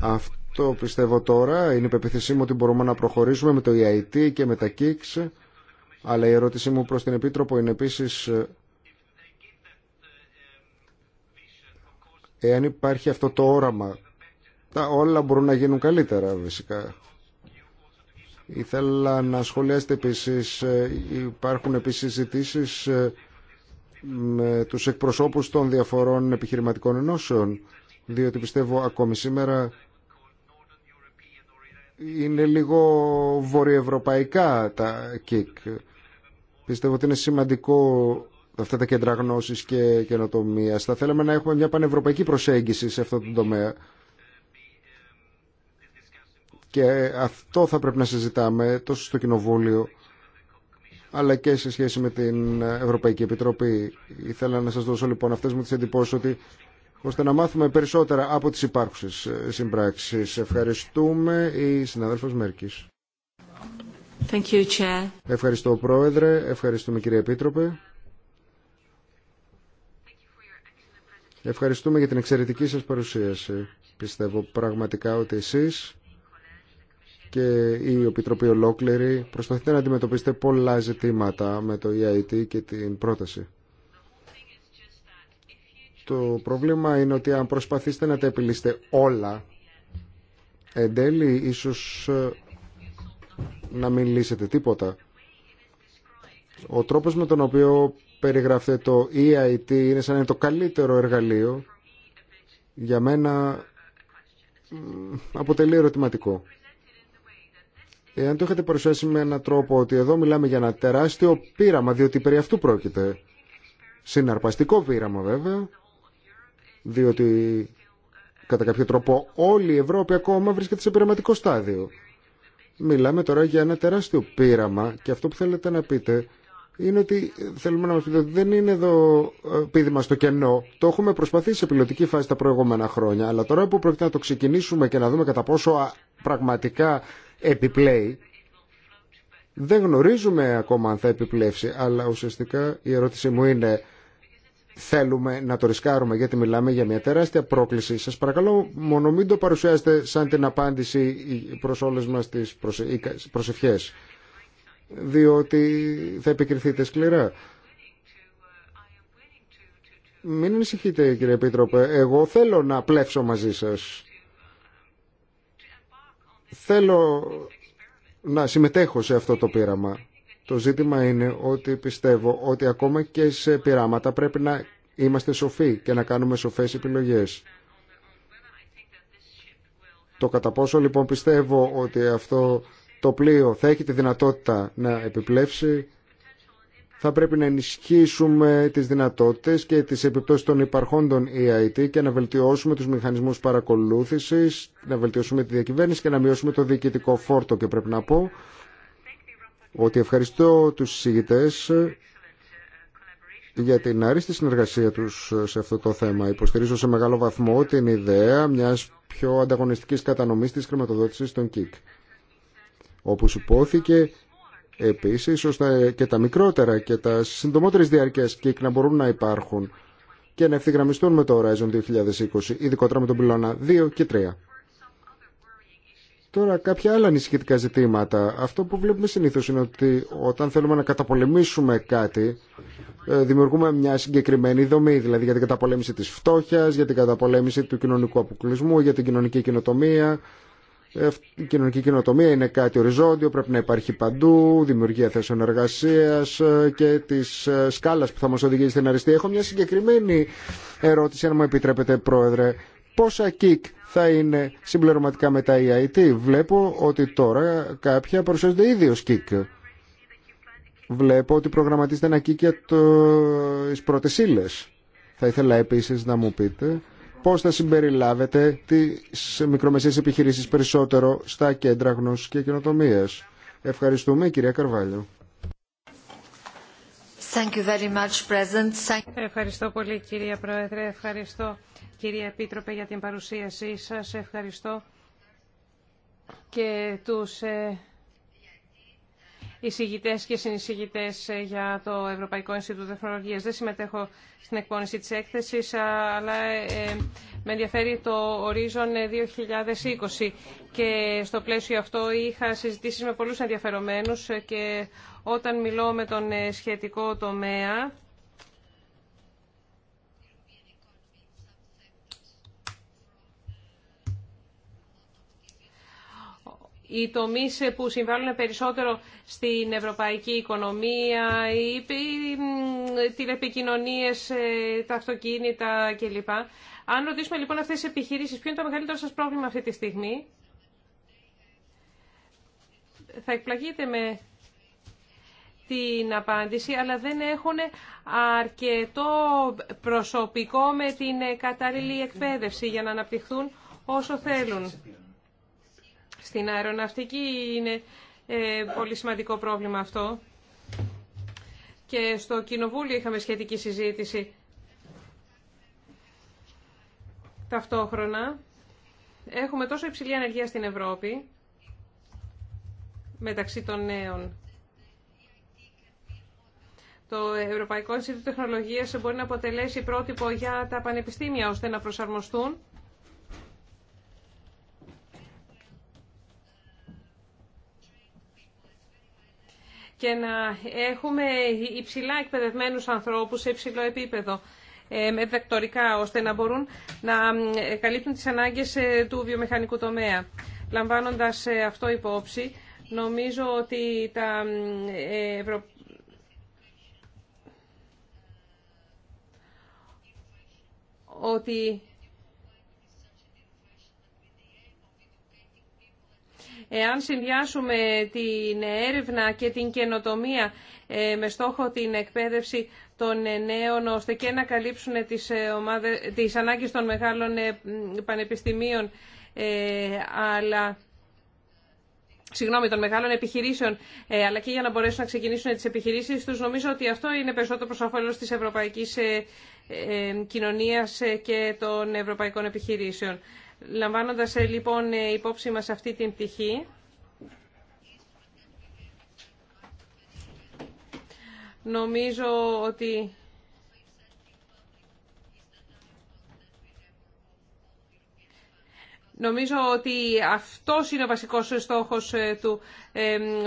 Αυτό πιστεύω τώρα. Είναι η μου ότι μπορούμε να προχωρήσουμε με το EIT και με τα KICS. Αλλά η ερώτησή μου προς την Επίτροπο είναι επίσης εάν υπάρχει αυτό το όραμα τα όλα μπορούν να γίνουν καλύτερα φυσικά. Ήθελα να σχολιάσετε επίσης, ε, υπάρχουν επίσης ζητήσει ε, με τους εκπροσώπους των διαφορών επιχειρηματικών ενώσεων διότι πιστεύω ακόμη σήμερα είναι λίγο βορειοευρωπαϊκά τα ΚΙΚ. Πιστεύω ότι είναι σημαντικό αυτά τα κέντρα γνώσης και καινοτομία. Θα θέλαμε να έχουμε μια πανευρωπαϊκή προσέγγιση σε αυτό το τομέα. Και αυτό θα πρέπει να συζητάμε τόσο στο Κοινοβούλιο αλλά και σε σχέση με την Ευρωπαϊκή Επιτροπή. Ήθελα να σας δώσω λοιπόν αυτές μου τις εντυπώσεις ότι ώστε να μάθουμε περισσότερα από τις υπάρχουσες ε, συμπράξεις. Ευχαριστούμε η συναδέλφος Μέρκης. Thank you, Chair. Ευχαριστώ Πρόεδρε, ευχαριστούμε κύριε Επίτροπε. Ευχαριστούμε για την εξαιρετική σας παρουσίαση. Πιστεύω πραγματικά ότι εσείς και η Επιτροπή ολόκληρη προσπαθείτε να αντιμετωπίσετε πολλά ζητήματα με το EIT και την πρόταση. Το πρόβλημα είναι ότι αν προσπαθήσετε να τα επιλύσετε όλα, εν τέλει ίσως ε, να μην λύσετε τίποτα. Ο τρόπος με τον οποίο περιγράφεται το EIT είναι σαν να είναι το καλύτερο εργαλείο. Για μένα αποτελεί ερωτηματικό. Εάν το είχατε παρουσιάσει με έναν τρόπο ότι εδώ μιλάμε για ένα τεράστιο πείραμα, διότι περί αυτού πρόκειται. Συναρπαστικό πείραμα βέβαια, διότι κατά κάποιο τρόπο όλη η Ευρώπη ακόμα βρίσκεται σε πειραματικό στάδιο. Μιλάμε τώρα για ένα τεράστιο πείραμα και αυτό που θέλετε να πείτε είναι ότι θέλουμε να μας πείτε ότι δεν είναι εδώ ε, πείδημα στο κενό. Το έχουμε προσπαθήσει σε πιλωτική φάση τα προηγούμενα χρόνια, αλλά τώρα που πρόκειται να το ξεκινήσουμε και να δούμε κατά πόσο πραγματικά επιπλέει, δεν γνωρίζουμε ακόμα αν θα επιπλέψει, αλλά ουσιαστικά η ερώτησή μου είναι θέλουμε να το ρισκάρουμε γιατί μιλάμε για μια τεράστια πρόκληση. Σας παρακαλώ μόνο μην το παρουσιάσετε σαν την απάντηση προς όλες μας τις προσευχές διότι θα επικριθείτε σκληρά. Μην ανησυχείτε κύριε Επίτροπε, εγώ θέλω να πλέψω μαζί σας. Θέλω να συμμετέχω σε αυτό το πείραμα. Το ζήτημα είναι ότι πιστεύω ότι ακόμα και σε πειράματα πρέπει να είμαστε σοφοί και να κάνουμε σοφές επιλογές. Το κατά πόσο λοιπόν πιστεύω ότι αυτό το πλοίο θα έχει τη δυνατότητα να επιπλέψει θα πρέπει να ενισχύσουμε τις δυνατότητες και τις επιπτώσεις των υπαρχόντων EIT και να βελτιώσουμε τους μηχανισμούς παρακολούθησης, να βελτιώσουμε τη διακυβέρνηση και να μειώσουμε το διοικητικό φόρτο. Και πρέπει να πω ότι ευχαριστώ τους συζητητές για την άριστη συνεργασία τους σε αυτό το θέμα. Υποστηρίζω σε μεγάλο βαθμό την ιδέα μιας πιο ανταγωνιστικής κατανομής της χρηματοδότησης των ΚΙΚ. Όπως υπόθηκε, επίσης, ώστε και τα μικρότερα και τα συντομότερες διαρκές ΚΙΚ να μπορούν να υπάρχουν και να ευθυγραμμιστούν με το Horizon 2020, ειδικότερα με τον πυλώνα 2 και 3. Τώρα κάποια άλλα ανησυχητικά ζητήματα. Αυτό που βλέπουμε συνήθως είναι ότι όταν θέλουμε να καταπολεμήσουμε κάτι ε, δημιουργούμε μια συγκεκριμένη δομή, δηλαδή για την καταπολέμηση της φτώχειας, για την καταπολέμηση του κοινωνικού αποκλεισμού, για την κοινωνική κοινοτομία. Ε, η κοινωνική κοινοτομία είναι κάτι οριζόντιο, πρέπει να υπάρχει παντού, δημιουργία θέσεων εργασία ε, και τη σκάλα που θα μα οδηγήσει στην αριστεία. Έχω μια συγκεκριμένη ερώτηση, αν μου επιτρέπετε, Πρόεδρε. Πόσα κικ θα είναι συμπληρωματικά με τα EIT. Βλέπω ότι τώρα κάποια παρουσιάζονται ήδη ως ΚΙΚ. Βλέπω ότι προγραμματίζεται ένα ΚΙΚ για τις πρώτες ύλες. Θα ήθελα επίσης να μου πείτε πώς θα συμπεριλάβετε τις μικρομεσαίες επιχειρήσεις περισσότερο στα κέντρα γνώσης και καινοτομίας. Ευχαριστούμε κυρία Καρβάλιο. Ευχαριστώ πολύ κυρία Πρόεδρε, ευχαριστώ κυρία Επίτροπε για την παρουσίασή σας, ευχαριστώ και τους ε, εισηγητές και συνεισηγητέ ε, για το Ευρωπαϊκό Ινστιτούτο Τεχνολογίας. Δεν συμμετέχω στην εκπόνηση τη έκθεση, αλλά ε, με ενδιαφέρει το ε, ορίζον 2020 και στο πλαίσιο αυτό είχα συζητήσει με πολλούς ενδιαφερομένους και όταν μιλώ με τον σχετικό τομέα οι τομεί που συμβάλλουν περισσότερο στην ευρωπαϊκή οικονομία, οι τηλεπικοινωνίε, ε, τα αυτοκίνητα κλπ. Αν ρωτήσουμε λοιπόν αυτές τι επιχειρήσεις, ποιο είναι το μεγαλύτερο σας πρόβλημα αυτή τη στιγμή, θα εκπλαγείτε με την απάντηση, αλλά δεν έχουν αρκετό προσωπικό με την κατάλληλη εκπαίδευση για να αναπτυχθούν όσο θέλουν. Στην αεροναυτική είναι ε, πολύ σημαντικό πρόβλημα αυτό και στο Κοινοβούλιο είχαμε σχετική συζήτηση. Ταυτόχρονα έχουμε τόσο υψηλή ανεργία στην Ευρώπη μεταξύ των νέων. Το Ευρωπαϊκό Ινστιτούτο Τεχνολογίας μπορεί να αποτελέσει πρότυπο για τα πανεπιστήμια ώστε να προσαρμοστούν και να έχουμε υψηλά εκπαιδευμένους ανθρώπους σε υψηλό επίπεδο ε, με δεκτορικά, ώστε να μπορούν να ε, καλύπτουν τις ανάγκες ε, του βιομηχανικού τομέα. Λαμβάνοντας αυτό υπόψη, νομίζω ότι τα ότι Εάν συνδυάσουμε την έρευνα και την καινοτομία ε, με στόχο την εκπαίδευση των ε, νέων, ώστε και να καλύψουν τις, ε, ομάδες, τις ανάγκες των μεγάλων πανεπιστημίων, αλλά συγγνώμη, των μεγάλων επιχειρήσεων, αλλά και για να μπορέσουν να ξεκινήσουν τις επιχειρήσεις τους. Νομίζω ότι αυτό είναι περισσότερο προς όφελος της ευρωπαϊκής κοινωνίας και των ευρωπαϊκών επιχειρήσεων. Λαμβάνοντας ε, λοιπόν ε, υπόψη μας αυτή την πτυχή, νομίζω ότι Νομίζω ότι αυτό είναι ο βασικός στόχος ε, του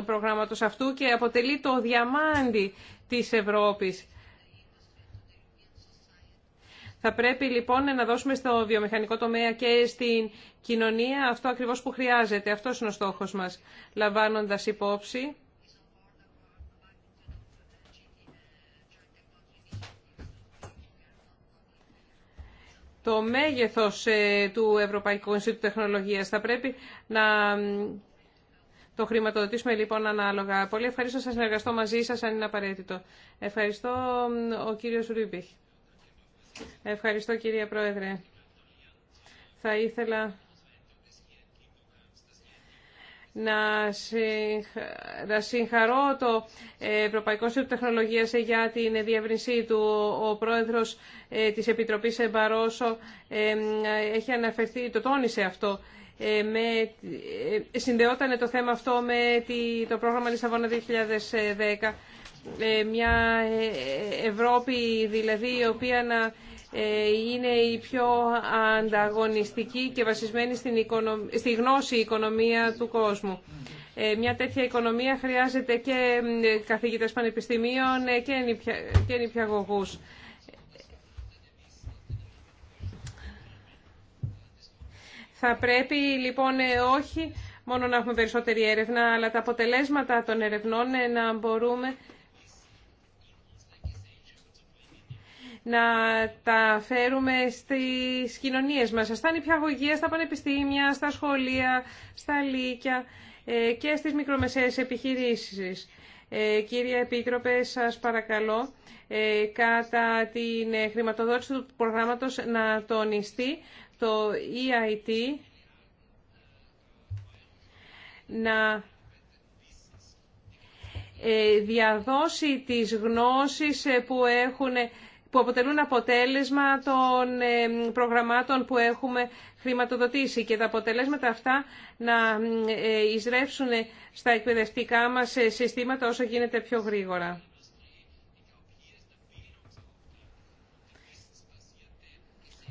προγράμματος αυτού και αποτελεί το διαμάντι της Ευρώπης. Θα πρέπει λοιπόν να δώσουμε στο βιομηχανικό τομέα και στην κοινωνία αυτό ακριβώς που χρειάζεται. Αυτό είναι ο στόχος μας, λαμβάνοντας υπόψη. Το μέγεθος ε, του Ευρωπαϊκού Ινστιτούτου Τεχνολογίας θα πρέπει να το χρηματοδοτήσουμε λοιπόν ανάλογα. Πολύ ευχαριστώ να συνεργαστώ μαζί σας αν είναι απαραίτητο. Ευχαριστώ ο κύριος Ρούμπιχ. Ευχαριστώ κυρία Πρόεδρε. Θα ήθελα να συγχαρώ το Ευρωπαϊκό Σύμβουλο Τεχνολογίας για την διεύρυνσή του. Ο πρόεδρος ε, της Επιτροπής Εμπαρόσο ε, έχει αναφερθεί, το τόνισε αυτό. Ε, με, συνδεόταν το θέμα αυτό με το πρόγραμμα Λισαβόνα 2010 μια Ευρώπη δηλαδή η οποία να ε, είναι η πιο ανταγωνιστική και βασισμένη στην στη γνώση οικονομία του κόσμου. Ε, μια τέτοια οικονομία χρειάζεται και καθηγητές πανεπιστημίων ε, και νηπιαγωγούς. Θα πρέπει λοιπόν όχι μόνο να έχουμε περισσότερη έρευνα, αλλά τα αποτελέσματα των ερευνών να μπορούμε να τα φέρουμε στις κοινωνίες μας. Στα νηπιαγωγεία, στα πανεπιστήμια, στα σχολεία, στα λύκια ε, και στις μικρομεσαίες επιχειρήσεις. Ε, κύριε Επίτροπε, σας παρακαλώ ε, κατά την χρηματοδότηση του προγράμματος να τονιστεί το EIT να διαδώσει τις γνώσεις που έχουν που αποτελούν αποτέλεσμα των ε, προγραμμάτων που έχουμε χρηματοδοτήσει και τα αποτελέσματα αυτά να ε, εισρεύσουν στα εκπαιδευτικά μας ε, συστήματα όσο γίνεται πιο γρήγορα.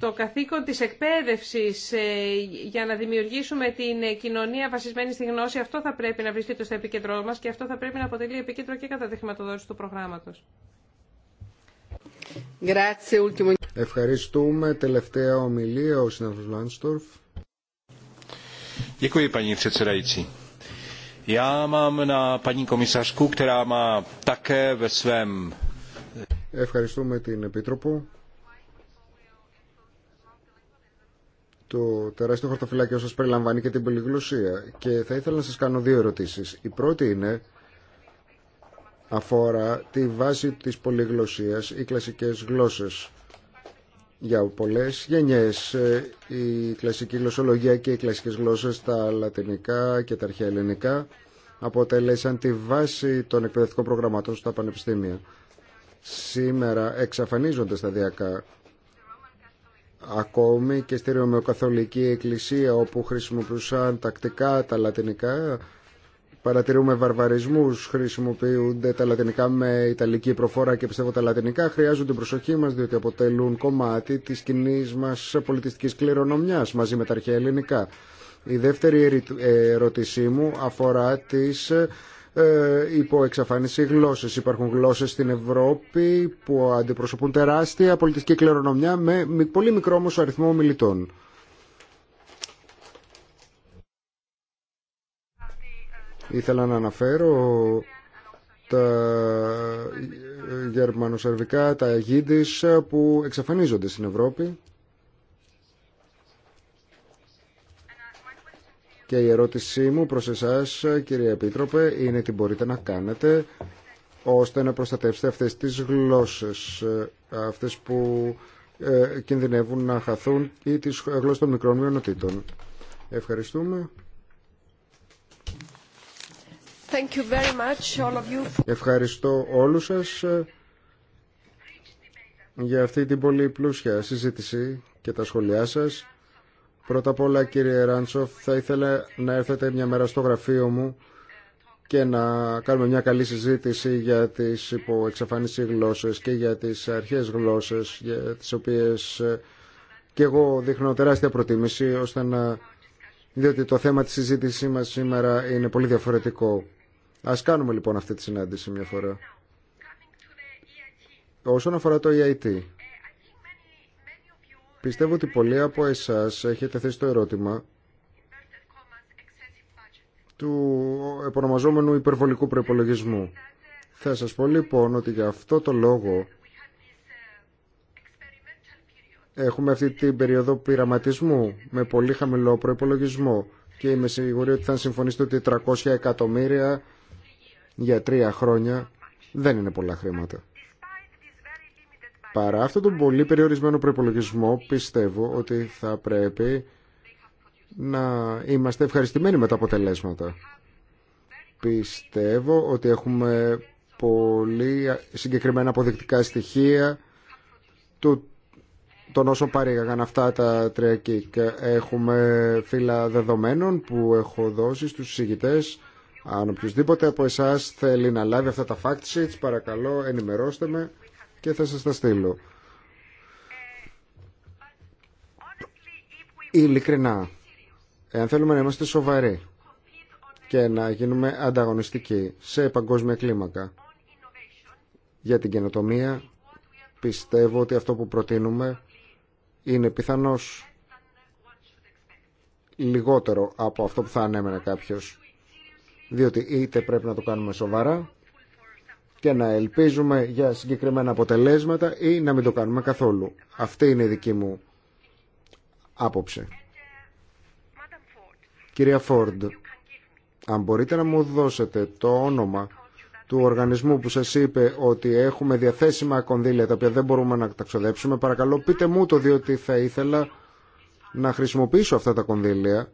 Το καθήκον της εκπαίδευσης για να δημιουργήσουμε την κοινωνία βασισμένη στη γνώση, αυτό θα πρέπει να βρίσκεται στο επίκεντρό μας και αυτό θα πρέπει να αποτελεί επίκεντρο και κατά τη χρηματοδότηση του προγράμματος. Ευχαριστούμε. Τελευταία ομιλία ο συνάδελφος Λάνστορφ. Ευχαριστούμε την Επίτροπο. Το τεράστιο χαρτοφυλάκιο σας περιλαμβάνει και την πολυγλωσία. Και θα ήθελα να σας κάνω δύο ερωτήσεις. Η πρώτη είναι αφορά τη βάση της πολυγλωσίας ή κλασικές γλώσσες για πολλές γενιές. οι κλασικές γλώσσες. Για πολλές γενιές ε, η κλασική γλωσσολογία και οι κλασικές γλώσσες, τα λατινικά και τα αρχαία ελληνικά, αποτελέσαν τη βάση των εκπαιδευτικών προγραμματών στα πανεπιστήμια. Σήμερα εξαφανίζονται σταδιακά ακόμη και στη Ρωμαιοκαθολική Εκκλησία όπου χρησιμοποιούσαν τακτικά τα λατινικά Παρατηρούμε βαρβαρισμούς, χρησιμοποιούνται τα λατινικά με ιταλική προφόρα και πιστεύω τα λατινικά χρειάζονται προσοχή μας διότι αποτελούν κομμάτι της κοινή μας πολιτιστικής κληρονομιάς μαζί με τα αρχαία ελληνικά. Η δεύτερη ερώτησή μου αφορά τι ε, υποεξαφάνιση γλώσσε. γλώσσες. Υπάρχουν γλώσσες στην Ευρώπη που αντιπροσωπούν τεράστια πολιτιστική κληρονομιά με πολύ μικρό όμως αριθμό μιλητών. Ήθελα να αναφέρω τα γερμανοσερβικά, τα γίντις που εξαφανίζονται στην Ευρώπη. Και η ερώτησή μου προς εσάς, κυρία Επίτροπε, είναι τι μπορείτε να κάνετε ώστε να προστατεύσετε αυτές τις γλώσσες, αυτές που ε, κινδυνεύουν να χαθούν ή τις γλώσσες των μικρών μειονοτήτων. Ευχαριστούμε. Ευχαριστώ όλους σας ε, για αυτή την πολύ πλούσια συζήτηση και τα σχόλιά σας. Πρώτα απ' όλα κύριε Ράντσοφ θα ήθελα να έρθετε μια μέρα στο γραφείο μου και να κάνουμε μια καλή συζήτηση για τις υποεξαφάνιση γλώσσες και για τις αρχές γλώσσες για τις οποίες ε, και εγώ δείχνω τεράστια προτίμηση ώστε να... διότι το θέμα της συζήτησής μας σήμερα είναι πολύ διαφορετικό Ας κάνουμε λοιπόν αυτή τη συνάντηση μια φορά. Όσον αφορά το EIT, πιστεύω ότι πολλοί από εσάς έχετε θέσει το ερώτημα του επωνομαζόμενου υπερβολικού προϋπολογισμού. Θα σας πω λοιπόν ότι για αυτό το λόγο έχουμε αυτή την περίοδο πειραματισμού με πολύ χαμηλό προπολογισμό και είμαι σίγουρη ότι θα συμφωνήσετε ότι 300 εκατομμύρια για τρία χρόνια δεν είναι πολλά χρήματα. Παρά αυτόν τον πολύ περιορισμένο προπολογισμό πιστεύω ότι θα πρέπει να είμαστε ευχαριστημένοι με τα αποτελέσματα. Πιστεύω ότι έχουμε πολύ συγκεκριμένα αποδεικτικά στοιχεία του των όσων παρήγαγαν αυτά τα τρία κικ. Έχουμε φύλλα δεδομένων που έχω δώσει στους συζητητές αν οποιοδήποτε από εσά θέλει να λάβει αυτά τα fact sheets, παρακαλώ ενημερώστε με και θα σας τα στείλω. Ειλικρινά, εάν θέλουμε να είμαστε σοβαροί και να γίνουμε ανταγωνιστικοί σε παγκόσμια κλίμακα για την καινοτομία, πιστεύω ότι αυτό που προτείνουμε είναι πιθανώς λιγότερο από αυτό που θα ανέμενε κάποιος διότι είτε πρέπει να το κάνουμε σοβαρά και να ελπίζουμε για συγκεκριμένα αποτελέσματα ή να μην το κάνουμε καθόλου. Αυτή είναι η δική μου άποψη. Κυρία Φόρντ, αν μπορείτε να μου δώσετε το όνομα του οργανισμού που σας είπε ότι έχουμε διαθέσιμα κονδύλια τα οποία δεν μπορούμε να τα ξοδέψουμε, παρακαλώ πείτε μου το διότι θα ήθελα να χρησιμοποιήσω αυτά τα κονδύλια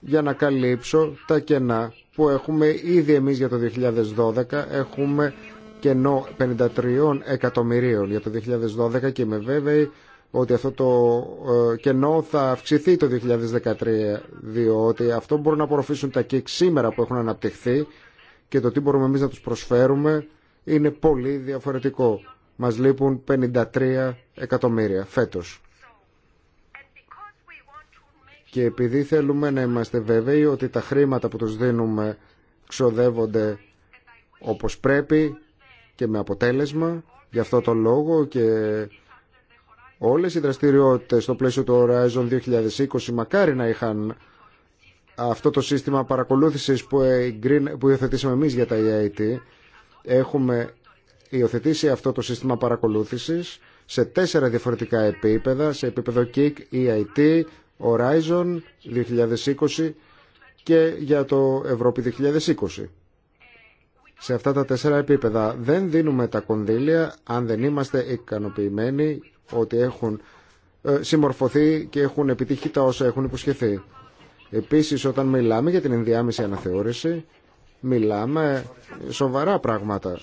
για να καλύψω τα κενά που έχουμε ήδη εμείς για το 2012 έχουμε κενό 53 εκατομμυρίων για το 2012 και είμαι βέβαιη ότι αυτό το ε, κενό θα αυξηθεί το 2013 διότι αυτό μπορούν να απορροφήσουν τα ΚΙΚ σήμερα που έχουν αναπτυχθεί και το τι μπορούμε εμείς να τους προσφέρουμε είναι πολύ διαφορετικό. Μας λείπουν 53 εκατομμύρια φέτος. Και επειδή θέλουμε να είμαστε βέβαιοι ότι τα χρήματα που τους δίνουμε ξοδεύονται όπως πρέπει και με αποτέλεσμα, γι' αυτό το λόγο και όλες οι δραστηριότητες στο πλαίσιο του Horizon 2020 μακάρι να είχαν αυτό το σύστημα παρακολούθησης που ε, που υιοθετήσαμε εμείς για τα EIT. Έχουμε υιοθετήσει αυτό το σύστημα παρακολούθησης σε τέσσερα διαφορετικά επίπεδα, σε επίπεδο KIC, EIT, Horizon 2020 και για το Ευρώπη 2020. Σε αυτά τα τέσσερα επίπεδα δεν δίνουμε τα κονδύλια αν δεν είμαστε ικανοποιημένοι ότι έχουν ε, συμμορφωθεί και έχουν επιτύχει τα όσα έχουν υποσχεθεί. Επίσης όταν μιλάμε για την ενδιάμεση αναθεώρηση μιλάμε σοβαρά πράγματα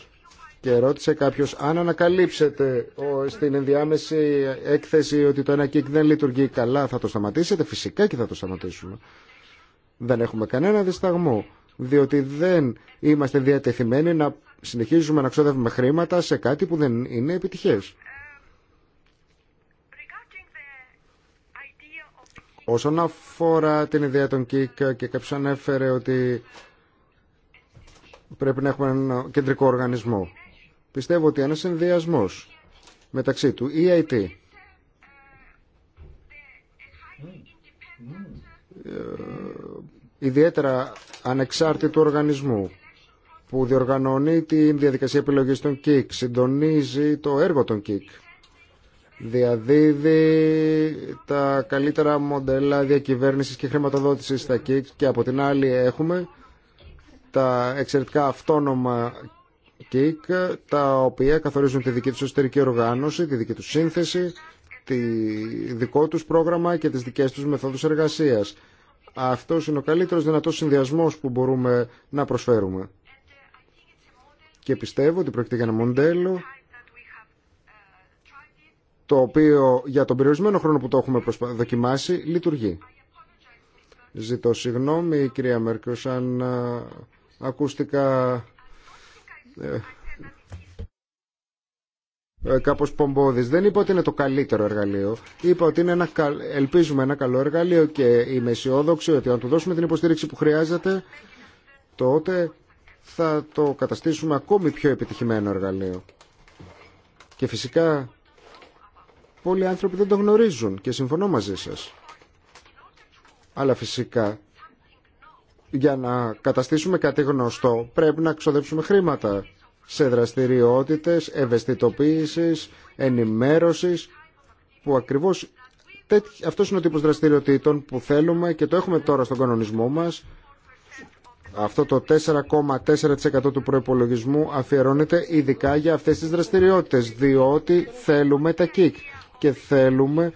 και ρώτησε κάποιο, αν ανακαλύψετε στην ενδιάμεση έκθεση ότι το ένα κικ δεν λειτουργεί καλά θα το σταματήσετε φυσικά και θα το σταματήσουμε δεν έχουμε κανένα δισταγμό διότι δεν είμαστε διατεθειμένοι να συνεχίζουμε να ξόδευουμε χρήματα σε κάτι που δεν είναι επιτυχές Όσον αφορά την ιδέα των ΚΙΚ και κάποιος ανέφερε ότι πρέπει να έχουμε ένα κεντρικό οργανισμό. Πιστεύω ότι ένας συνδυασμός μεταξύ του EIT ε, ιδιαίτερα ανεξάρτητου οργανισμού που διοργανώνει τη διαδικασία επιλογής των ΚΙΚ, συντονίζει το έργο των ΚΙΚ, διαδίδει τα καλύτερα μοντέλα διακυβέρνησης και χρηματοδότησης στα ΚΙΚ και από την άλλη έχουμε τα εξαιρετικά αυτόνομα ΚΙΚ, τα οποία καθορίζουν τη δική τους εσωτερική οργάνωση, τη δική τους σύνθεση, τη δικό τους πρόγραμμα και τις δικές τους μεθόδους εργασίας. Αυτός είναι ο καλύτερος δυνατός συνδυασμός που μπορούμε να προσφέρουμε. Και πιστεύω ότι πρόκειται για ένα μοντέλο το οποίο για τον περιορισμένο χρόνο που το έχουμε δοκιμάσει λειτουργεί. Ζητώ συγγνώμη κυρία Μέρκος αν ακούστηκα ε, ε, κάπως πομπόδης. Δεν είπα ότι είναι το καλύτερο εργαλείο. Είπα ότι είναι ένα, ελπίζουμε ένα καλό εργαλείο και είμαι αισιόδοξη ότι αν του δώσουμε την υποστήριξη που χρειάζεται τότε θα το καταστήσουμε ακόμη πιο επιτυχημένο εργαλείο. Και φυσικά πολλοί άνθρωποι δεν το γνωρίζουν και συμφωνώ μαζί σας. Αλλά φυσικά για να καταστήσουμε κάτι γνωστό πρέπει να ξοδέψουμε χρήματα σε δραστηριότητες ευαισθητοποίησης, ενημέρωσης που ακριβώς αυτός είναι ο τύπος δραστηριοτήτων που θέλουμε και το έχουμε τώρα στον κανονισμό μας αυτό το 4,4% του προϋπολογισμού αφιερώνεται ειδικά για αυτές τις δραστηριότητες διότι θέλουμε τα κικ και θέλουμε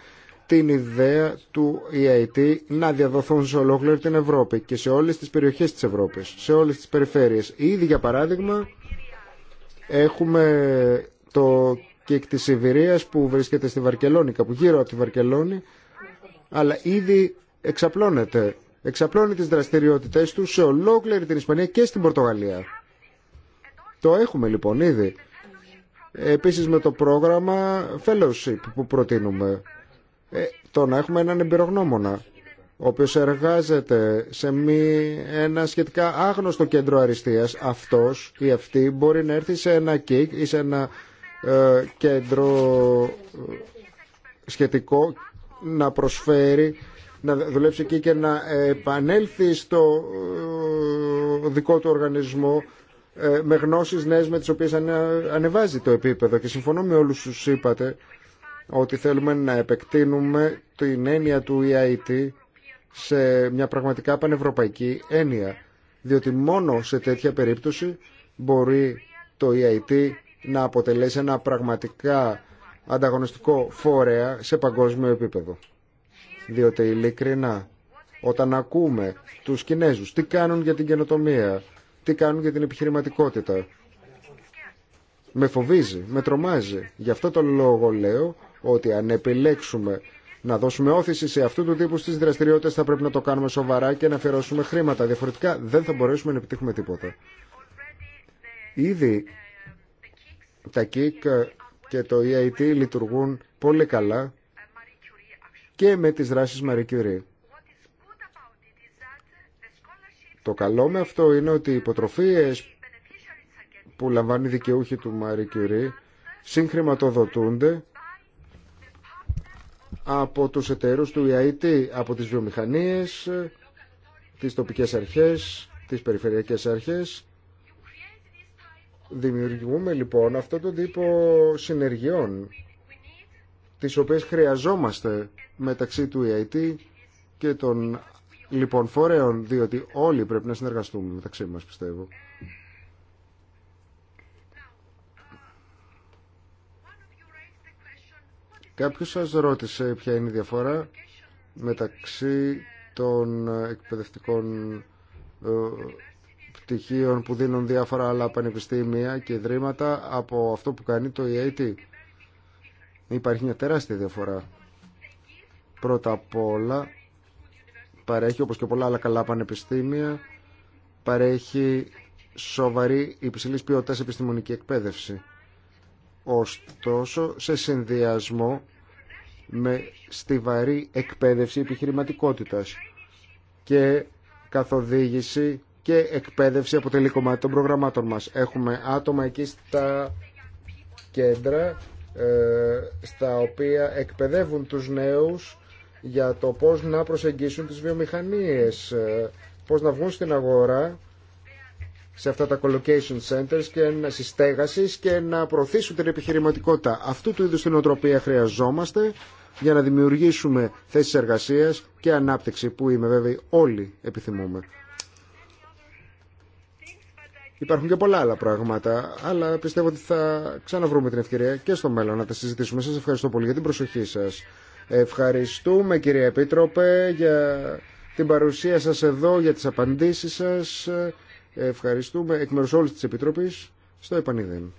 την ιδέα του EIT να διαδοθούν σε ολόκληρη την Ευρώπη και σε όλες τις περιοχές της Ευρώπης, σε όλες τις περιφέρειες. Ήδη για παράδειγμα έχουμε το κικ της Σιβηρίας που βρίσκεται στη Βαρκελόνη, κάπου γύρω από τη Βαρκελόνη, αλλά ήδη εξαπλώνεται. Εξαπλώνει τις δραστηριότητες του σε ολόκληρη την Ισπανία και στην Πορτογαλία. Το έχουμε λοιπόν ήδη. Επίσης με το πρόγραμμα Fellowship που προτείνουμε ε, το να έχουμε έναν εμπειρογνώμονα ο οποίος εργάζεται σε μη, ένα σχετικά άγνωστο κέντρο αριστείας, αυτός ή αυτή μπορεί να έρθει σε ένα ΚΙΚ ή σε ένα ε, κέντρο ε, σχετικό να προσφέρει, να δουλέψει εκεί και να επανέλθει στο ε, δικό του οργανισμό με γνώσεις νέες με τις οποίες ανεβάζει το επίπεδο. Και συμφωνώ με όλους τους είπατε ότι θέλουμε να επεκτείνουμε την έννοια του EIT σε μια πραγματικά πανευρωπαϊκή έννοια. Διότι μόνο σε τέτοια περίπτωση μπορεί το EIT να αποτελέσει ένα πραγματικά ανταγωνιστικό φορέα σε παγκόσμιο επίπεδο. Διότι ειλικρινά, όταν ακούμε τους Κινέζους τι κάνουν για την καινοτομία, τι κάνουν για την επιχειρηματικότητα, με φοβίζει, με τρομάζει. Γι' αυτό το λόγο λέω ότι αν επιλέξουμε να δώσουμε όθηση σε αυτού του τύπου στις δραστηριότητες θα πρέπει να το κάνουμε σοβαρά και να αφιερώσουμε χρήματα. Διαφορετικά δεν θα μπορέσουμε να επιτύχουμε τίποτα. Ήδη τα ΚΙΚ και το EIT λειτουργούν πολύ καλά και με τις δράσεις Marie Curie. Το καλό με αυτό είναι ότι οι υποτροφίες που λαμβάνουν οι δικαιούχοι του Marie Curie συγχρηματοδοτούνται από τους εταίρους του EIT, από τις βιομηχανίες, τις τοπικές αρχές, τις περιφερειακές αρχές. Δημιουργούμε λοιπόν αυτό το τύπο συνεργειών, τις οποίες χρειαζόμαστε μεταξύ του EIT και των λοιπόν φορέων, διότι όλοι πρέπει να συνεργαστούμε μεταξύ μας πιστεύω. Κάποιος σας ρώτησε ποια είναι η διαφορά μεταξύ των εκπαιδευτικών ε, πτυχίων που δίνουν διάφορα άλλα πανεπιστήμια και ιδρύματα από αυτό που κάνει το EIT. Υπάρχει μια τεράστια διαφορά. Πρώτα απ' όλα παρέχει όπως και πολλά άλλα καλά πανεπιστήμια παρέχει σοβαρή υψηλής ποιότητας επιστημονική εκπαίδευση. Ωστόσο, σε συνδυασμό με στιβαρή εκπαίδευση επιχειρηματικότητας και καθοδήγηση και εκπαίδευση αποτελεί κομμάτι των προγραμμάτων μας. Έχουμε άτομα εκεί στα κέντρα ε, στα οποία εκπαιδεύουν τους νέους για το πώς να προσεγγίσουν τις βιομηχανίες, ε, πώς να βγουν στην αγορά σε αυτά τα collocation centers και να συστέγασης και να προωθήσουν την επιχειρηματικότητα. Αυτού του είδους την οτροπία χρειαζόμαστε για να δημιουργήσουμε θέσεις εργασίας και ανάπτυξη που είμαι βέβαιη όλοι επιθυμούμε. Υπάρχουν και πολλά άλλα πράγματα, αλλά πιστεύω ότι θα ξαναβρούμε την ευκαιρία και στο μέλλον να τα συζητήσουμε. Σας ευχαριστώ πολύ για την προσοχή σας. Ευχαριστούμε κύριε Επίτροπε για την παρουσία σας εδώ, για τις απαντήσεις σας. Ευχαριστούμε εκ μέρους όλης της Επιτροπής στο επανειδέν.